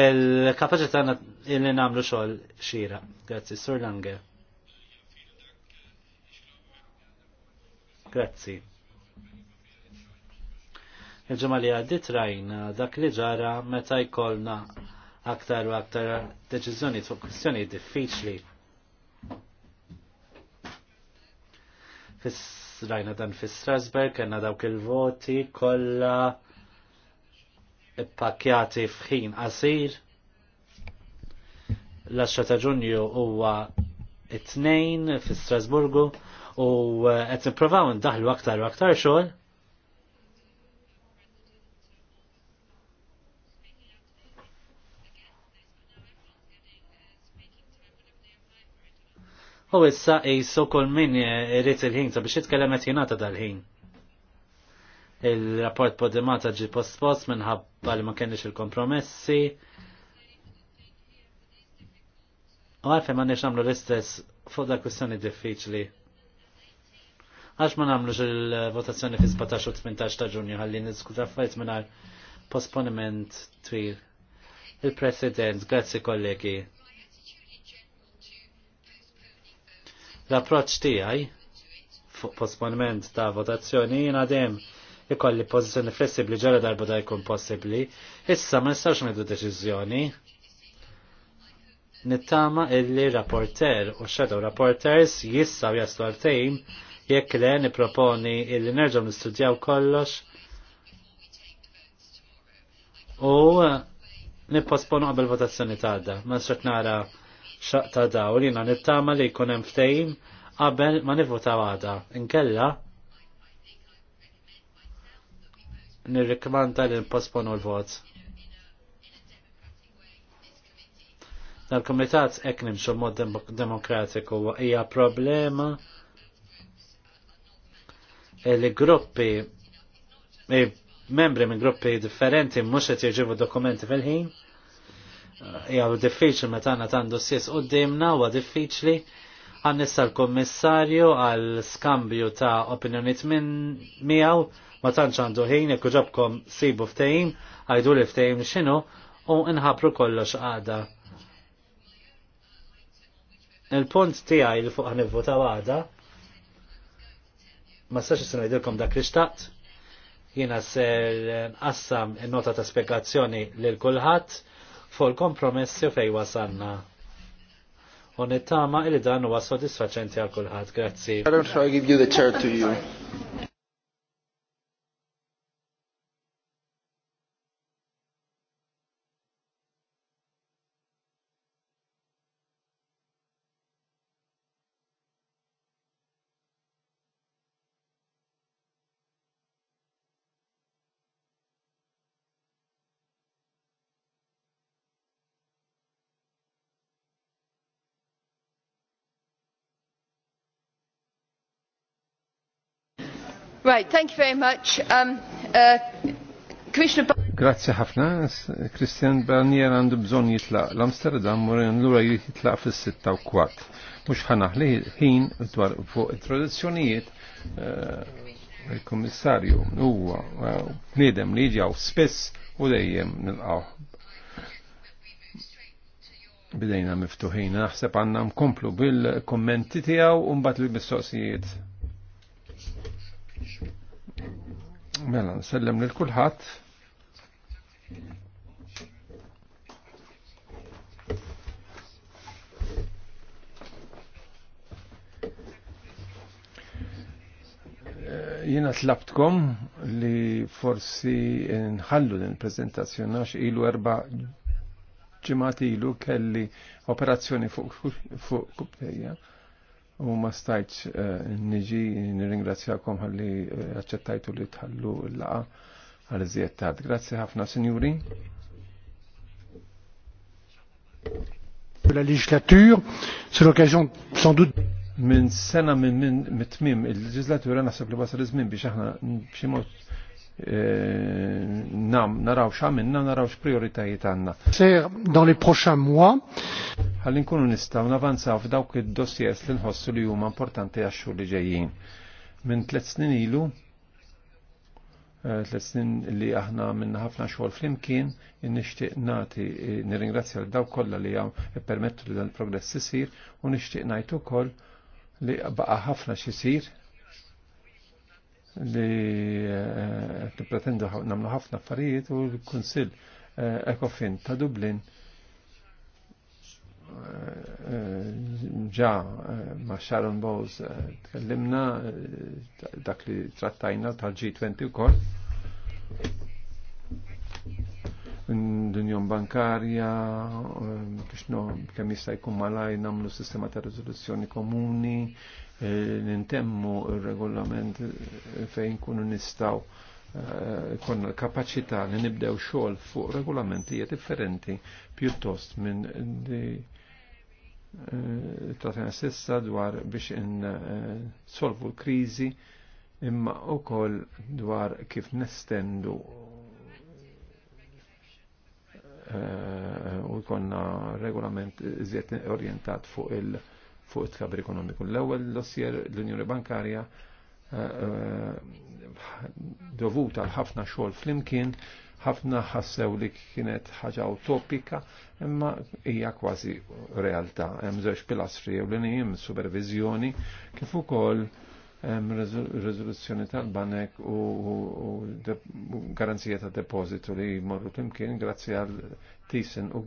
il-kapacità li namlu xogħol xira. Grazzi, Sur Lange. Grazzi. Il-ġemma li għaddit rajna dak li ġara meta jkollna aktar u aktar deċiżjoni fuq kwistjoni diffiċli. Fis rajna dan fi Strasberg, kena dawk il-voti kollha ippakjati fħin qasir. L-10 ta' ġunju huwa it-tnejn fi Strasburgu u uh, qed nippruvaw ndaħlu aktar u aktar xogħol. U issa jisu kol min irrit il-ħin, ta' biex jitkellem qed jingħata dal-ħin il-rapport podimata ġi postpos minħabba li ma kenniex il-kompromessi. U għalfe ma nix namlu l-istess fuq da kwistjoni diffiċli. Għax ma namlux il-votazzjoni fi 17 u 18 ta' ġunju għalli niddiskutu fajt mingħajr postponiment twil. Il-President, grazzi kollegi. L-approċ tiegħi fuq postponiment ta' votazzjoni jina dem ikolli pożizzjoni flessibbli ġara darba da jkun possibbli. Issa ma nistax ngħidu deċiżjoni. Nittama illi rapporter u shadow rapporters jistgħu jaslu għal-tejn jekk le niproponi illi nerġgħu nistudjaw kollox u nipposponu qabel votazzjoni tagħda. Ma nistax nara xaqta ta' daw li nittama li jkun hemm ftehim qabel ma nivvotaw għada. Inkella nirrikmanta li nposponu l-vot. Dal-komitat ek nimxu mod demokratiku hija problema li gruppi membri minn gruppi differenti mhux qed jirġibu dokumenti fil-ħin. Hija diffiċli meta għandna tandu sis u qudiemna huwa diffiċli għan nissa l-kommissarju għal skambju ta' opinjoniet minn miegħu ma tantx għandu ħin jekk ġabkom sibu ftehim, għajdu li ftehim x'inhu u nħabru kollox għada. Il-punt tiegħi li fuq ħanivvotaw għada ma sax se ngħidilkom dak li xtaqt. Jiena ser nqassam in-nota ta' spjegazzjoni lil kulħadd fuq il-kompromessi fejn wasanna u nittama il dan huwa sodisfaċenti għal kulħadd. Grazzi. I don't try to give you the chair to you. Um, uh, Grazie ħafna. Christian Barnier għandu bżon jitlaq l-Amsterdam u l-ura jitlaq fil-6 u kwart. Mux ħanaħli ħin dwar fuq il tradizjonijiet eh, il komissarju u eh, bniedem li ġaw spess u dejjem nilqaw. Bidejna miftuħin, naħseb għannam komplu bil-kommenti tijaw un bat il-mistoqsijiet. Mela, nsellem lil kulħadd. Jiena tlabtkom li forsi nħallu din prezentazzjoni għax ilu erba' ġimgħat ilu kelli operazzjoni fuq fu, Fu, fu, U ma stajċ eh, niġi nirringrazzjakom għalli għacċettajtu eh, li tħallu l-laqa għal iżjettat. Grazzi ħafna, sinjuri. La legislature, c'est l'occasion sans doute. Min sena min min mitmim il legislatura nasab li wasal iż-żmien biex aħna b'xi mod Eh, nam, naraw xamminna, naraw x-prioritajiet għanna. Ser, dan li proxan mwa. Għallin kunu nistaw navanzaw f'dawk id-dossiers li nħossu li huma importanti għaxxu li ġejjin. Minn tlet snin ilu, eh, tlet snin li aħna minna ħafna xogħol flimkien, nixtieq nagħti nirringrazzja l dawk kollha li hawn permettu li dan il-progress isir u nixtieq ngħid ukoll li baqa' ħafna xisir li eh, pretendu namlu ħafna affarijiet u l-Kunsill Ekofin eh, ta' Dublin eh, ġa ma' Sharon Bowles tkellimna dak li trattajna tal-G20 u kol non bankarja, biex eh, no, kemm jista' jkun malaj nagħmlu sistema ta' riżoluzzjoni komuni, eh, nintemmu r regolament eh, fejn kunu nistgħu konna l kapaċità li nibdew xogħol fuq regolamenti differenti pjuttost minn tratena sissa dwar biex in solvu l-krizi imma u koll dwar kif nestendu Eh, u jkonna regolament iżjed orientat fuq il fuq it-kabri ekonomiku. L-ewwel dossier l-Unjoni Bankarja eh, dovuta għal ħafna xogħol flimkien, ħafna ħassew li kienet ħaġa utopika, imma hija kważi realtà. Hemm żewġ pilastri ewlenijiem supervizjoni kif ukoll rezoluzzjoni tal-banek u garanzija ta' depozitu li morru timkien grazzi għal Tisen u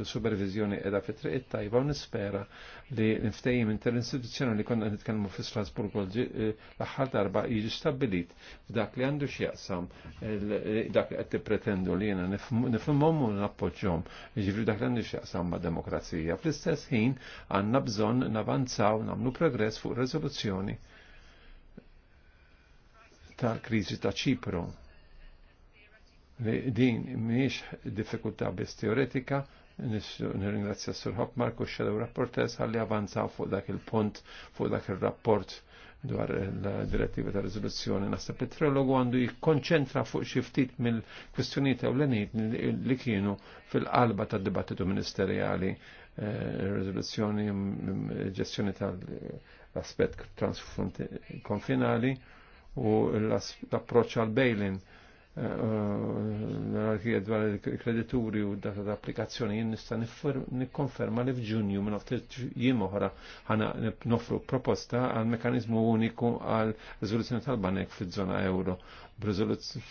u supervizjoni edha fit triq tajba u nispera li l-ftejim l istituzzjoni li konna nitkellmu fi Strasburg eh, l-aħħar darba jiġi stabbilit f'dak li għandu x'jaqsam eh, dak li qed tippretendu li jiena nifhimhom u nappoġġhom. Jiġifieri dak li għandu x'jaqsam ma' demokrazija. Fl-istess ħin għandna bżonn navanzaw nagħmlu progress fuq rezoluzzjoni tal-kriżi ta' Ċipru. Din mhijiex diffikultà biss teoretika, nirringrazzja Sur Hopmark u Shadow Rapporters għalli avanzaw fuq dak il-punt, fuq dak il-rapport dwar il-direttiva ta' rezoluzzjoni. Nasta petrologu trilogu għandu jikkonċentra fuq xi ftit mill-kwistjonijiet ewlenin li kienu fil-qalba tad dibattitu ministerjali eh, rezoluzzjoni mm, mm, ġestjoni tal-aspett konfinali u l-approċ għal bail l-arħija eh, eh, dwar il-kredituri u data ta' applikazzjoni jien nista' nikkonferma li f'Ġunju minn ftit jim uħra ħana nofru proposta għal mekanizmu uniku għal riżoluzzjoni tal-banek fiż-żona euro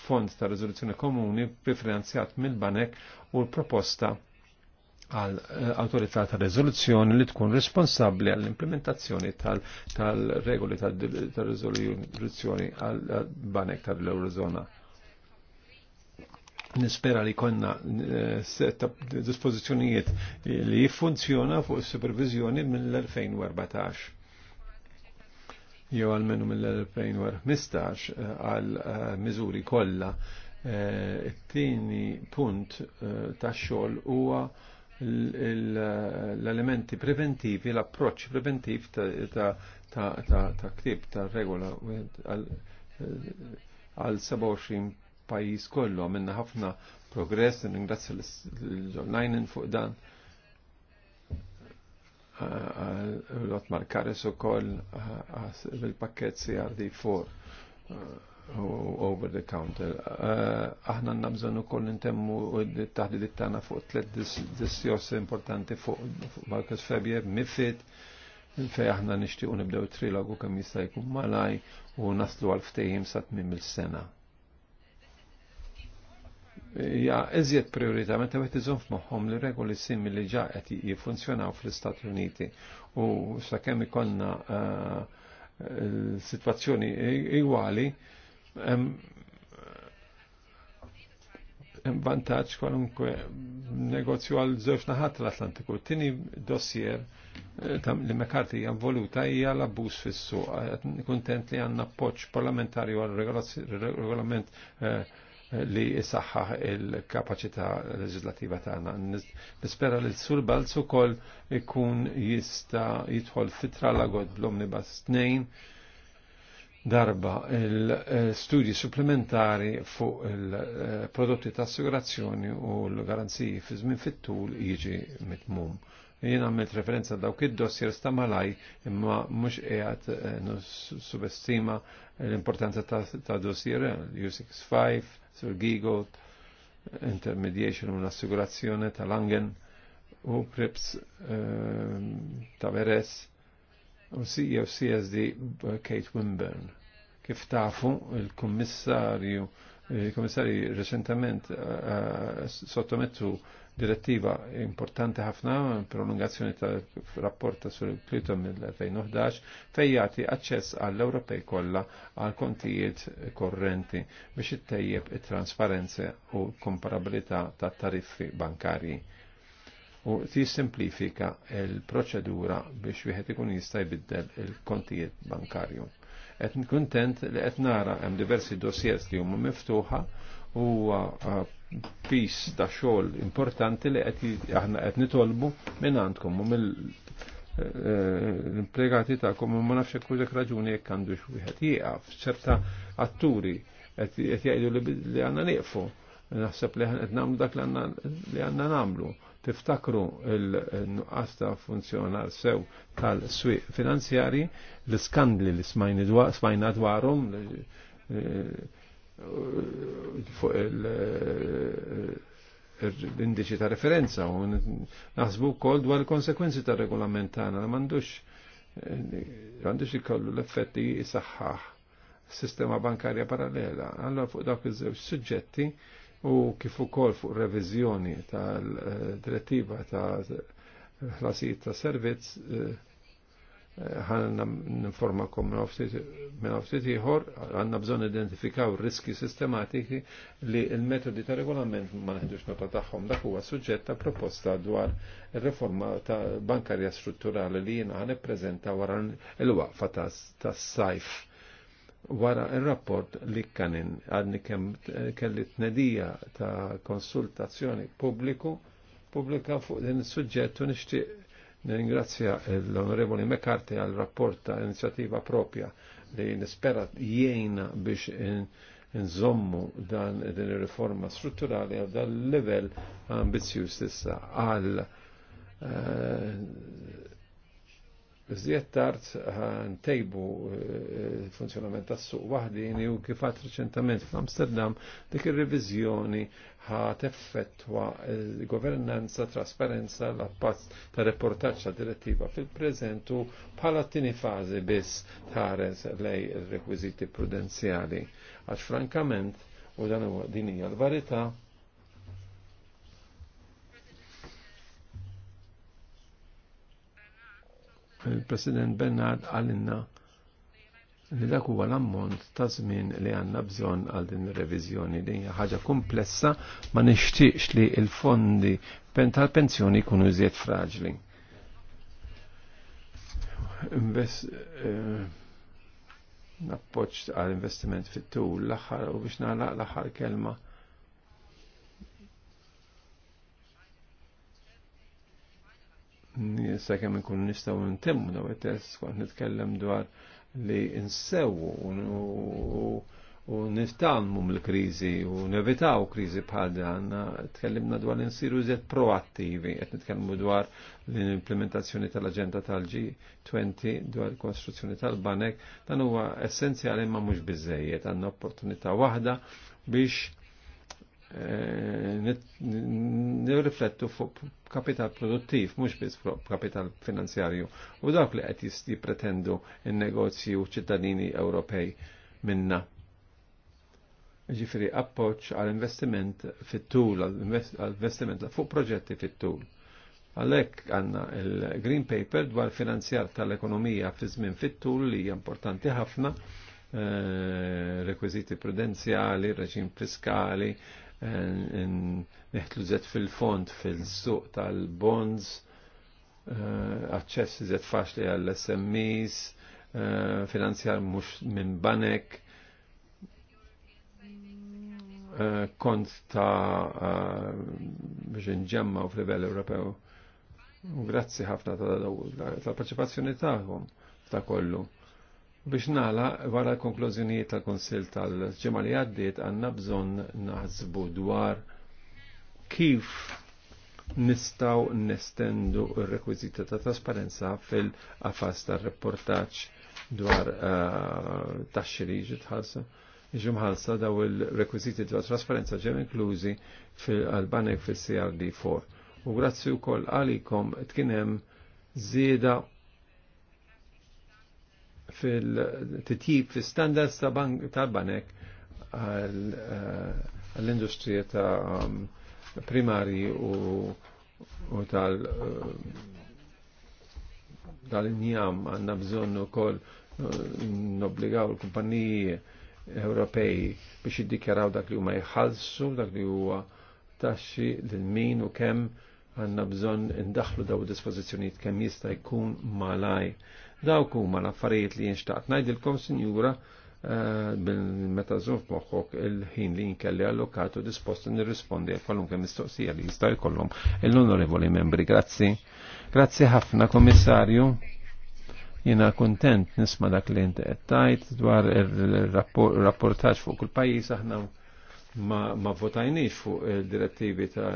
fond ta' riżoluzzjoni komuni bifinanzjat mill-banek u l-proposta għal eh, autorità ta' rezoluzzjoni li tkun responsabli għall implementazzjoni tal-regoli tal rezoluzzjoni għal banek tal-Eurozona. Nispera li konna eh, setta dispozizjonijiet li jiffunzjona fuq supervizjoni mill-2014 jew għal-menu mill-2015 eh, għal miżuri kollha. It-tieni punt tax-xogħol huwa uh, l-elementi preventivi, l-approċ preventiv ta' ktib ta' regola għal 27 pajis kollu minna ħafna progress, n-ingrazzja l-Lajnen fuq dan l-Otmar Kares u koll bil-pakket CRD4 over the counter. Eh, aħna għanna bżonu koll intemmu taħdi tagħna fuq tliet disjos importanti fuq Marcus Febjer, Mifid, fej aħna nixtiequ nibdew trilogu kemm jista' jkun malaj u naslu għal ftehim sa tmiem il-sena. Ja, eżjed priorita, ma tawet iżomm f'moħħhom li regoli simili li ġaqet jiffunzjonaw fl-Istati Uniti u sakemm il eh, eh, situazzjoni igwali vantaġġ kwalunkwe negozju għal żewġ naħat l-Atlantiku. Tini dossier eh, li mekarti hija voluta hija l-abbuż fis-suq. Eh, kuntent li għandna appoġġ parlamentari għal regolament eh, li jisaxħaħ il-kapacità leġislativa tagħna. Nispera li s-sur Balz ukoll ikun jista' jidħol fit-tralagot bl-omnibus 2 darba il-studji supplementari fuq il-prodotti ta' assigurazzjoni u l-garanziji fi żmien fit-tul jiġi mitmum. Jien għamilt referenza dawk id-dossier sta' malaj imma mhux qiegħed eh, subestima l-importanza ta' dossier U65, Sir Gigot, Intermediation u l-assigurazzjoni tal-Angen u Prips eh, ta' Veres CEO CSD Kate Wimburn. Kif tafu il-kummissarju il kommissarju recentament eh, eh, sottomettu direttiva importanti ħafna prolungazzjoni ta' rapporta sul Clinton mill-2011 fejjati aċċess għall-Ewropej kollha għal kontijiet korrenti biex ittejjeb it-trasparenza u komparabilità tat tariffi bankarji u simplifika il-proċedura biex wieħed ikun jista' jbiddel il-kontijiet bankarju. Qed kuntent li qed nara hemm diversi dossiers li huma miftuħa u uh, uh, pis ta' xogħol importanti li qed aħna qed nitolbu minn għandkom u mill l-implegati uh, ta'kom u ma nafx hekk raġuni jekk għandux wieħed jieqaf ċerta atturi qed jgħidu li għandna nieqfu naħseb li qed nagħmlu dak li għandna nagħmlu tiftakru il-nuqqas ta' funzjonar sew tal-swiq finanzjari, l-skandli li smajna dwarhom eh, fuq eh, l-indiċi ta' referenza u naħsbu wkoll dwar il-konsekwenzi ta' regolament tagħna li m'għandux m'għandux ikollu l-effetti jisaħħaħ sistema bankarja parallela. għallu fuq dawk iż-żewġ suġġetti u kif ukoll fuq reviżjoni tal-direttiva ta' ħlasijiet ta' servizz eh, eh, ħanna ninformakom minn ftit ieħor għandna bżonn identifikaw riski sistematiki li l-metodi ta' regolament ma neħdux nota tagħhom dak huwa suġġett ta' proposta dwar ir-riforma ta' bankarja strutturali li jiena ħanippreżenta wara l-waqfa tas-sajf wara il-rapport li kanin għadni kem kelli tnedija ta' konsultazzjoni pubbliku publika fuq din il-sujġettu nishtiq Ringrazzja l-Onorevoli McCarthy għal rapport ta' inizjattiva propja li nispera jiena biex nżommu dan din riforma strutturali għal dan level ambizju issa għal eh, Iżjed tard ntejbu eh, eh, funzjonament tas-suq waħdini u kif għad reċentament fl-Amsterdam dik ir-reviżjoni ħat effettwa eh, governanza, trasparenza, l-appazz ta' reportaċċa direttiva fil-preżentu bħala t-tini fażi biss tħares lej il-rekwiziti prudenzjali. Għax frankament, u dan huwa din hija l varità il-President Bernard għalinna li dak huwa l-ammont ta' żmien li għandna bżonn għal din ir-reviżjoni li hija ħaġa komplessa ma nixtieqx li l-fondi tal-pensjoni jkunu iżjed fraġli. Invest, nappoċ eh, għal investiment fit-tul l-aħħar u biex nagħlaq l-aħħar kelma jissa kemm nkun nistgħu nintemmu daw it-test kont nitkellem dwar li nsewwu u niftalmu mill-kriżi u nevitaw kriżi bħal dan, tkellimna dwar li nsiru iżjed proattivi, qed nitkellmu dwar l-implementazzjoni tal-aġenda tal-G20 dwar il-konstruzzjoni tal-banek, dan huwa essenzjali ma mhux biżejjed, għandna opportunità waħda biex Eh, nirriflettu fuq kapital produttiv, mhux biss fuq kapital finanzjarju. U dawk li qed jippretendu in-negozju ċittadini Ewropej minna. Ġifiri appoċ għal-investiment fit-tul, għal-investiment fuq proġetti fit-tul. Għalek għanna il-Green Paper dwar finanzjar tal-ekonomija fi żmien fit-tul li hija importanti ħafna, eh, rekwiziti prudenzjali, reġim fiskali, neħtlu zed fil-fond fil-suq tal-bonds, eh, access zed faċli għall-SMEs, eh, finanzjar mux minn banek, eh, kont ta' biex nġemma u f'livell Ewropew. Grazzi ħafna ta' tal-parċipazzjoni tagħhom ta' kollu. Biex nala wara l-konklużjonijiet tal-Konsil tal ġimgħa li għaddiet għandna bżonn naħsbu dwar kif nistaw nestendu il-rekwizita ta' trasparenza fil-qafas ta' reportaċ dwar eh, taxxiri ġitħalsa. Ġumħalsa daw il rekwiżiti dwar trasparenza ġem inklużi fil-Albanek fil-CRD4. U grazzi u koll għalikom tkinem zieda fil-titjib fil-standards ta' banek eh, għall-industrija ta' um, primari u tal- eh, tal-injam għanna bżonnu kol eh, nobligaw l-kumpaniji Ewropej biex jiddikjaraw dak li huma jħallsu, dak li huwa taxxi lil min u kemm għandna bżonn indaħlu daw dispożizzjonijiet kemm jista' jkun malaj Dawk huma l-affarijiet li jinxtaqt ngħidilkom sinjura eh, bil-meta żuf moħħok il-ħin li jinkelli allokatu disposti nirrispondi għal kwalunkwe mistoqsija li jista' jkollhom l-onorevoli membri. Grazzi. Grazzi ħafna, Komissarju jena kontent nisma dak li inti għettajt dwar il-rapportaċ fuq kull pajis aħna ma, ma votajniex fuq il-direttivi ta'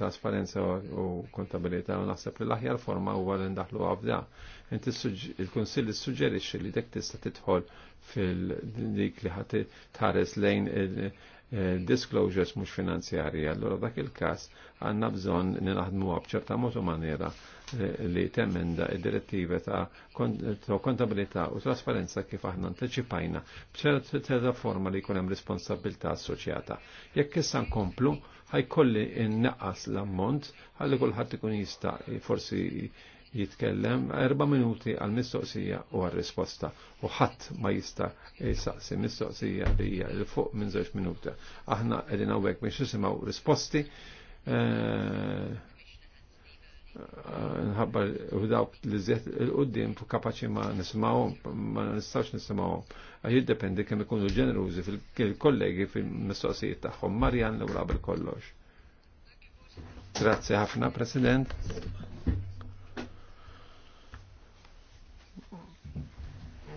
trasparenza u kontabilità u naħseb li l-aħjar forma huwa li ndaħlu għabda il konsil suġġerixxi li dek tista' tidħol fil-dik li ħati tħares lejn eh, disclosures mhux finanzjarji. Allora dak il-każ għandna bżonn li naħdmu b'ċerta mod maniera eh, li temmenda id-direttiva ta' kontabilità u trasparenza kif aħna anteċipajna b'ċerta forma li jkun hemm responsabilità assoċjata. Jekk issa nkomplu ħajkolli naqas l-ammont ħalli kulħadd ikun jista' forsi jitkellem erba' minuti għal mistoqsija u għal risposta u ħadd ma jista' jsaqsi mistoqsija li hija l fuq minn żewġ minuta. Aħna qegħdin hawnhekk biex nisimgħu risposti eh, nħabbar u dawk li zjed il-qoddim kapaċi ma nisimgħu, ma nistax nismawhom. Jiddependi kemm ikunu ġenerużi fil-kollegi fil-mistoqsijiet tagħhom. Marjan l-ura kollox. Grazie ħafna, President.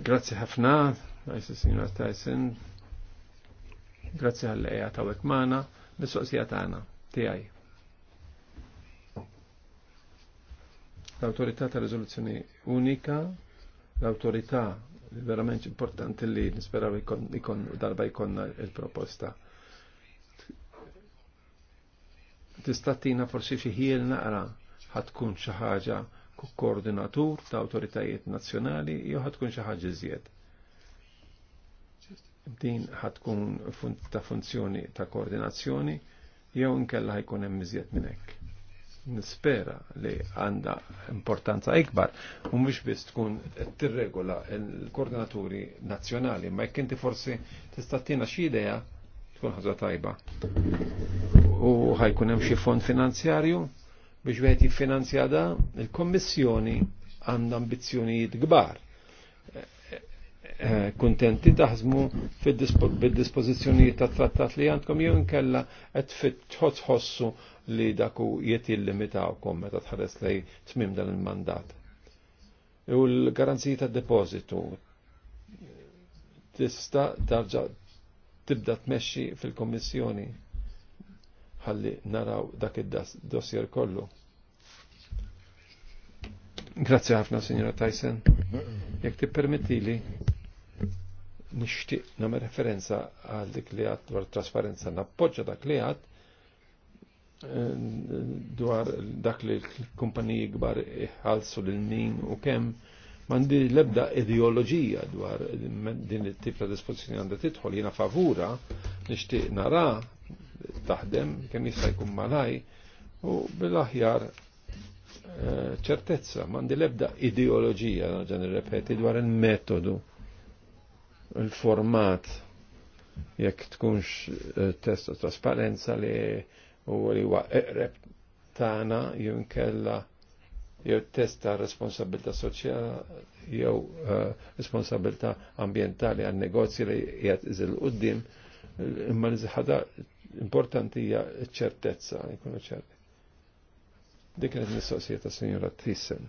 Grazzi ħafna, għajsi signora Tyson. Grazzi għall-eja ta' wekmana, mis-soqsija ta' għana, tijaj. L-autorità ta' rizoluzzjoni unika, l-autorità verament importanti li nisperaw ikon darba ikonna il-proposta. Tistatina forsi fiħilna għara ħatkun xaħġa koordinatur ta' autoritajiet nazzjonali jew tkun xi ħaġa iżjed. Din tkun ta' funzjoni ta' koordinazzjoni jew inkella ħajkun hemm iżjed minn hekk. Nispera li għandha importanza ikbar u mhux biss tkun tirregola l-koordinaturi nazzjonali, ma jekk inti forsi tista' tina xi idea tkun ħaġa tajba. U ħajkun hemm xi fond finanzjarju Biex wieħed jiffinanzja da, il-Kommissjoni għandha ambizzjonijiet kbar. Eh, eh, kuntenti taħsmu fid-dispożizzjonijiet ta' trattat li għandkom jew inkella qed tħossu li daku jitillimitawkom meta tħares lej tmim dan il-mandat. U l-garanziji ta' depozitu tista' tarġa' tibda tmexxi fil-Kommissjoni ħalli naraw dak id-dossier kollu. Grazzi ħafna, signora Tyson. Jek ti permettili, nishti namer referenza għal dik li għat dwar trasparenza nappoġġa dak li għat eh, dwar dak li l-kumpaniji gbar iħalsu l-min u kem mandi lebda ideologija dwar din it-tifla dispozizjoni għandha tidħol jiena favura nixtieq nara taħdem kemm jista' jkun malaj u bil-aħjar eh, ċertezza, mandi lebda ideoloġija, ġan repeti dwar il-metodu, il-format, jekk tkunx eh, test trasparenza li u li huwa eqreb tagħna jew inkella jew test ta' responsabilità soċjali jew eh, responsabilità ambjentali għan negozji li qiegħed iżil qudiem imma li importanti hija ċertezza, jkunu ċerti. Dik qed nistoqsija ta' Sinjora Thyssen.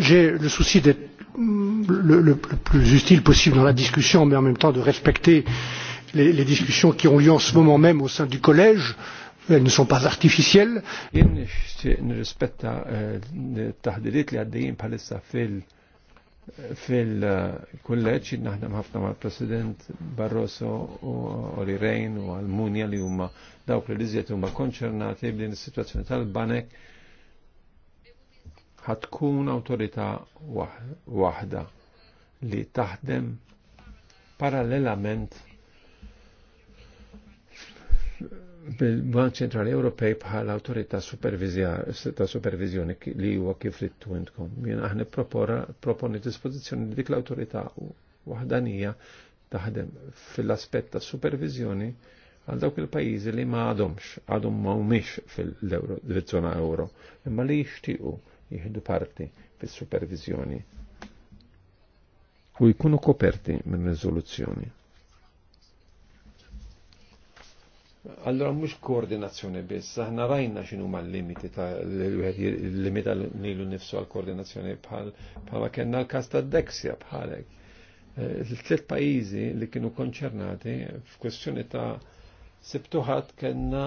J'ai le souci d'être le, le, le plus utile possible dans la discussion, mais en même temps de respecter les, les discussions qui ont lieu en ce moment même au sein du collège. Elles ne sont pas artificielles fil-kulleċ naħdem ħafna mal president Barroso u Oli Rejn u Almunja li huma dawk li liżiet huma konċernati b'din is-sitwazzjoni tal-banek ħatkun awtorità waħda li taħdem parallelament bil-Bank Ċentrali Ewropej bħal autorità ta' supervizjoni li huwa kif rittu intkom. Jien aħna proponi dispożizzjoni li dik l awtorità waħdanija taħdem fil-aspett ta' supervizjoni għal dawk il-pajjiżi li ma għadhomx, għadhom fil-euro fil żona euro, imma li jixtiequ jieħdu parti fis-supervizjoni u jkunu koperti minn riżoluzzjoni. Allora mhux koordinazzjoni biss, aħna rajna x'inhu ma l-limiti ta' l-wieħed limita nilu nifsu għal koordinazzjoni bħal bħalma kellna l-każ ta' Dexia bħalek. Tliet pajjiżi li kienu konċernati f'kwestjoni ta' sibtuħat kellna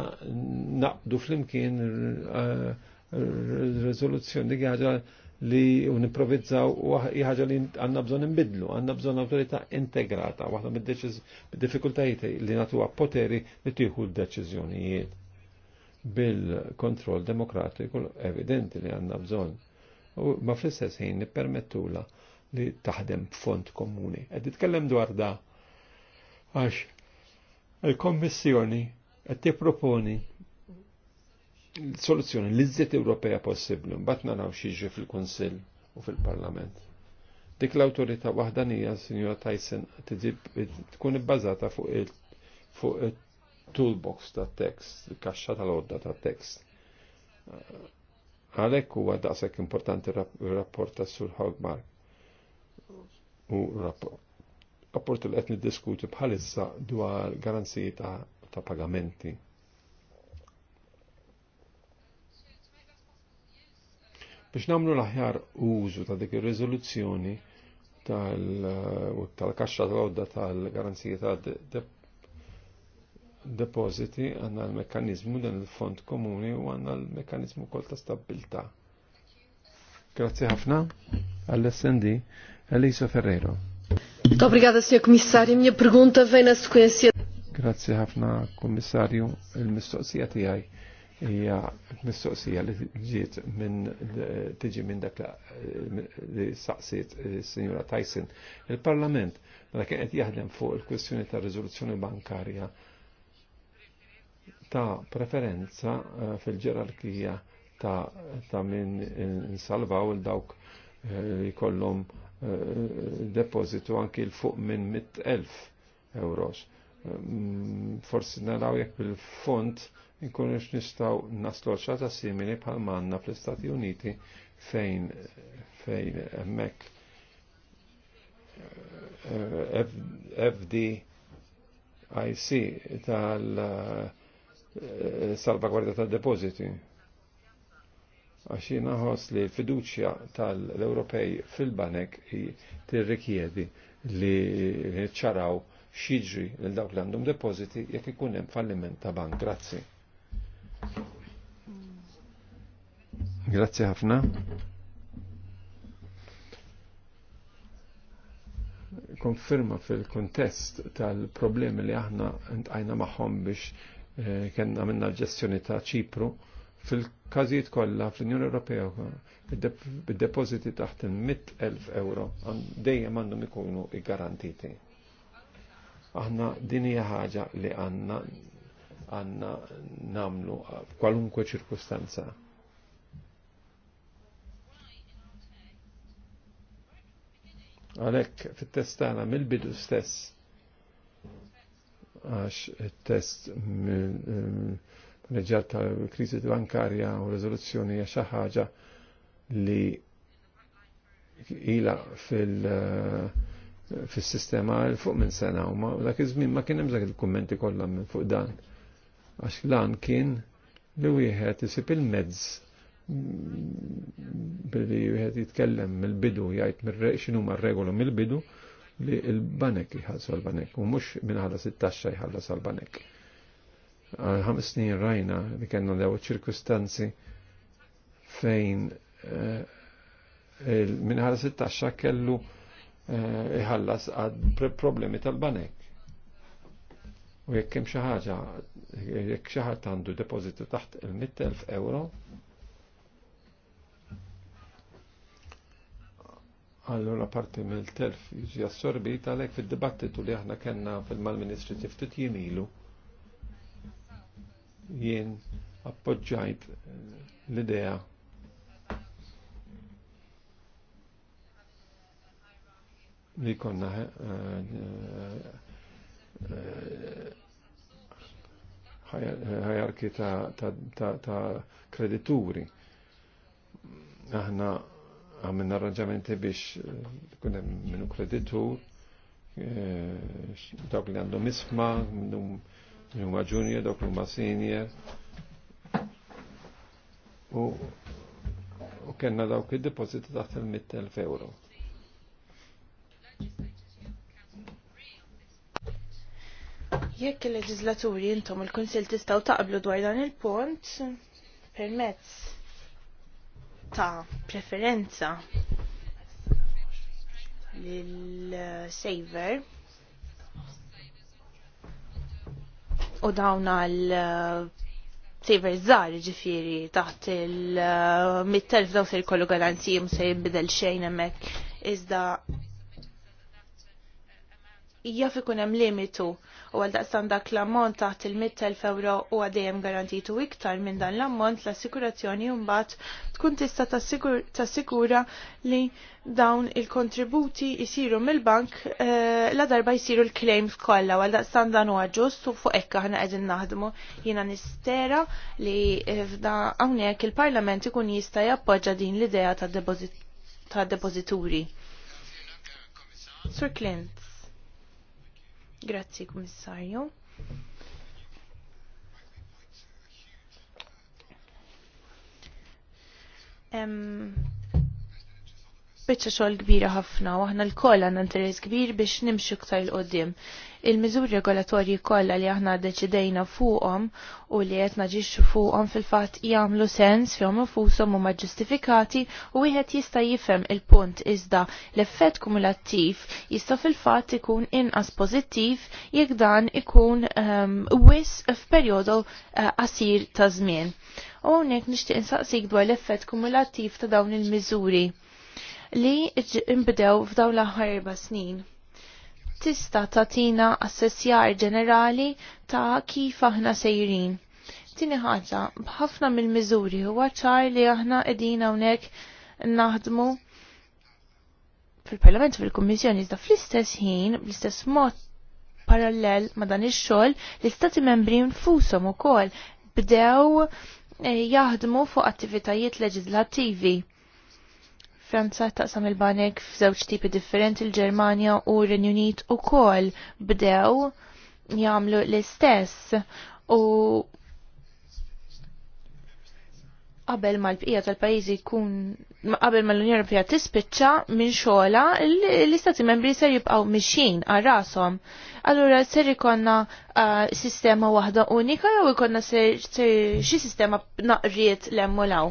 naqbdu flimkien rezoluzzjoni li ħaġa li un-improvizzaw u ħaġa li għanna bżon imbidlu, għanna bżon autorita integrata, waħda mid-diffikultajiet li natuwa poteri li tieħu l-deċiżjonijiet bil-kontroll demokratiku evidenti li għanna bżon. U ma fl-istess ħin nippermettula li taħdem fond komuni. Qed titkellem dwar da għax il-Kommissjoni qed tipproponi soluzzjoni li żiet Ewropea possibbli, mbagħad naraw xi fil-Kunsill u fil-Parlament. Dik l autorita waħda nija, Tyson, tkun ibbażata fuq il toolbox ta' tekst, il-kaxxa tal-orda ta' tekst. Għalek huwa daqshekk importanti rapport sul Sur Hogmark. U rapport li qed niddiskuti bħalissa dwar garanziji ta' pagamenti Biex namlu l-aħjar użu ta' dik ir-riżoluzzjoni tal-kaxxa tal għodda tal-garanzija ta' depositi għanna l-mekkanizmu dan il-fond komuni u għanna l-mekkanizmu kol ta' stabilta. Grazie ħafna għall-SND Eliso Ferrero. Obrigada, Mia pregunta Grazie ħafna, Komissarju, il-mistoqsija tijaj hija mistoqsija li ġiet minn tiġi minn dak li saqsiet eh, signora Tyson. Il-Parlament meta kien qed jaħdem fuq il-kwestjoni ta' riżoluzzjoni bankarja ta' preferenza eh, fil-ġerarkija ta', ta eh, minn insalvaw il-dawk li kollhom depozitu anki l-fuq minn 100.000 euros. Mm, forsi naraw jekk bil-font nkunux nistaw naslu ċata simili bħal manna fl-Istati Uniti fejn fejn emmek eh, FDIC tal eh, salvagwardja tal depositi għaxi naħos li fiduċja tal-Ewropej fil-banek tirrikjedi li ċaraw xiġri l dawk li għandhom depositi jekk ikun hemm falliment ta' bank. Grazzi. Grazzi ħafna. konfirma fil-kontest tal-problemi li aħna għajna maħħom biex eh, kena minna ġestjoni ta' ċipru fil-kazijiet kollha fl-Unjoni Ewropea bid-depożiti taħt il-100,000 euro dejjem għandhom ikunu garantiti. Aħna din hija ħaġa li għandna għanna namlu f'kwalunkwe eh, ċirkustanza. Għalhekk fit-testana mill-bidu stess għax il-test reġġat tal-krizi bankarja u rezoluzzjoni hija xi ħaġa li ila fil- fil-sistema fuq minn sena u dak iż-żmien ma kien hemm dak il-kummenti kollha minn fuq dan. Għax lan kien li wieħed isib il-mezz billi wieħed jitkellem mill-bidu jgħid xinu ma regolu mill-bidu li l-banek jħallsu l-banek u mhux minħallas it-taxxa jħallas l-banek. Għal ħames snin rajna li kellna daw ċirkustanzi fejn eh, minħallas it-taxxa kellu eh, jħallas għad problemi tal-banek. U jekk hemm xi ħaġa, jekk xi ħadd għandu depożitu taħt il-100,000 euro, Allora parti mill-telf jiġi assorbit għalhekk fid-dibattitu li aħna kellna fil-mal-Ministri tiftit jimilu jien appoġġajt eh, l-idea li konna ħajarki eh, eh, ta' kredituri. Aħna għamilna arranġamenti biex eh, kunem minnu kreditur, eh, dawk li għandhom isma, minnu ma junior, dawk li ma senior. U u kena dawk id-depositi taħt il-100.000 euro. Jekk il-leġislaturi intom il-Kunsil tistaw taqblu dwar dan il-pont permezz ta' preferenza lil-saver u dawn l saver zar ġifiri taħt il-mittelf daw se jkollu garanzijum se jibbidel xejn hemmhekk iżda jaf ikun hemm limitu u għal dak l-ammont taħt il-100.000 euro u għadejjem garantitu iktar minn dan l-ammont l-assikurazzjoni mbagħad tkun tista' tassikura li dawn il-kontributi jisiru mill-bank eh, la darba jisiru l-claims kollha għal daqstan dan huwa ġust u fuq hekk aħna qegħdin naħdmu jiena nistera li eh, f'da hawnhekk il-Parlament ikun jista' jappoġġa din l-idea ta' depozituri. Sir Clint. Grazzi, Um, Bicċa xogħol kbira ħafna u aħna l-koll għandna interess kbir biex nimxu ktar il-qoddim il-miżuri regolatorji kollha li aħna deċidejna fuqhom u li qed naġixxu fuqhom fil-fatt jagħmlu sens fihom infushom huma ġustifikati u wieħed jista' jifhem il-punt iżda l-effett kumulattiv jista' fil-fatt ikun inqas pożittiv jekk dan ikun ehm, wis f'perjodu eh, qasir ta' żmien. U hawnhekk nixtieq insaqsik dwar l-effett kumulattiv ta' dawn il-miżuri li imbdew f'dawn l-aħħar snin tista' tatina assessjar ġenerali ta' kif aħna sejrin. Tini ħaġa, bħafna mill-miżuri huwa ċar li aħna qegħdin hawnhekk naħdmu fil-Parlament fil-Kummissjoni iżda fl-istess ħin, bl-istess mod parallel ma' dan ix-xogħol, l-istati membri nfushom ukoll bdew eh, jaħdmu fuq attivitajiet leġislattivi Franza taqsam il-banek f'żewġ tipi differenti l-Ġermanja u r-Renju Unit ukoll bdew jagħmlu l-istess u qabel ma l-bqija tal-pajjiżi jkun qabel ma l-Unjoni Ewropea tispiċċa minn xogħla l-istati membri ser jibqgħu mixin għal rashom. Allura ser ikonna eh, sistema waħda unika jew ikonna xi sistema naqriet l law?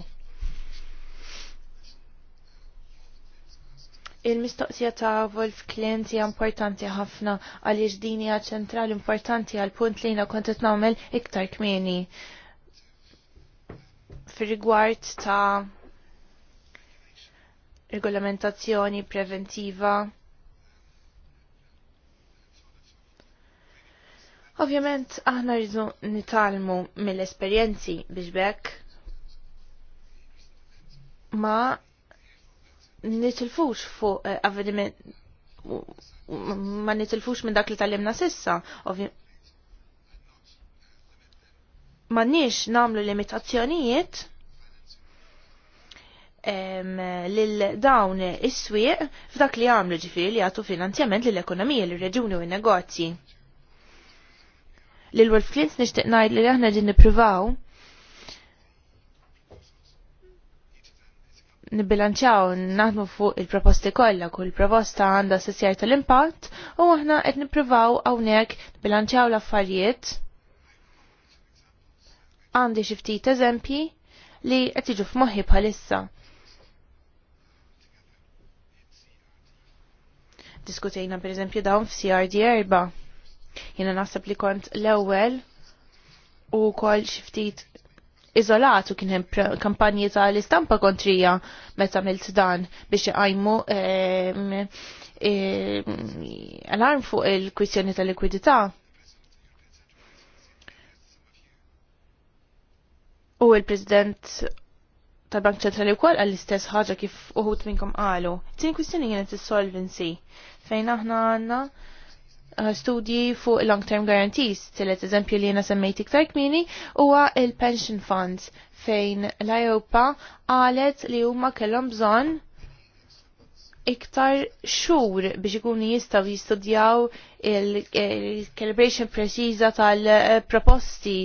Il-mistoqsija ta' Wolf Klient hija importanti ħafna għaliex din hija ċentral importanti għal punt li jiena kont qed nagħmel iktar kmieni. Fir-rigward ta' regolamentazzjoni preventiva. Ovvjament aħna rridu nitalmu mill-esperjenzi biex bekk ma nitilfux fuq eh, avveniment ma nitilfux minn dak li tallimna sissa, ma nix namlu limitazzjonijiet lil dawn is-swieq f'dak li għamlu ġifiri li għatu finanzjament lill-ekonomija, lill-reġuni u n-negozji. Lil Wolf Klintz nishtiq ngħid li aħna ġin nippruvaw nibilanċaw naħdmu fuq il-proposti kollha kull proposta għandha sessjar tal-impatt u aħna qed nippruvaw hawnhekk nibilanċaw l-affarijiet. Għandi xi ftit eżempji li qed jiġu f'moħħi bħalissa. Diskutejna pereżempju dawn f'CRD erba. Jiena naħseb li kont l-ewwel u kol xi ftit izolatu kien hemm kampanji tal-istampa kontrija meta milt dan biex iqajmu ehm, ehm, alarm fuq il-kwistjoni tal-likwidità. U il-President tal-Bank Ċentrali wkoll għall istess ħaġa kif uħut minnkom qalu. Tieni kwistjoni kienet is-solvency fejn aħna għandna Eh, studji fuq long-term guarantees, tillet eżempju li jena semmejt iktar kmini, huwa il-pension funds fejn l-Ajopa għalet li huma kellhom bżonn iktar xur biex ikunu jistaw jistudjaw il-calibration preċiża tal-proposti.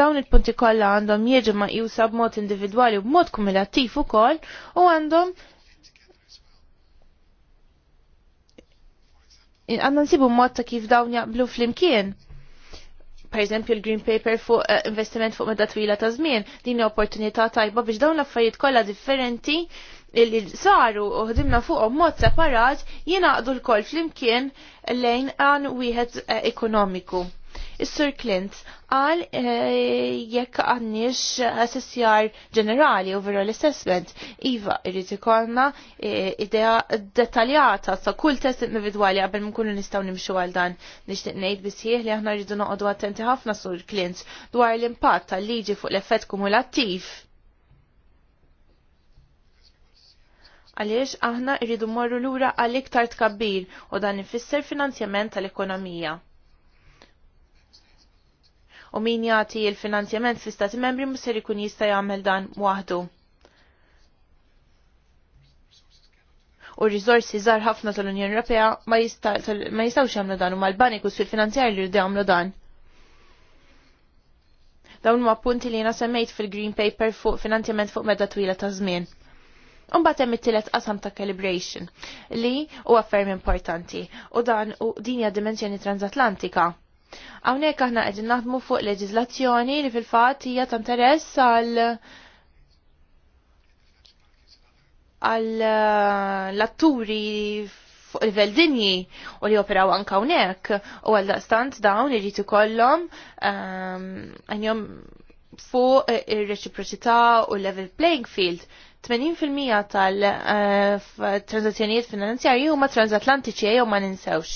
Dawn il-punti kollha għandhom jieġu ma' jusab b'mod individwali u b'mod u ukoll u għandhom għanna nsibu mod ta' kif dawn jaqblu fl-imkien. Per eżempju l-Green Paper fuq uh, investiment fuq medda twila ta' żmien, din opportunità tajba biex dawn l-affarijiet kollha differenti illi saru u ħdimna fuq mod separat jinaqdu l-koll fl-imkien lejn għan wieħed uh, ekonomiku. Is-Sur Clint għal eh, jekk għandniex assessjar ġenerali overall assessment, iva irriti ikollna eh, idea dettaljata sa' kull test individwali qabel mkunu nistaw nistgħu nimxu għal dan. Nixtieq ngħid bisħieħ li aħna rridu noqogħdu attenti ħafna sur Clint dwar l-impatt tal-liġi fuq l-effett kumulattiv għaliex aħna irridu morru lura għal iktar tkabbir u dan ifisser finanzjament tal-ekonomija u min jagħti l-finanzjament fl-istati membri mhux ikun jista' jagħmel dan waħdu. U rizorsi riżorsi żgħar ħafna tal-Unjoni Ewropea ma jistgħux jagħmlu dan u mal-banikus fil-finanzjar li jagħmlu dan. Dawn huma punti li jiena semmejt fil-Green Paper fuq finanzjament fuq medda twila ta' żmien. Unbat hemm it-tielet qasam ta' calibration li huwa ferm importanti u dan u dinja dimensjoni transatlantika. Hawnhekk aħna qegħdin naħdmu fuq leġiżlazzjoni li fil-fatt hija ta' interess għal għal eh, l-atturi fuq il-vel dinji u li operaw anka hawnhekk, u għal daqstant dawn irid ikollhom ehm, għanjom fuq ir-reċiproċità u level playing field. 80% tal-transazzjonijiet eh, finanzjarji huma transatlantiċi u ma ninsewx.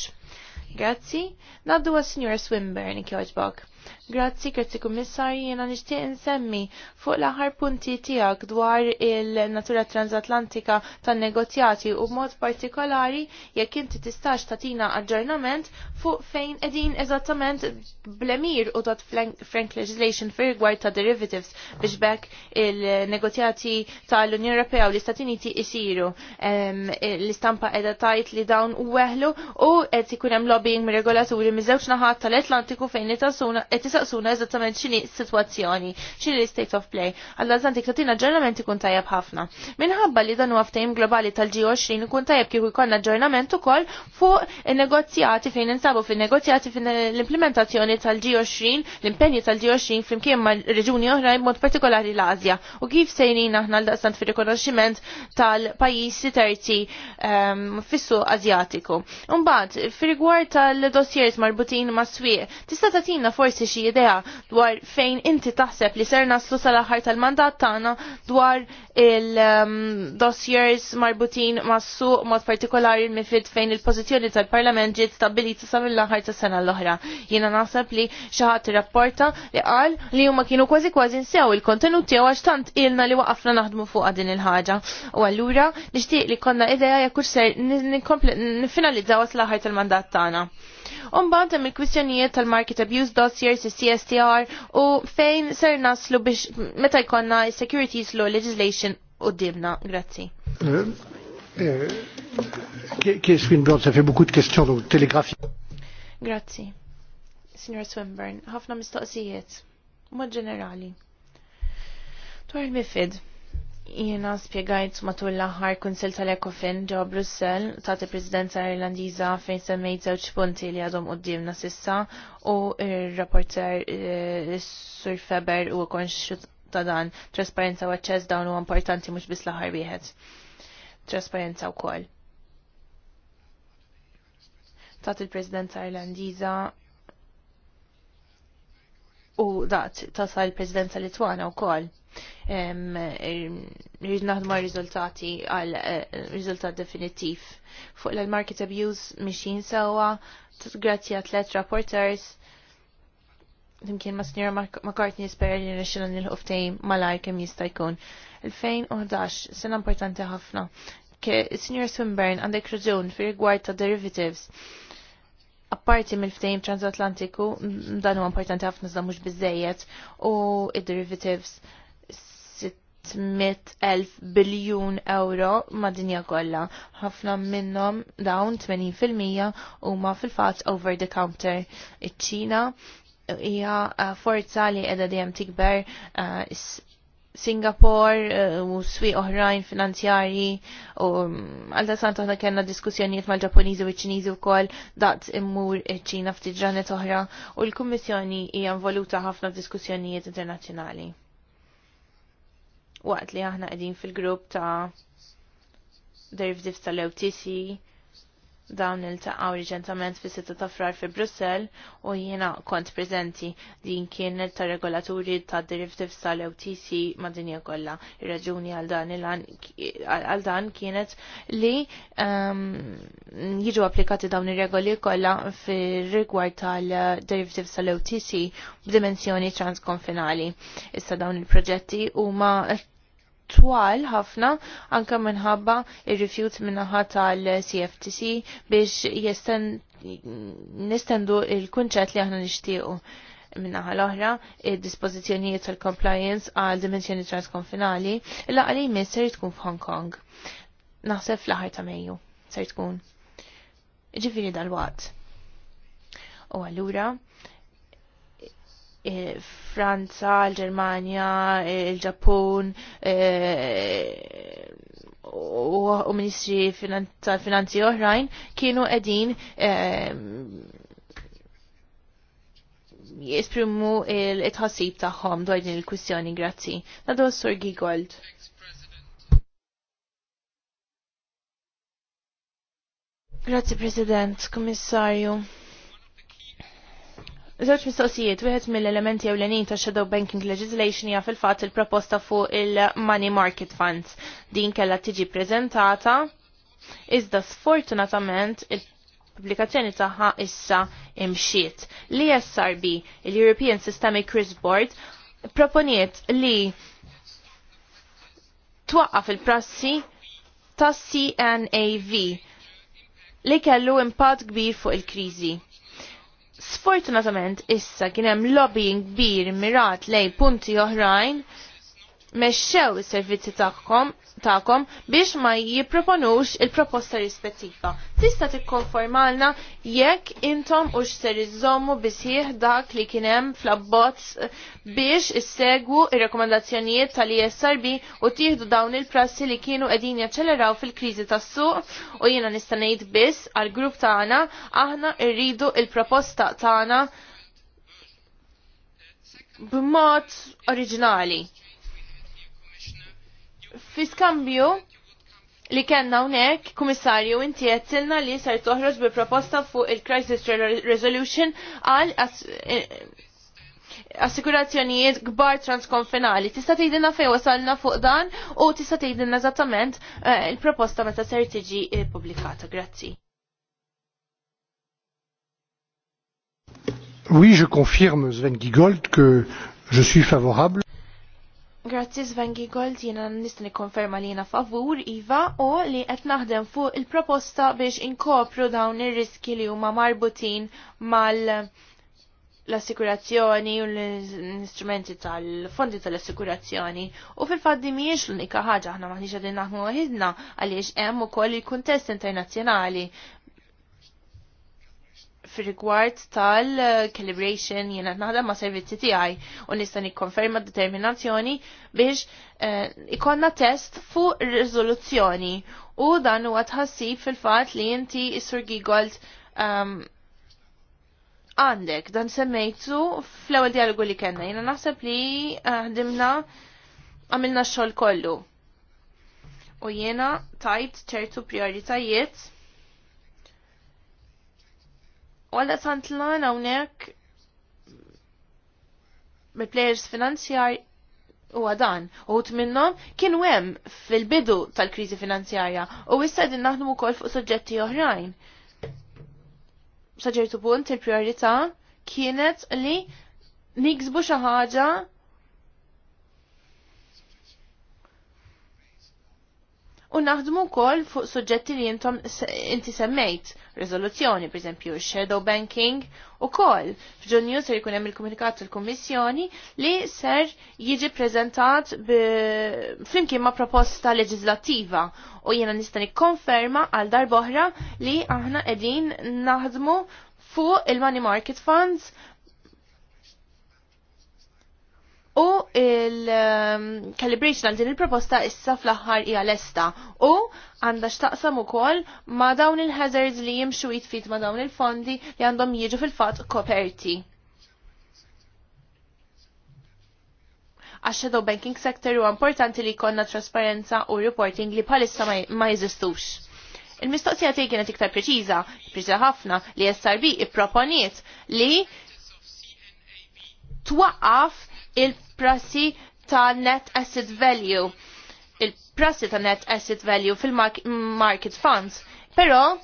Grazzi, Naddu għas-Sinjora Swinburne ikjoġbok. Grazzi, grazzi kummissarji, jena nishtiq insemmi fuq l punti tijak dwar il-natura transatlantika tan negozjati u mod partikolari jekk inti tistax tatina aġġornament fuq fejn edin eżattament blemir u dot frank legislation fir rigward ta' derivatives biex bekk il-negozjati tal-Unjoni Ewropea u l-Istati Uniti isiru. L-istampa edha tajt li dawn u weħlu u qed ikun hemm lobbying regolaturi miżewġ naħat tal-Atlantiku fejn qed tisaqsuna eżattament x'inhi s-sitwazzjoni, x'inhi l-state of play. Għall-Atlantik tagħtina aġġornament ikun tajjeb ħafna. Minħabba li dan huwa ftehim globali tal-G20 ikun tajjeb kieku jkollna aġġornament ukoll fuq in-negozjati fejn insabu fin-negozjati fin l-implementazzjoni tal-G20, l-impenji tal-G20 flimkien ma' reġuni oħra mod partikolari l-Asja u kif sejnina aħna l-daqstant fir-rikonoxximent tal-pajjiżi terzi ehm, fissu Azjatiku. Mbagħad, fir-rigward tal-dossiers marbutin ma' swieq. Tista' tatina forsi xi idea dwar fejn inti taħseb li ser naslu sal-aħħar tal-mandat tagħna dwar il-dossiers marbutin ma' suq mod partikolari mifid fejn il-pożizzjoni tal-Parlament ġiet stabbilita sa mill-aħħar tas-sena l-oħra. Jiena naħseb li xi ħadd irrapporta li qal li huma kienu kważi kważi nsew il-kontenut tiegħu għax tant ilna li waqafna naħdmu fuq din il-ħaġa. U allura nixtieq li konna idea jekk ser nifinalizzaw s aħħar tal-mandat tagħna. Umbad hemm il-kwistjonijiet tal-market abuse dossiers, CSTR u fejn ser naslu biex meta jkollna securities law legislation u dibna. Grazzi. Kies eh, eh, Swinburne, ça fait bukut de questions, Grazzi. Signor Swinburne, ħafna mistoqsijiet, mod ġenerali. Dwar il-mifid, Jena spiegajt matul l-aħħar kunsil tal-Ekofin ġo Brussel ta' presidenza irlandiża fejn semmejt żewġ punti li għadhom qudiemna sissa u r-rapporter eh, Sur Feber u konxu ta' dan trasparenza u aċċess dawn huwa importanti mhux biss l ħar wieħed. Trasparenza wkoll. Tat il-Presidenza Irlandiża u dat tasal il-Presidenza Litwana u koll. Rrid naħdmu riżultati għal eh, riżultat definitiv. Fuq l-market abuse mixin sewa, grazzi let rapporters, Dimkien ma' Snira McCartney spera li nixxilan il-ħuftej malajr kem jista' jkun. 2011, sena importanti ħafna. Sinjor Swinburne għandek raġun fi rigward ta' derivatives apparti mill-ftehim transatlantiku, dan huwa importanti ħafna iżda mhux biżejjed u id-derivatives 600,000 biljun euro mad-dinja kollha. Ħafna minnhom dawn 80% huma fil-fatt over the counter. Iċ-Ċina hija eh, forza li qiegħda dejjem tikber uh, Singapore eh, u swi oħrajn finanzjarji u mm, għalda sant aħna kena diskussjonijiet mal-Ġapuniżi u ċ-Ċiniżi wkoll daqt immur ċina ftit ġranet oħra u l-Kummissjoni hija involuta ħafna f'diskussjonijiet internazzjonali. Waqt li aħna qegħdin fil-grupp ta' derivatives tal-OTC dawn il-taqaw reġentament fi sitta ta' frar fi Brussel u jiena kont prezenti din kienet ta' regolaturi ta' derivatives tal-OTC ma' dinja kollha. Ir-raġuni għal dan kienet li um, jiġu applikati dawn ir-regoli kollha fir-rigward tal-derivatives tal-OTC b'dimensjoni transkonfinali. Issa dawn il-proġetti huma twal ħafna anka minħabba ir-refjut minnaħa tal-CFTC biex jesten nistendu il-kunċett li aħna nixtiequ minnaħa l-oħra id-dispożizzjonijiet tal-compliance għal dimensjoni transkonfinali illa għalij jmiss ser tkun f'Hong Kong. Naħseb fl-aħħar ta' Mejju ser tkun. Ġifieri dal-waqt. U allura Eh, Franza, l-Germania, il-Ġappun eh, eh, u ministri tal-finanzi oħrajn kienu edin jesprimu il-tħassib taħħom dwar din il-kwistjoni, grazzi. Nadu s-sur Gigold. Grazzi, President, Komissarju. Żewġ mistoqsijiet, wieħed mill-elementi ewlenin ta' shadow banking legislation hija fil-fatt il-proposta fuq il-money market funds. Din kellha tiġi preżentata, iżda sfortunatament il pubblikazzjoni tagħha issa imxiet. L-ESRB, il-European Systemic Risk Board, proponiet li twaqqaf il-prassi ta' CNAV li kellu impatt kbir fuq il-kriżi Sfortunatament issa kien hemm lobbying kbir mirat lejn punti oħrajn mexxew is-servizzi tagħkom tagħkom biex ma jipproponux il-proposta rispettiva. Tista' tikkonformalna jekk intom u x'ser iżommu bisih dak li kien hemm fl-abbozz biex issegwu ir-rekomandazzjonijiet tal-ISRB u tieħdu dawn il-prassi li kienu qegħdin jaċċeleraw fil-kriżi tas-suq u jiena nista' ngħid biss għall-grupp tagħna aħna rridu il-proposta tagħna b'mod oriġinali Fi skambju li kenna unek, komissarju, inti jettilna li ser toħroġ bi proposta fuq il-Crisis Resolution għal eh, eh, assikurazzjonijiet gbar transkonfinali. Tista' tgħidilna fejn wasalna fuq dan u tista' tgħidilna eżattament eh, il-proposta meta ser tiġi pubblikata. Grazzi. Oui, je confirme Sven Gigold que je suis favorable. Grazzi Svengi Gold jiena nista' nikkonferma li jiena favur iva u li qed naħdem fuq il-proposta biex inkopru dawn ir-riski li huma marbutin mal l-assikurazzjoni u l-istrumenti tal-fondi tal-assikurazzjoni u fil di miex l-unika ħaġa aħna maħniġa din naħmu għahidna għaliex hemm ukoll il-kuntest internazzjonali fil-rigward tal-calibration jena naħdem ma' servizzi tiegħi u nista' nikkonferma determinazzjoni biex eh, ikonna test fuq riżoluzzjoni u dan huwa tħassib fil-fatt li inti is-Sur Gigold ehm, għandek dan semmejtu fl-ewwel dialogu li kellna. Jiena naħseb li eh, ħdimna għamilna x-xogħol kollu. U jiena tajt ċertu prioritajiet l-għana hawnhekk mill-plejers finanzjar u għadan. U minnom kien hemm fil-bidu tal-kriżi finanzjarja u issa din naħdmu wkoll fuq soġġetti oħrajn. Saġertu punt il-priorità kienet li niksbu xi ħaġa u naħdmu wkoll fuq suġġetti li jintom inti semmejt, per pereżempju shadow banking ukoll. F'Ġunju ser jkun hemm il-komunikat tal-Kummissjoni li ser jiġi prezentat flimkien ma' proposta leġislattiva u jiena nista' nikkonferma għal darboħra li aħna qegħdin naħdmu fuq il-money market funds U il-calibration um, għal din il-proposta issa fl-aħħar hija lesta u għandha x'taqsam ukoll ma' dawn il-hazards li jimxu jitfit ma' dawn il-fondi li għandhom jiġu fil-fatt koperti. Għax shadow banking sector huwa importanti li jkollna trasparenza u reporting li bħalissa ma jeżistux. Il-mistoqsija tiegħi kienet iktar preċiża, preċiża ħafna li SRB ipproponiet li twaqqaf il-prassi ta' net asset value, il-prassi ta' net asset value fil-market funds. Pero,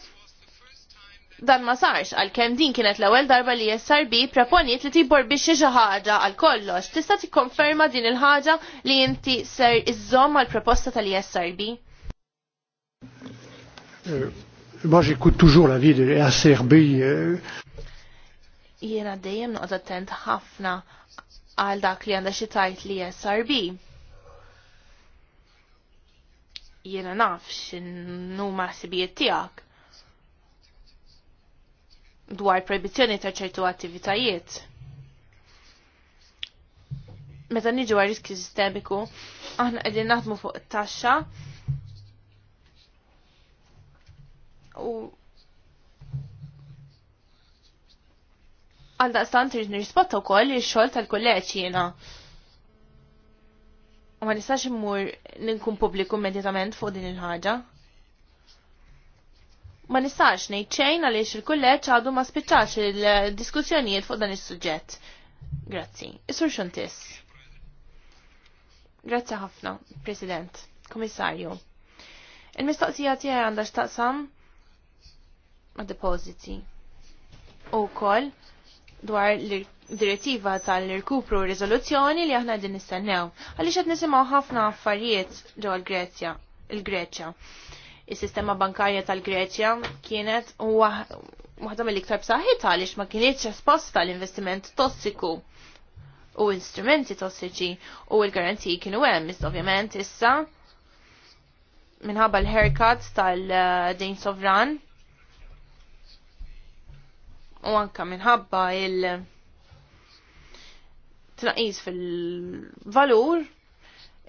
dan ma sarx għal kem din kienet l-ewwel darba li SRB proponiet li tibor biex xi ħaġa għal kollox. Tista' tikkonferma din il-ħaġa li inti ser iżżomm għal proposta tal srb euh, Moi j'écoute toujours la vie de SRB. Euh. Jiena dejjem noqgħod attent ħafna għal dak li għandha xi tajt li SRB. Jiena naf x'inhuma sibijiet tiegħek dwar proibizzjoni ta' ċertu attivitajiet. Meta niġu għal riskju sistemiku, aħna qegħdin naħdmu fuq it-taxxa u għal daqstant irid nirrispotta wkoll ix-xogħol tal-kulleġġ jiena. U ma nistax immur ninkun pubbliku immedjatament fuq din il-ħaġa. Ma nistax ngħid xejn għaliex il-kulleġġ għadu ma spiċċax il-diskussjonijiet fuq dan is-suġġett. Grazzi. Isur xuntis. Grazzi ħafna, President, Komissarju. Il-mistoqsija tiegħi għandha x'taqsam ma' depositi. U koll, dwar direttiva tal-irkupru riżoluzzjoni li aħna din nistennew. Għaliex qed nisimgħu ħafna affarijiet l Grezja, il-Greċja. il sistema bankarja tal-Greċja kienet waħda mill-iktar b'saħħitha għaliex ma kienitx esposta l-investiment tossiku u instrumenti tossiċi u l garanti kienu hemm, iżda ovvjament issa minħabba l-haircut tal-dejn sovran u anka minħabba il tnaqis fil-valur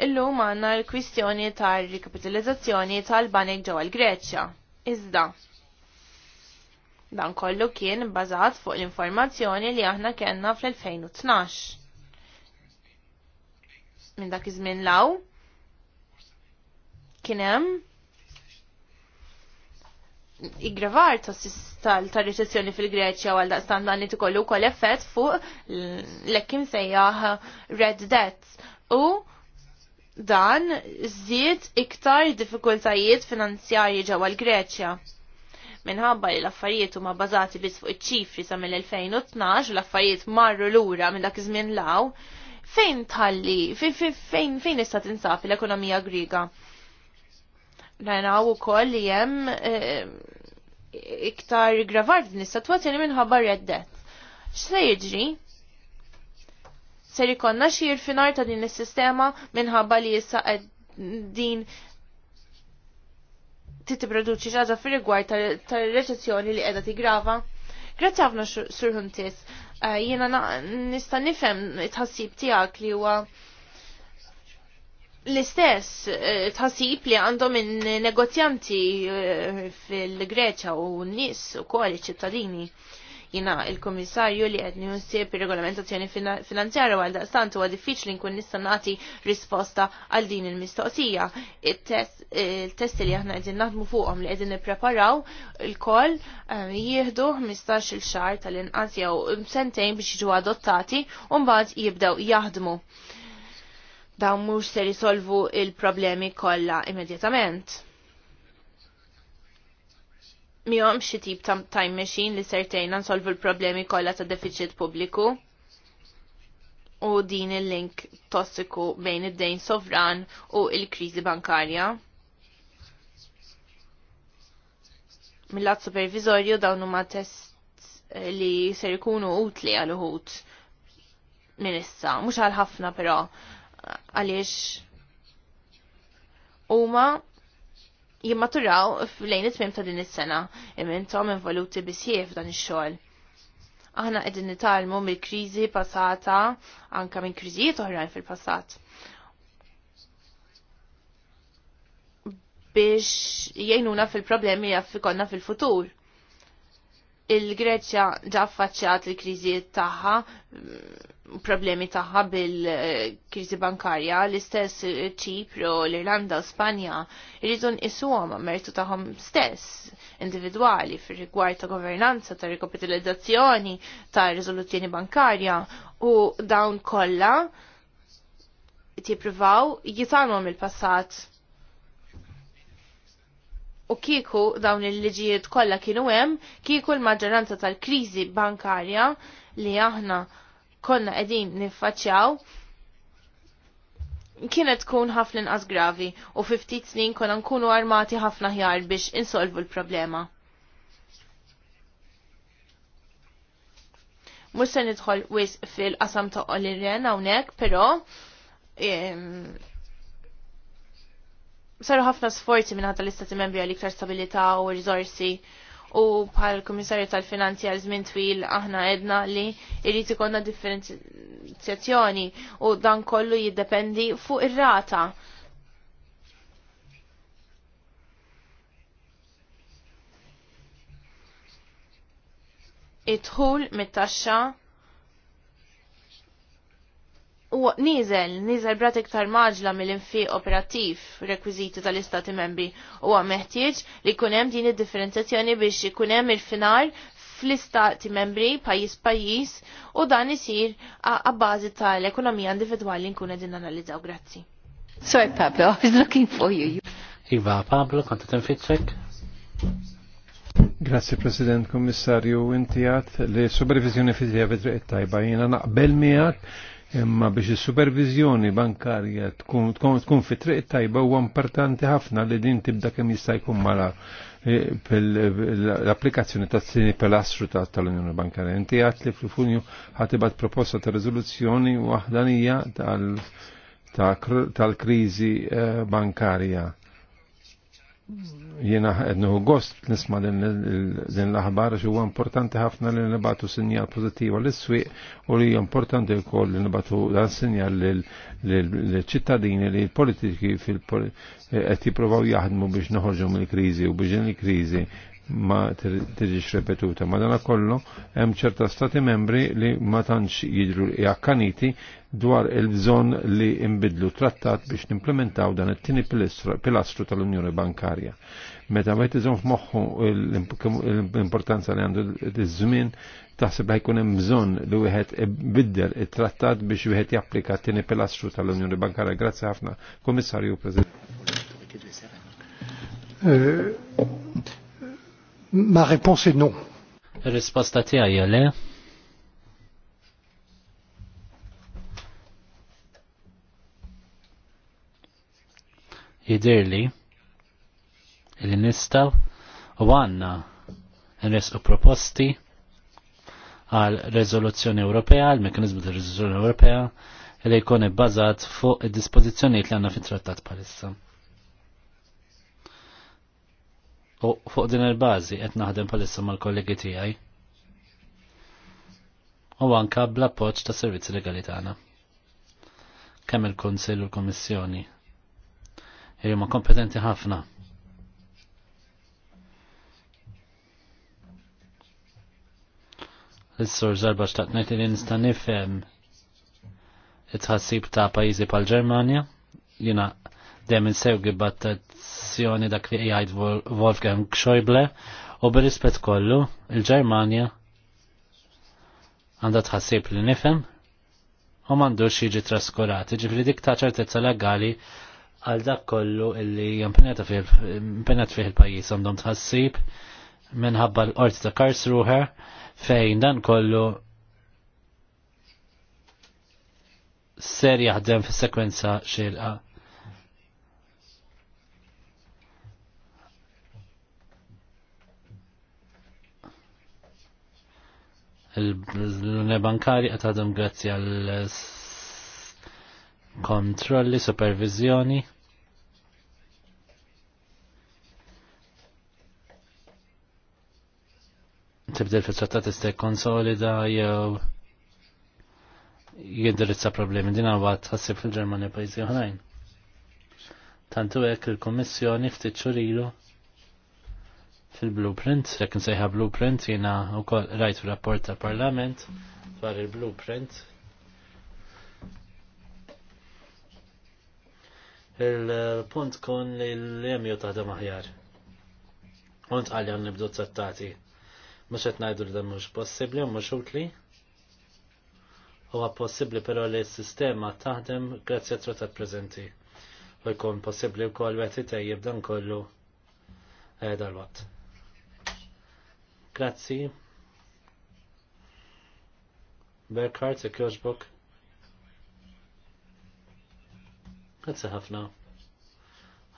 illum għanna l-kwistjoni tal-rikapitalizzazzjoni tal-banek ġewwa l-Greċja. Iżda dan kollu kien bbażat fuq l-informazzjoni li aħna kellna fl-2012. Minn dak iż-żmien law kien hemm igrevar tal-recessjoni fil-Greċja għal da' dan li tikollu kol effett fuq l-ekkim sejjaħ Red Debt. U dan żied iktar diffikultajiet finanzjarji ġewwa l-Greċja. Minħabba li l-affarijiet huma bażati biss fuq iċ-ċifri sa mill-2012 l-affarijiet marru lura minn dak iż-żmien law, fejn tħalli, fejn fejn fejn issa l-ekonomija Griega? rajnaw ukoll li hemm eh, iktar gravar din is minn minħabba Red Death. X'se jiġri? Ser ikonna xi finar ta' din is-sistema minħabba li issa din titiproduċi ġaġa fil-rigward tal-reċezzjoni li qiegħda tigrava. Grazzi ħafna Sur eh, Jiena nista' nifhem it-ħassib tiegħek li huwa l-istess eh, tħassib li għandhom minn negozjanti eh, fil-Greċa u n-nis u kol ċittadini jina il-komissarju li għedni unsib regolamentazzjoni finanzjarja għal daqstant u għadifiċ li nkun nista' nagħti risposta għal din il-mistoqsija. Il-test li aħna qegħdin naħdmu fuqhom li qegħdin nippreparaw il kol eh, jieħdu 15 il xahar tal-inqas jew sentejn biex jiġu adottati u mbagħad jibdew jaħdmu. Dawn mhux se risolvu il-problemi kollha immedjatament. Mihom xi tip ta' time machine li sertejna nsolvu l-problemi kollha ta' deficit pubbliku u din il-link tossiku bejn id-dejn sovran u il-kriżi bankarja. mill-lat supervizorju dawn huma test li ser ikunu utli għal uħut minn issa, mhux għal ħafna però għaliex huma jimmaturaw lejn it-tmim ta' din is-sena imintom involuti bisjef f'dan ix-xogħol. Aħna qegħdin nitalmu mill-kriżi passata anke minn kriżijiet oħrajn fil-passat. biex jgħinuna fil-problemi konna fil-futur il-Greċja ġa affaċċjat il kriżi tagħha, mm, problemi tagħha bil-kriżi bankarja, l-istess Ċipru, l-Irlanda, Spanja, irridu nqisuhom mertu tagħhom stess, individwali fir-rigward ta' governanza, ta' rikapitalizzazzjoni, ta' riżoluzzjoni bankarja u dawn kollha tippruvaw jitalmhom il-passat U kieku dawn il-liġijiet kollha kienu hemm, kieku l-maġġoranza tal-kriżi bankarja li aħna konna qegħdin niffaċċjaw kienet tkun ħafna inqas gravi u fi ftit snin konna nkunu armati ħafna ħjar biex insolvu l-problema. Mhux se nidħol wis fil-qasam ta' Oliren hawnhekk, però saru ħafna sforzi minn ħata l-istati membri għal iktar stabilita u rizorsi u bħal komissarju tal-finanzi għal żmien twil aħna edna li irrid ikollna differenzjazzjoni u dan kollu jiddependi fuq ir-rata. Idħul mit-taxxa u nizel, nizel brat iktar maġla mill-infi operativ rekwiziti tal-istati membri u meħtieġ li kunem din id-differenzjazzjoni biex kunem il-finar fl-istati membri pajis pajis u dan isir għabbażi tal-ekonomija individwali nkun din analizzaw. Grazzi. Sorry Pablo, I was looking for you. Iva Pablo, konta tinfittxek? Grazie President Kommissarju, inti għat li supervizjoni fizija vedri tajba jina naqbel miegħek Imma biex is-supervizjoni bankarja tkun tkun fi triq tajba huwa importanti ħafna li din tibda kemm jista' jkun mara eh, l-applikazzjoni ta' t-sini ta' tal-Unjoni Bankarja. Inti għat li fl-funju ħatibat proposta ta' rezoluzzjoni waħdanija tal-krizi eh, bankarja jena għednu gost nisma din l-ħabar xo huwa importanti ħafna li nibatu sinjal pozitiva l-swiq u li importanti wkoll li nibatu dan sinjal l-ċittadini li l-politiki qed jippruvaw jaħdmu biex noħorġu mill-kriżi u biex il-kriżi ma tiġix repetuta. Ma dan kollu hemm ċerta stati membri li ma tantx jidru jakkaniti dwar il-bżon li imbidlu trattat biex nimplementaw dan it tini pilastru tal-Unjoni Bankarja. Meta wieħed iżomm f'moħħu l-importanza li għandu d żmien taħseb li jkun hemm bżonn li wieħed ibiddel it-trattat biex wieħed japplika t tini pilastru tal-Unjoni Bankarja. Grazzi ħafna, Komissarju President. Euh, ma réponse no. Risposta tiegħi le. jidirli li nistaw u għanna nresqu proposti għal rezoluzzjoni Ewropea, għal mekanizmu ta' rezoluzzjoni Ewropea li jkun ibbażat fuq id-dispożizzjonijiet li għandna fit-trattat palissa. U fuq din il-bażi qed naħdem palissa mal-kollegi tiegħi. U anka bla appoġġ ta' servizzi legali tagħna. Kemm il-Kunsill u l-Kummissjoni li kompetenti ħafna. Is-sur żarba xtaqt ngħid li nista' nifhem it-ħassib ta' pajjiżi pal ġermanja jiena dejjem insew attenzjoni dak li jgħid Wolfgang Schäuble u bir-rispett kollu il-Ġermanja għandha tħassib li nifhem u m'għandux jiġi traskurati, ġifri dik ta' ċertezza legali għal dak kollu illi jimpenet fih il-pajjiż għandhom tħassib minħabba l-qorti ta' Karlsruhe fejn dan kollu ser jaħdem fis-sekwenza xilqa. l-bankari għatadhom grazzi għal kontrolli, supervizjoni. Tibdil fil-trattat istek konsolida jew jindirizza problemi din għal tħassib fil-Ġermanja pajzi oħrajn. Tantu hekk il-Kommissjoni ftit xurilu fil-blueprint, jekk nsejħa blueprint jiena wkoll rajt rapport tal-Parlament dwar il-blueprint il-punt kun li l-jemju taħdem aħjar. Unt għalli għan nibdu trattati. Mux għet najdu li dan mux possibli, mux utli. Huwa possibli pero li s-sistema taħdem grazzi għat trattat prezenti. U jkun possibli u kol għet jibdan kollu eh, dal-wat. Grazzi. Berkhardt, Kjoġbok. Grazzi ħafna.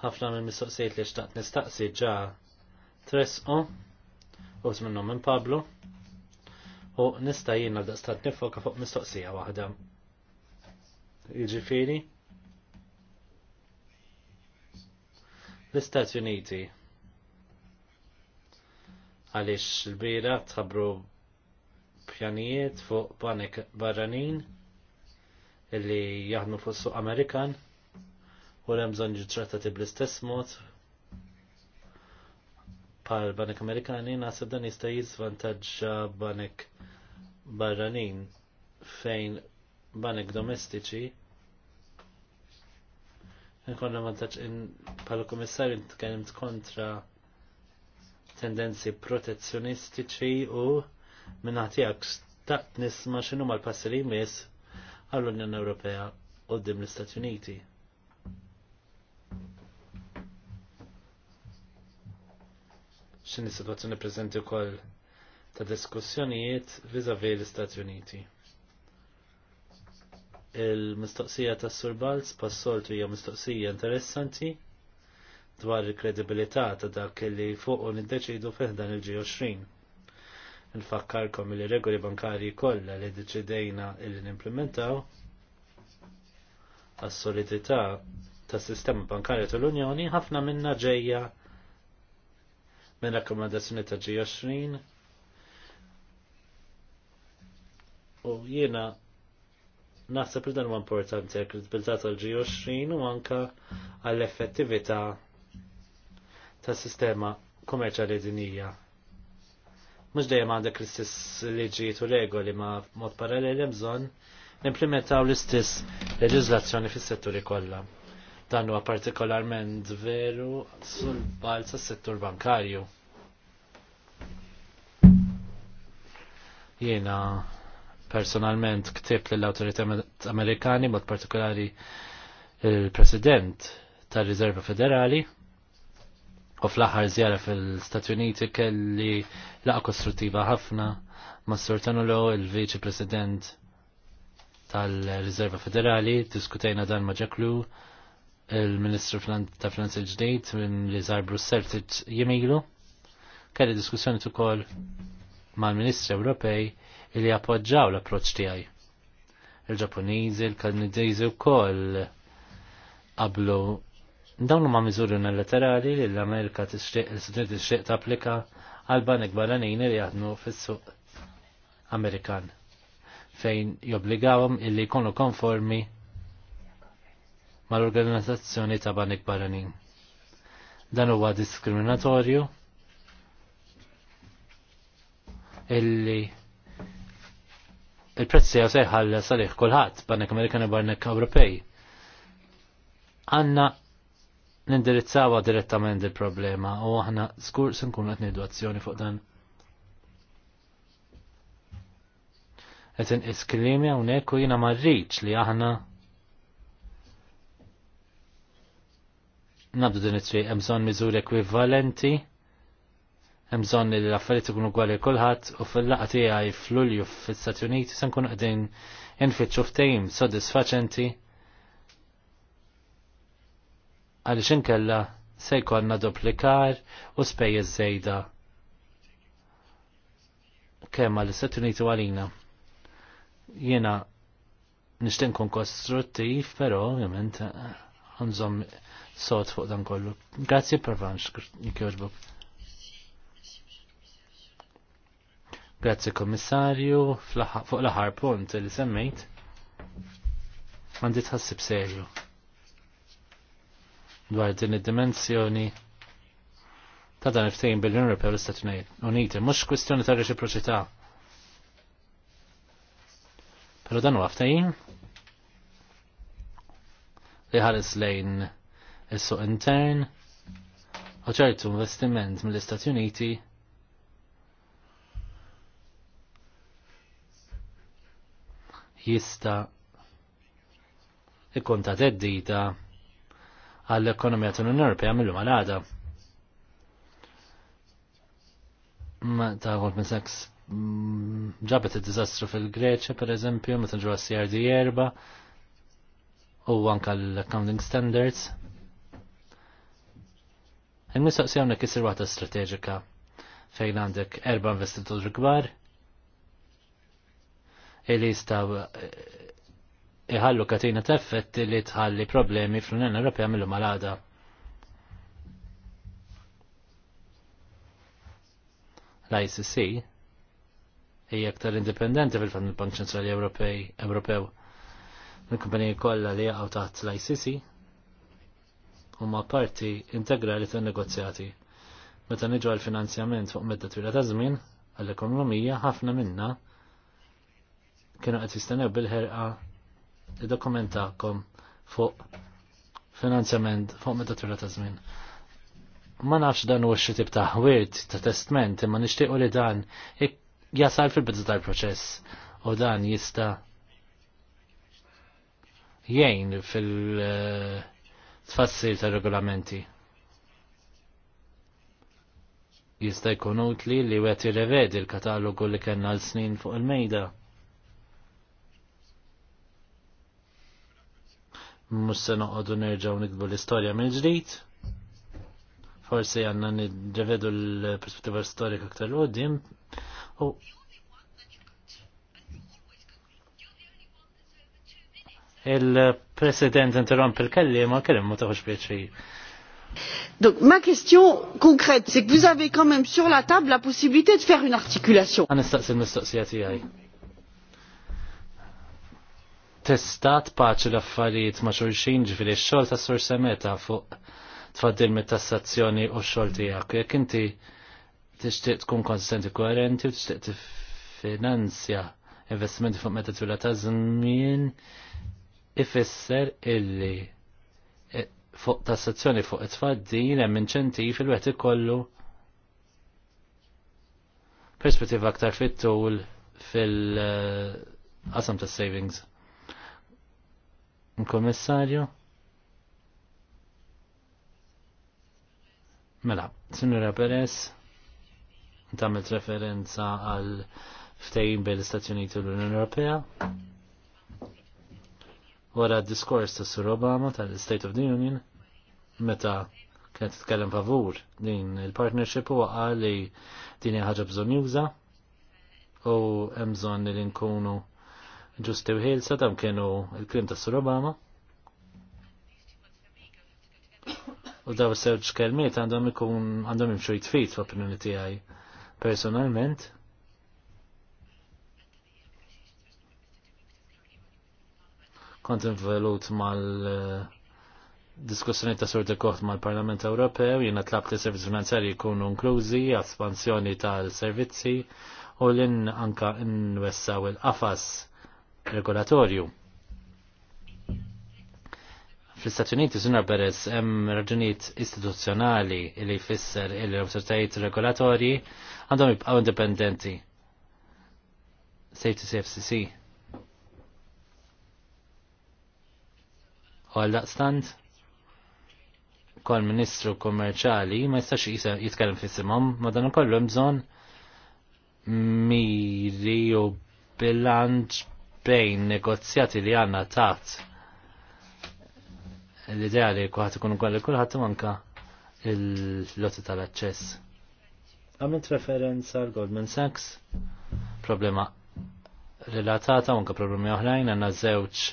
Ħafna minn mistoqsijiet li xtaqt nistaqsi ġa tres u minnom minn Pablo u nista jina daqstat nifoka fuq mistoqsija waħda. Iġifiri, l-Istati Uniti għalix l-bira tħabru pjanijiet fuq banek barranin illi jaħdmu fuq suq Amerikan u hemm bżonn trattati bl-istess mod bħal banek Amerikani naħseb dan jista' jiżvantaġġa banek barranin fejn banek domestiċi Nkonna vantaġġ bħala kummissarju tkellimt kontra tendenzi protezzjonistiċi u minna tiegħek staqt nisma' x'inhuma l-passi li jmiss għall-Unjoni Ewropea qudiem l-Istati Uniti. x'in is-sitwazzjoni u wkoll ta' diskussjonijiet vizavi l-Istati Uniti. Il-mistoqsija tas surbalz pas-soltu hija mistoqsija interessanti dwar il-kredibilità ta' dak li fuq niddeċidu fiħdan il-G20. Nfakkarkom li regoli bankari kollha li deċidejna il nimplementaw għas-solidità tas sistema bankarja tal-Unjoni ħafna minna ġejja minn rakkomandazzjoni ta' G20 u jiena naħseb li dan huwa importanti għal kredibilità tal-G20 u anka għall-effettività tas sistema kummerċjali dinija. Mhux dejjem għandek l-istess liġijiet u regoli ma' mod paralleli bżonn implementaw l-istess leġiżlazzjoni fis-setturi kollha. Dan huwa partikolarment veru sul balza settur bankarju. Jiena personalment ktib lill autorità Amerikani mod partikolari il-President tal-Riserva Federali u fl-aħħar żjara fil-Stati Uniti kelli laqa kostruttiva ħafna ma' Tanulo, il-Viċi President tal-Riserva Federali, diskutejna dan ma' Ġaklu, il-Ministru ta' Franza il ġdejt minn li zar Brussel jimilu. Kelli diskussjoni ma' mal-Ministri Ewropej li appoġġaw l-approċ tiegħi. Il-Ġappuniżi, il-Kanadiżi wkoll qablu dawn huma miżuri unilaterali li l-Amerika tixtieq l-Istudenti tixtieq tapplika għal banek barranin li jaħdmu fis-suq Amerikan fejn jobbligawhom illi jkunu konformi mal-organizzazzjoni ta' banik barranin. Dan huwa diskriminatorju illi il-prezzi għaw seħħal salih kolħat banek Amerikani banek Ewropej. Għanna nindirizzawa direttament il-problema u aħna skur sinkun għat azzjoni fuq dan. Għetin isklimi għonek u jina marriċ li aħna Nabdu din it-triq, hemm bżonn miżuri ekwivalenti, hemm bżonn li l-affarijiet ikunu gwali kulħadd u fil-laqgħa tiegħi f'Lulju fl-Istati Uniti se nkunu qegħdin infittxu ftehim sodisfaċenti għaliex inkella se jkollna duplikar u spejjeż żejda kemm għall-Istati Uniti għalina. Jiena nixtieq nkun kostruttiv, però ovvjament għandhom sot fuq dan kollu. Grazzi per vanx, nikjoġbok. Grazzi komissarju, fuq l punt li semmejt, għandi tħassib serju. Dwar din id-dimensjoni ta' dan iftejn bil-Unjoni Ewropea u l-Istati Uniti, mhux kwistjoni ta' reċiproċità. Però dan u għaftajn li ħares lejn is-suq intern u ċertu investiment mill-Istati Uniti jista ikun ta' teddita għall-ekonomija tal-Unjoni Ewropea mill-lum għal-għada. Ma ta' Goldman Sachs mm, ġabet il-dizastru fil-Greċa, per eżempju, meta ġewwa CRD erba' u anka l-accounting standards Il-mistoqsija hawnhekk waħda strateġika fejn għandek erba' investituri kbar li jistaw eh, iħallu katina ta' li tħalli problemi fl-Unjoni Ewropea mill malada. L-ICC hija aktar indipendenti fil-fan il-Bank Ċentrali Ewropej Ewropew. mill kumpaniji kollha li jaqgħu taħt l-ICC huma parti integrali tan negozjati Meta niġu għal finanzjament fuq medda twila ta' żmien għall-ekonomija ħafna minna kienu qed jistennew bil-ħerqa id-dokumentakom fuq finanzjament fuq medda twila ta' żmien. Ma nafx dan huwa xi tip ta' ħwiet ta' testment imma nixtiequ li dan jasal fil-bidu tal-proċess u dan jista' jgħin fil- uh, tfassir ta' regolamenti. Jista' jkun utli li wet jirrevedi l-katalogu li kellna l-snin fuq il-mejda. Mhux se noqogħdu nerġgħu nikbu l-istorja mill-ġdid. Forsi għandna nirrevedu l-perspettiva storika aktar l-qudiem Il-President interromp il-kellima, kellim ma taħx bieċi. Donc ma question concrète, c'est que vous avez quand même sur la table la possibilité de faire une articulation. Testat paċi l-affarijiet ma xulxin ġifiri xol ta' sur semeta fuq tfaddil mit-tassazzjoni u xol tijak. Jek inti tixtieq tkun konsistenti koerenti u tixtieq tiffinanzja investimenti fuq meta twila ta' ifisser illi e, fuq tassazzjoni fuq it-tfaddin hemm inċentiv il-wet ikollu perspettiva aktar fit-tul fil-qasam tas savings. Kommissarju? Mela, Sinura Perez, tagħmel referenza għal ftejn bil-Istati Uniti l-Unjoni Ewropea wara d-diskors ta' Sir Obama tal-State of the Union meta kienet titkellem favur din il-partnership u għal li din ħaġa bżonn juża u hemm bżonn li nkunu ġusti wħilsa dam kienu il-krim ta' Sir Obama. U daw sewġ kelmiet għandhom ikun għandhom imxu jitfit f'opinjoni tiegħi personalment. kont involut mal diskussjoni ta' sur dekoħt mal-Parlament Ewropew, jiena tlab li servizzi finanzjari jkunu inklużi, espansjoni tal-servizzi u l-in anka nwessaw il-qafas regolatorju. Fl-Istati Uniti Zunar Beres hemm raġunijiet istituzzjonali li jfisser il l-autoritajiet regolatorji għandhom jibqgħu indipendenti. Safety CFCC. għal daqstant kol ministru kommerċali ma jistax jitkellem fissimhom, ma dan ukoll hemm bżonn miri u bilanċ bejn negozjati li għanna taħt l-idea li kuħat ikun għalli kullħat manka il-lotti tal-acċess. Għamilt referenza għal Goldman Sachs, problema relatata, manka problemi oħrajn, għanna zewċ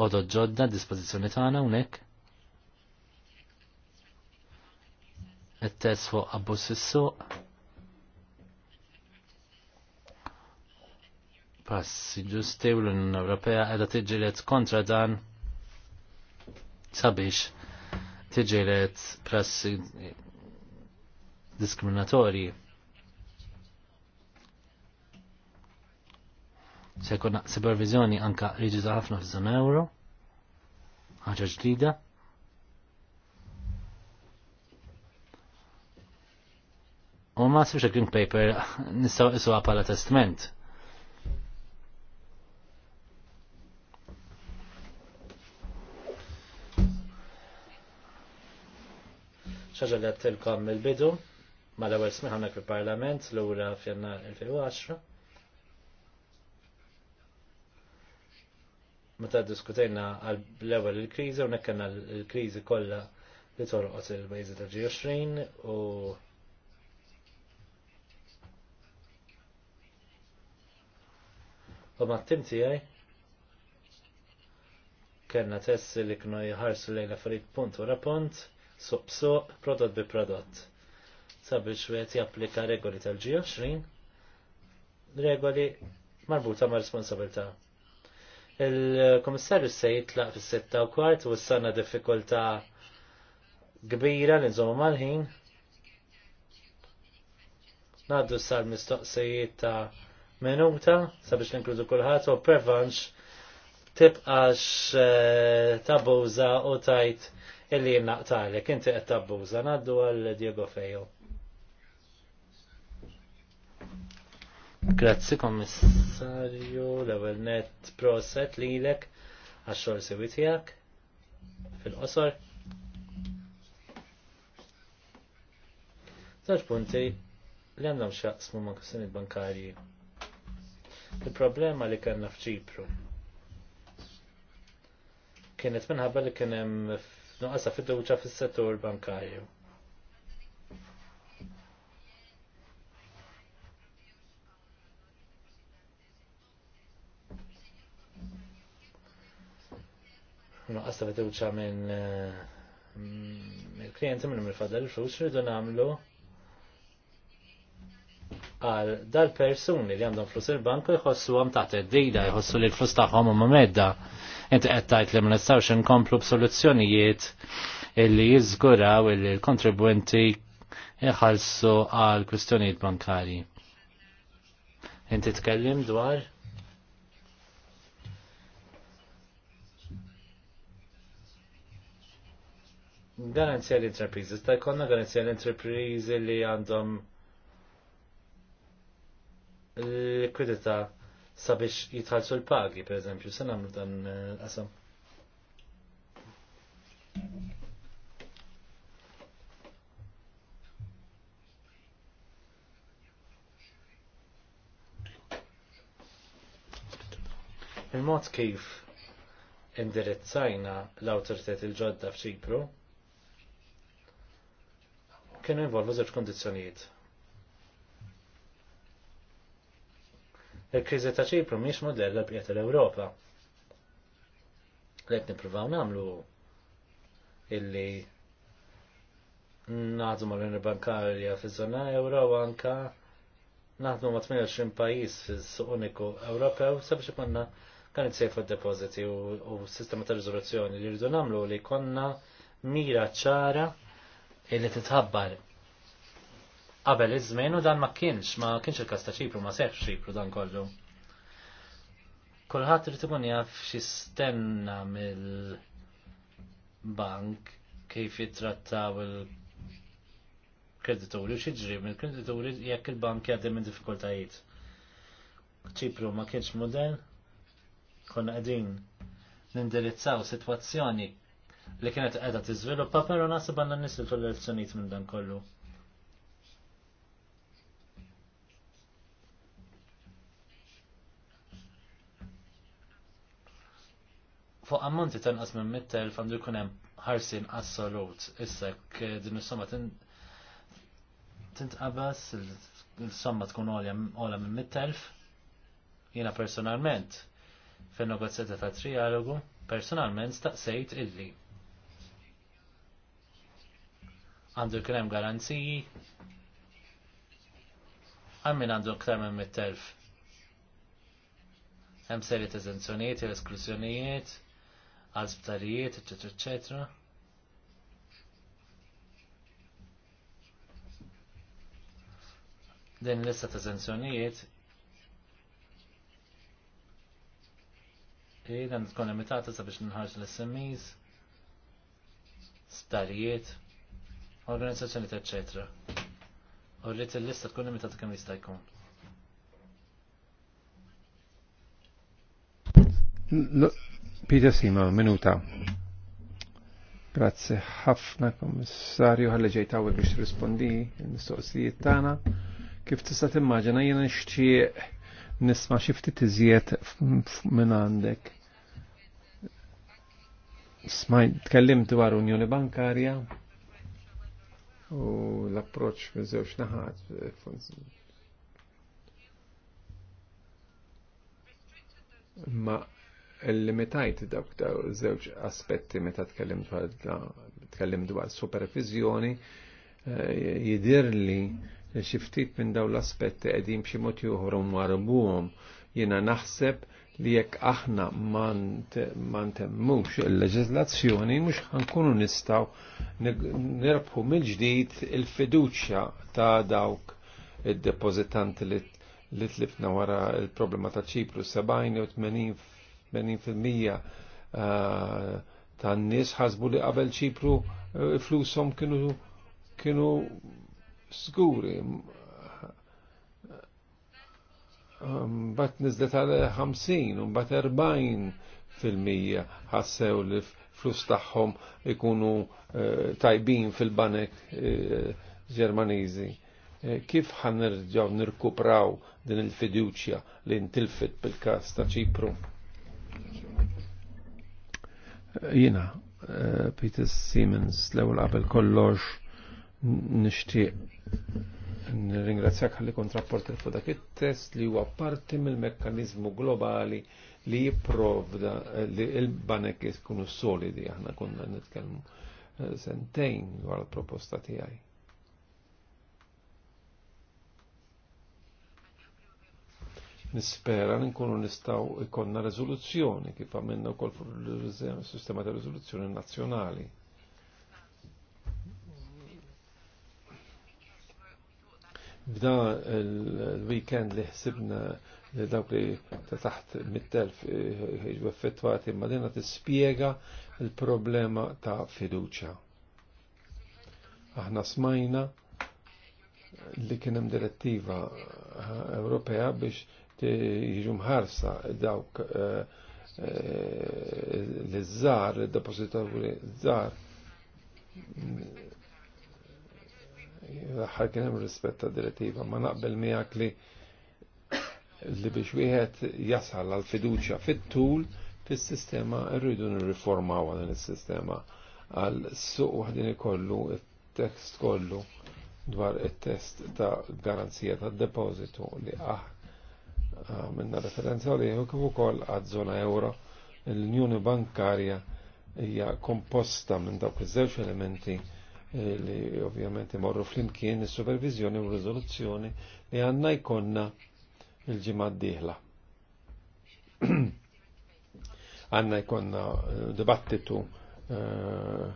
odo ġodda dispozizjoni tagħna hawnhekk. it-test fuq abbuż is suq Passi ġusti u l-Unjoni Ewropea qiegħda tiġilet kontra dan sabiex tiġilet prassi diskriminatorji. Se supervizjoni anka riġida ħafna fil euro, ħaġa ġdida. U ma sibx green paper (laughs) nistgħu isuha bħala testament. ċaġa li għattilkom il-bidu, ma l-ewel smiħanek fil-parlament l-ura fjannar 2010. meta diskutejna għal-level il-krizi, u nekkenna il-krizi kolla li torqot il-bajzi tal-G20 u U ma' t-tim tijaj, kena tessi li kno jħarsu lejn farid punt wara punt, suq suq, prodott bi prodott. Sabiex wieħed japplika regoli tal-G20, regoli marbuta ma' responsabilta' Il-komissarju se jitlaq fis-sitta u kwart u s-sanna diffikultà kbira li nżomu mal-ħin. Naddu sar mistoqsijiet ta' minuta sabiex ninkludu kulħadd u prevanx tibqax eh, tabuża u tajt illi jinnaqtalek, inti qed tabuża, naddu għal Diego Fejo. Grazzi kommissarju, l-ewel net proset li lilek ek għaxxol sewi tijak fil-qosor. Zaġ punti li għandhom smu ma' kussjoni bankarji. Il-problema li kellna f'ċipru kienet minħabba li kienem nuqqasa fiduċa fis-settur bankarju nuqqas ta' fiduċa minn il-klienti eh, minn il-fadda l-flus rridu namlu għal dal-persuni li għandhom flus il-banku jħossu għam taħt id-dida, jħossu li l-flus taħħom għam medda. Inti għettajt li ma nistawx nkomplu b'soluzzjonijiet illi jizguraw illi l-kontribwenti jħalsu għal kwistjonijiet bankari. Inti tkellim dwar? Garanzia l intrapriżi, sta' jkollna garanzija li intrapriżi li għandhom likwidita sabiex jitħallsu l-pagi, per eżempju, se nagħmlu dan eh, qasam. Il-mod kif indirizzajna l autoritet il-ġodda f'Ċipru kienu involvu żewġ kondizzjonijiet. Il-kriżi ta' ċipru mhix modell l bqiet l-Ewropa. Lek nippruvaw nagħmlu illi naħdmu l-Unjoni Bankarja fiż-żona Ewro anka naħdmu ma' 28 pajjiż fis-suq uniku Ewropew sabiex ikonna kan sejfu d-depożiti u s sistema ta' riżoluzzjoni li rridu nagħmlu li konna mira ċara illi titħabbar qabel iż-żmien u dan ma kienx, ma kienx il-kas ta' ċipru, ma seħx ċipru dan kollu. Kulħadd irid ikun jaf x'istenna mill-bank kif jittrattaw il-kredituri u x'jiġri mill-kredituri jekk il-bank jgħaddi minn diffikultajiet. ċipru ma kienx model, konna qegħdin nindirizzaw sitwazzjoni li kienet qiegħda tiżviluppa, però naħseb għandna nisiltu l-elezzjonijiet minn dan kollu. Fuq ammonti tanqas minn mittel fandu jkun hemm ħarsin assolut issa din is-somma tintqabas il-somma tkun għolja minn mittelf jiena personalment fin-negozjata ta' trialogu personalment staqsejt illi għandu jkun garanziji għammin għandu ktar mit-telf. Hemm serjet eżenzjonijiet, esklużjonijiet, għal sptarijiet, eccetera, eċetera. Din lista ta' eżenzjonijiet Ejda tkun limitata sabiex nħarġ l-SMEs, starijiet, organizzazzjoni ta' ċetra. U rrit il-lista tkun imitat kem jista' jkun. Peter Sima, minuta. Grazie ħafna kommissarju ħalli ġejt hawnhekk biex rispondi l-mistoqsijiet tagħna. Kif tista' timmaġina jiena nixtieq nisma' xi ftit iżjed minn għandek. Smajt tkellimt dwar Unjoni Bankarja, u l-approċ minn żewġ naħat eh, ma limitajt dawk daw żewġ aspetti meta tkellim dwar tkellim dwar supervizjoni eh, jidir li xiftit minn daw l-aspetti qegħdin b'xi mod joħrom warbuhom jiena naħseb li jekk aħna ma ntemmux il-leġislazzjoni mhux ħankunu nistgħu nirbħu mill-ġdid il-fiduċja ta' dawk id-depożitanti li tlifna wara il-problema ta' Ċipru 70 u 80% ta' n-nies ħasbu li qabel Ċipru eh, flusom kienu kienu skuri Um, bat nizdet għal 50 u bat 40 fil-mija ħassew li flus tagħhom ikunu eh, tajbin fil-banek eh, ġermaniżi. Eh, kif ħanerġaw nirkupraw din il-fiduċja li ntilfit bil-kas ta' ċipru? Jina, Peter Siemens, l-ewel qabel kollox nishtiq Nirringrazzjak għalli kontrapport fuq dak it-test li huwa parti mill mekkanizmu globali li jipprovda li l-banek jiskunu solidi aħna konna nitkellmu eh, sentejn dwar il-proposta tiegħi. nispera nkunu nistaw ikonna rezoluzzjoni kif għamilna wkoll fuq sistema ta' rezoluzzjoni nazzjonali. B'da l weekend li ħsibna li dawk li taħt mit-telf jiġu effettwati ma' dina tispjega il-problema ta' fiduċa. Aħna smajna li kien hemm direttiva Ewropea biex jiġu mħarsa dawk eh, eh, li żar, id-depozitaturi żar ħarkien hemm rispetta ta' direttiva, ma naqbel miegħek li li biex wieħed jasal għal fiduċja fit-tul fis-sistema rridu nirriformaw dan is-sistema għal suq waħdin ikollu it test kollu dwar it-test ta' garanzija ta' depositu li aħ ah, minna referenza li kif ukoll għad żona euro l-Unjoni Bankarja hija komposta minn dawk iż-żewġ elementi Eh, li ovvjament imorru fl-imkien il supervizjoni u l-rizoluzzjoni li għanna jkonna il-ġimgħa diħla. (clears throat) Għanna jkonna eh, dibattitu eh,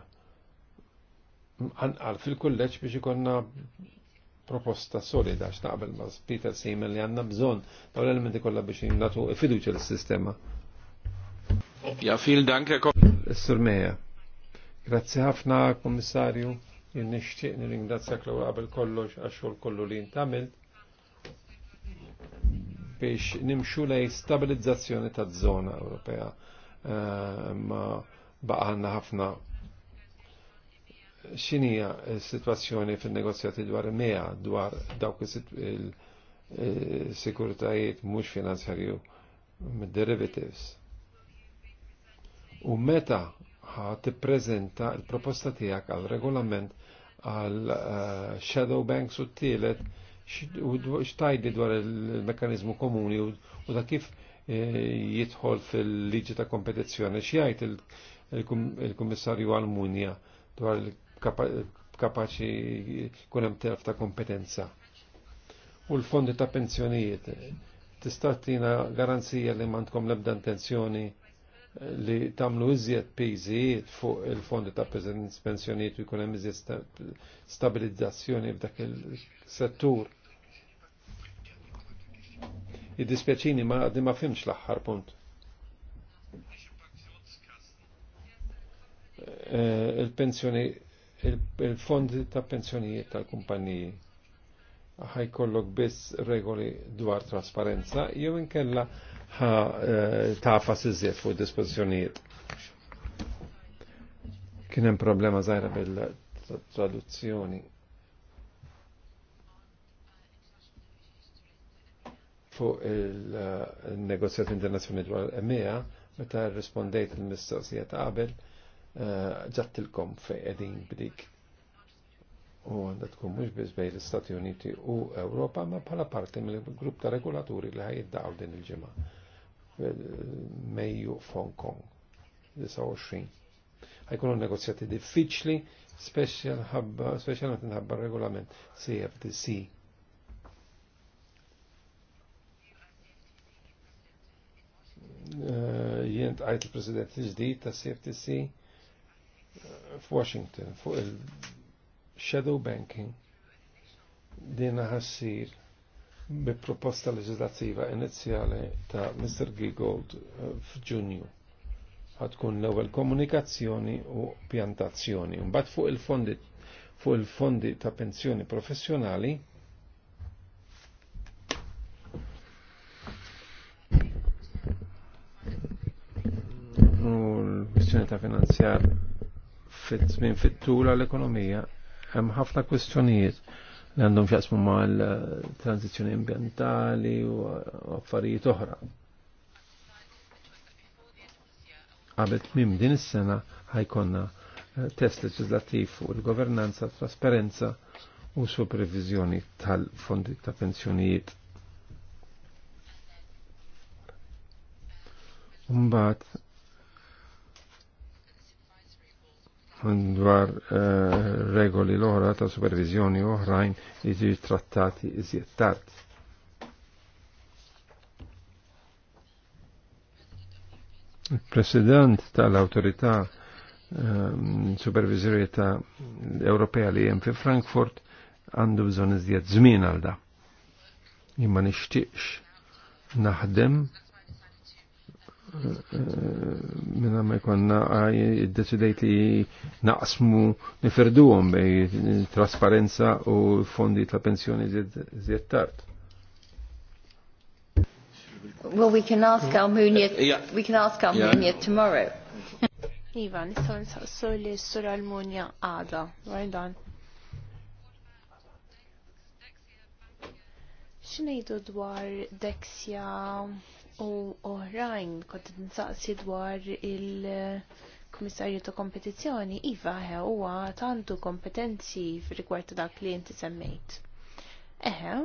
għal fil-kulleġġ biex jkonna proposta solida x'naqbel ma' Peter Simon li għanna bżon dawn l-elementi kollha biex jinnatu fiduċa l-sistema. Ja, fil dank, Sur Meja. Grazzi ħafna, Kommissarju jien nixtieq nirringrazzjak l qabel kollox għax kollu li intamilt biex nimxu lej stabilizzazzjoni taż-żona Ewropea. Eh, Ma baqgħanna ħafna x'inhija s-sitwazzjoni fin-negozjati dwar mea dwar dawk il-sikurtajiet mhux finanzjarju mid-derivatives. U meta ħa tippreżenta l-proposta tiegħek għal regolament għal eh, shadow banks u t-tielet xtajdi dwar il-mekanizmu komuni u da kif eh, jidħol fil-liġi ta' kompetizzjoni xjajt il-Kummissarju munja dwar il-kapaċi kunem terf ta' kompetenza. U l-fondi ta' pensjonijiet tista' tina garanzija li mandkom lebda intenzjoni li tamlu iżjed pejżijiet fuq il-fondi ta' pensjoniet u jkun hemm iżjed stabilizzazzjoni f'dak il-settur. Id-dispjaċini ma għaddi ma fimx l-aħħar punt. Eh, il fondi ta' pensjoniet tal-kumpaniji ħajkollok biss regoli dwar trasparenza jew inkella kella Eh, tafas iżjed fuq dispożizzjonijiet. Kien hemm problema żgħira bil-traduzzjoni. Fuq il-negozjat internazjoni dwar EMEA, meta rispondejt il mistoqsijiet qabel, eh, ġattilkom fejn qegħdin b'dik u għanda tkun mux biz bej l-Stati Uniti u Ewropa ma bħala parti mill-grupp ta' regolaturi li ħajiddaqaw din il-ġimgħa. Mejju Hong Kong. 29. Għajkun un negozjati diffiċli, speċjalment nħabba regolament CFTC. Eh, jien għajt il-President l-ġdijt ta' CFTC eh, f'Washington fuq il-Shadow Banking dina ħassir bi proposta leġislativa inizjali ta' Mr. Gigold eh, f'Ġunju. Ħatkun l-ewwel komunikazzjoni u pjantazzjoni. Mbagħad fuq il-fondi fuq il-fondi ta' pensjoni professjonali l kwistjoni ta' finanzjar fit-tmin fit-tul għall-ekonomija hemm ħafna kwistjonijiet għandhom xaqsmu mal eh, tranzizjoni ambientali u affarijiet oħra. Għabet minn din is-sena ħajkonna eh, test leġislattiv fuq il-governanza, trasparenza u supervizjoni tal-fondi ta' pensjonijiet. Mbagħad dwar eh, regoli l-oħra ta' supervizjoni oħrajn li jiġu trattati iżjed tard. Il-President tal-Autorità ehm, Supervizjoni ta' Ewropea li jem fi Frankfurt għandu bżon iżjed żmien għal da. Imma nixtieqx naħdem minna ma jkonna id-deċidejt li naqsmu nifirdu għom bej trasparenza u fondi ta' pensjoni zjed tard. Well, we can ask Almunia, uh, yeah. we can ask Almunia yeah. tomorrow. Iva, nistaw nsaqsu li s-sur Almunia għada, għajdan. Xinejdu dwar Dexia u oħrajn kont nsaqsi dwar il-Kummissarju ta' Kompetizzjoni iva huwa tantu kompetenzi f'rigward ta' dak li inti semmejt. Eħe,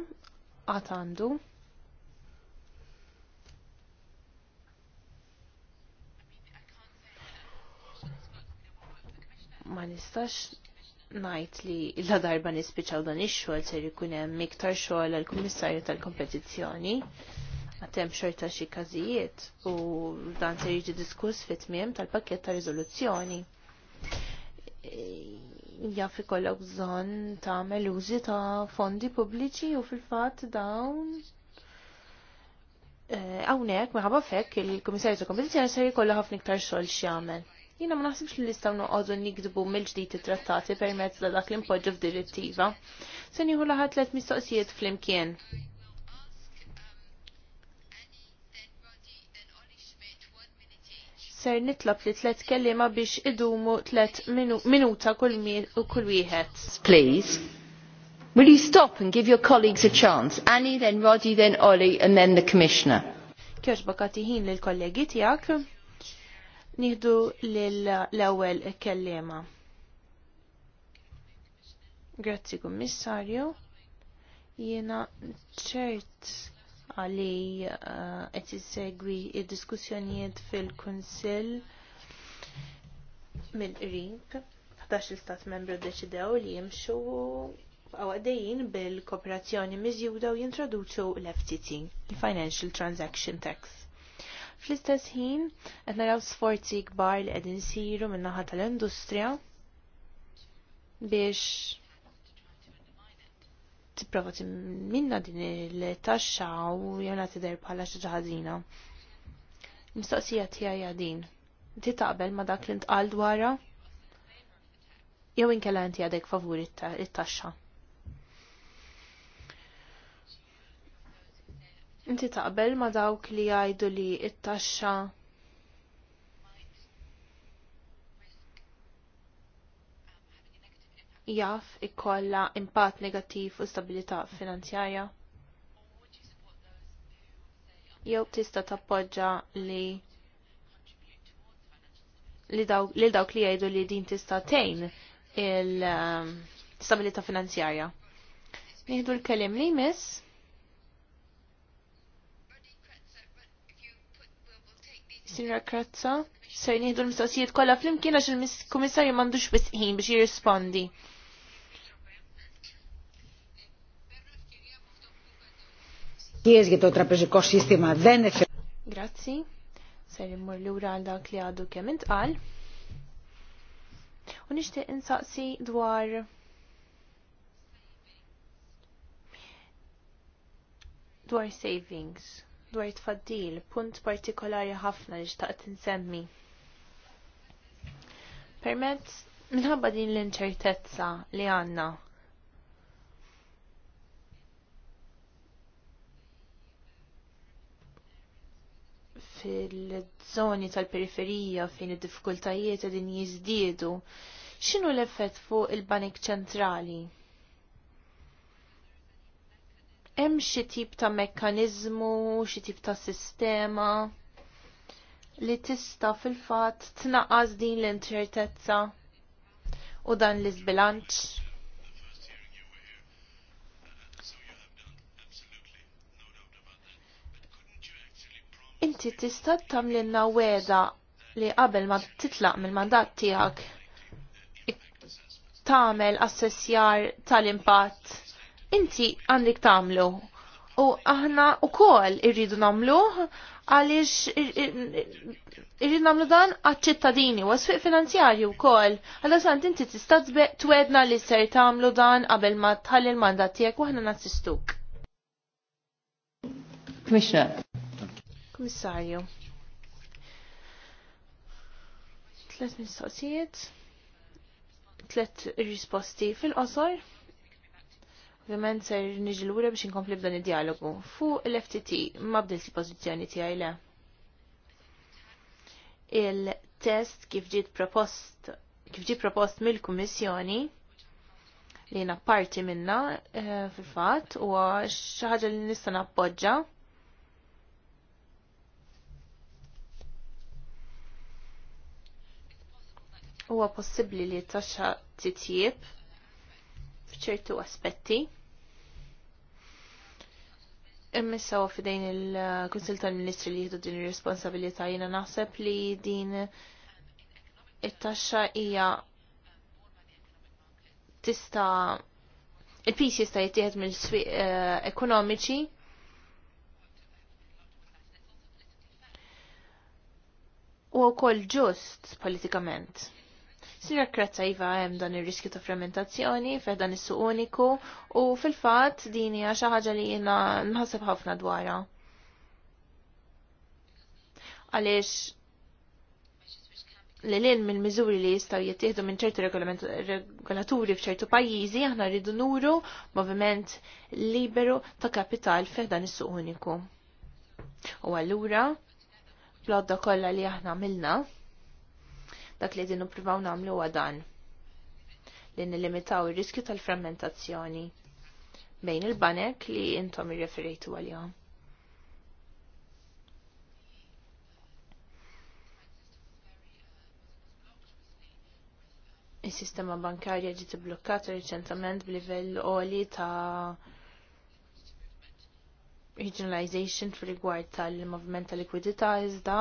għad għandu. Ma nistax najt li la darba nispiċaw dan ix-xogħol ser ikun hemm iktar xogħol għall kummissarju tal-Kompetizzjoni għatem xorta xi każijiet u dan se jiġi diskuss fit-tmiem tal-pakket ta' riżoluzzjoni. Jaf kollha bżonn tagħmel użi ta' fondi pubbliċi u fil-fatt dawn eh, hawnhekk minħabba fekk il-Kummissarju ta' Kompetizzjoni se jkollha ħafna iktar xogħol x'jagħmel. Jiena ma naħsibx li nistgħu noqogħdu nikdbu mill-ġdid it-trattati permezz ta' dak li impoġġ f'direttiva. Se nieħu laħat tliet mistoqsijiet flimkien. ser nitlab li tlet kellima biex idumu tlet minuta kull wieħed. Please. Will you stop and give your colleagues a chance? Annie, then Roddy, then Ollie, and then the Commissioner. Kjoċ bakati ħin l-kollegi tijak, Nihdu l-ewel kellima. Grazzi, Kummissarju. Jena ċert għalli eh, qed segwi il diskussjonijiet fil-Kunsill mill Rink. 11 stat membru deċidew li jimxu għawadejjin bil-kooperazzjoni miżjuda u jintroduċu l-FTT, il-Financial Transaction Tax. Fl-istess ħin, qed naraw sforzi kbar li għedin siru min-naħa tal-industrija biex tipprova minna din il-taxxa u jew nagħti tidher bħala xi ħażina. Mistoqsija tiegħi din. Ti taqbel ma dak li ntqal dwarha? Jew inkella inti għadek favur it-taxxa. Inti taqbel ma dawk li jgħidu li it-taxxa jaf ikkolla impatt negattiv u stabilità finanzjarja? Jew tista' tappoġġa li li dawk li jgħidu li din tista' tgħin il-stabilità um, finanzjarja. Nieħdu l-kelim li miss. Sinra Kratza, ser nieħdu l-mistoqsijiet kollha flimkien għax il-Kummissarju m'għandux biss ħin biex jirrispondi. για το τραπεζικό σύστημα δεν Grazzi. Ser immur lura għal dak li għadu kemm intqal. U nixtieq insaqsi dwar dwar savings, dwar tfaddil, punt partikolari ħafna li xtaqt insemmi. Permezz minħabba din l-inċertezza li għanna fil-żoni tal-periferija fejn id-diffikultajiet din jiżdiedu, x'inhu l-effett fuq il-Banik Ċentrali? Hemm xi tip ta' mekkaniżmu, xi tip ta' sistema li tista' fil-fatt tnaqqas din l-inċertezza u dan l-iżbilanċ? Inti tista' tagħmlilna weda li qabel ma titlaq mill-mandat tiegħek tagħmel assessjar tal-impatt. Inti għandik tagħmlu u aħna wkoll irridu nagħmlu għaliex irridu nagħmlu dan għaċ-ċittadini u għasfiq finanzjarju wkoll. Għalla sant inti tista' twedna li ser tagħmlu dan qabel ma tħalli l-mandat tiegħek u aħna nassistuk. Commissioner. Komissarju. Tlet mistoqsijiet, tlet risposti fil-qosor. Ovvjament ser niġi lura biex inkompli b'dan id-dialogu. Fu l-FTT ma bdilt il-pożizzjoni tiegħi le. Il-test kif ġiet propost kif ġi propost mill-Kummissjoni li jiena parti minna eh, fil-fatt u xi ħaġa li nista' nappoġġa huwa possibbli li taxxa titjib f'ċertu aspetti. Imma issa huwa il-Kunsil tal-Ministri li jieħdu din ir-responsabilità jiena naħseb li din it-taxxa hija tista' il-pis jista' jittieħed mill-swieq eh, ekonomiċi u wkoll ġust politikament. Sira Krattajva hemm dan ir-riskju ta' fermentazzjoni fih dan is-suq uniku u fil-fatt din hija xi ħaġa li jiena nħasseb ħafna dwarha. Għaliex li l minn miżuri li jistaw jittieħdu minn ċertu regolaturi f'ċertu pajjiżi aħna rridu nuru moviment liberu ta' kapital f'dan is-suq uniku. U allura, plodda kollha li aħna milna, Dak li din nippruvaw nagħmlu huwa dan li nilimitaw ir-riskju tal-frammentazzjoni bejn il-banek li intom irreferejtu għalihom. il-sistema bankarja ġiet iblukkata riċentament b'livell għoli ta' regionalization fil rigward tal-movement tal likwidità iżda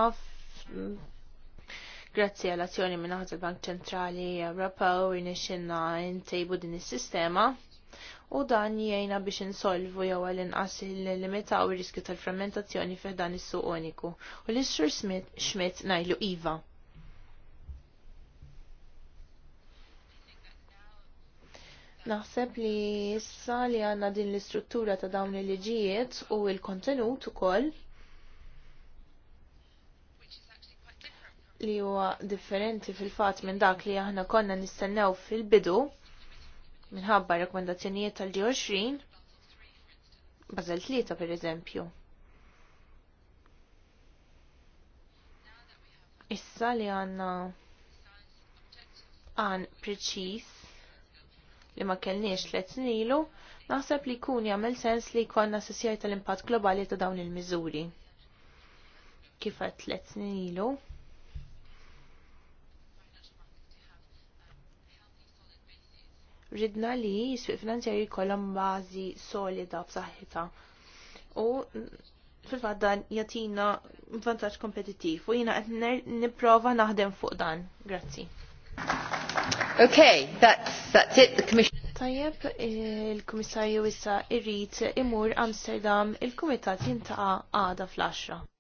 Grazzi għal azzjoni minn il-Bank Ċentrali Ewropew irnexxinna ntejbu din is-sistema u dan jgħinna biex insolvu jew għal inqas il-limitaw ir-riskju tal-frammentazzjoni fih dan is-suq uniku. U l sur Schmidt ngħidlu iva. Naħseb li issa li għandna din l-istruttura ta' dawn il-liġijiet u l-kontenut ukoll li huwa differenti fil-fatt minn dak li aħna konna nistennew fil-bidu minħabba rekomendazzjonijiet tal-G20 bazel tlieta per eżempju. Issa li għanna għan preċis li ma kellniex tliet snilu, naħseb li kun jagħmel sens li jkollna sessjar tal-impatt globali ta' dawn il-miżuri. Kif għat tliet snilu? ridna li s-sfiq finanzjari kollom bazi solida b'saħħita. U fil-fat dan jatina vantaġġ kompetittiv u jina qed nipprova naħdem fuq dan. Grazzi. Okay, that's, that's it, the commission. Tajjeb, il-Kummissarju issa irrid imur Amsterdam, il-Kumitat jintaqa' għada fl-10.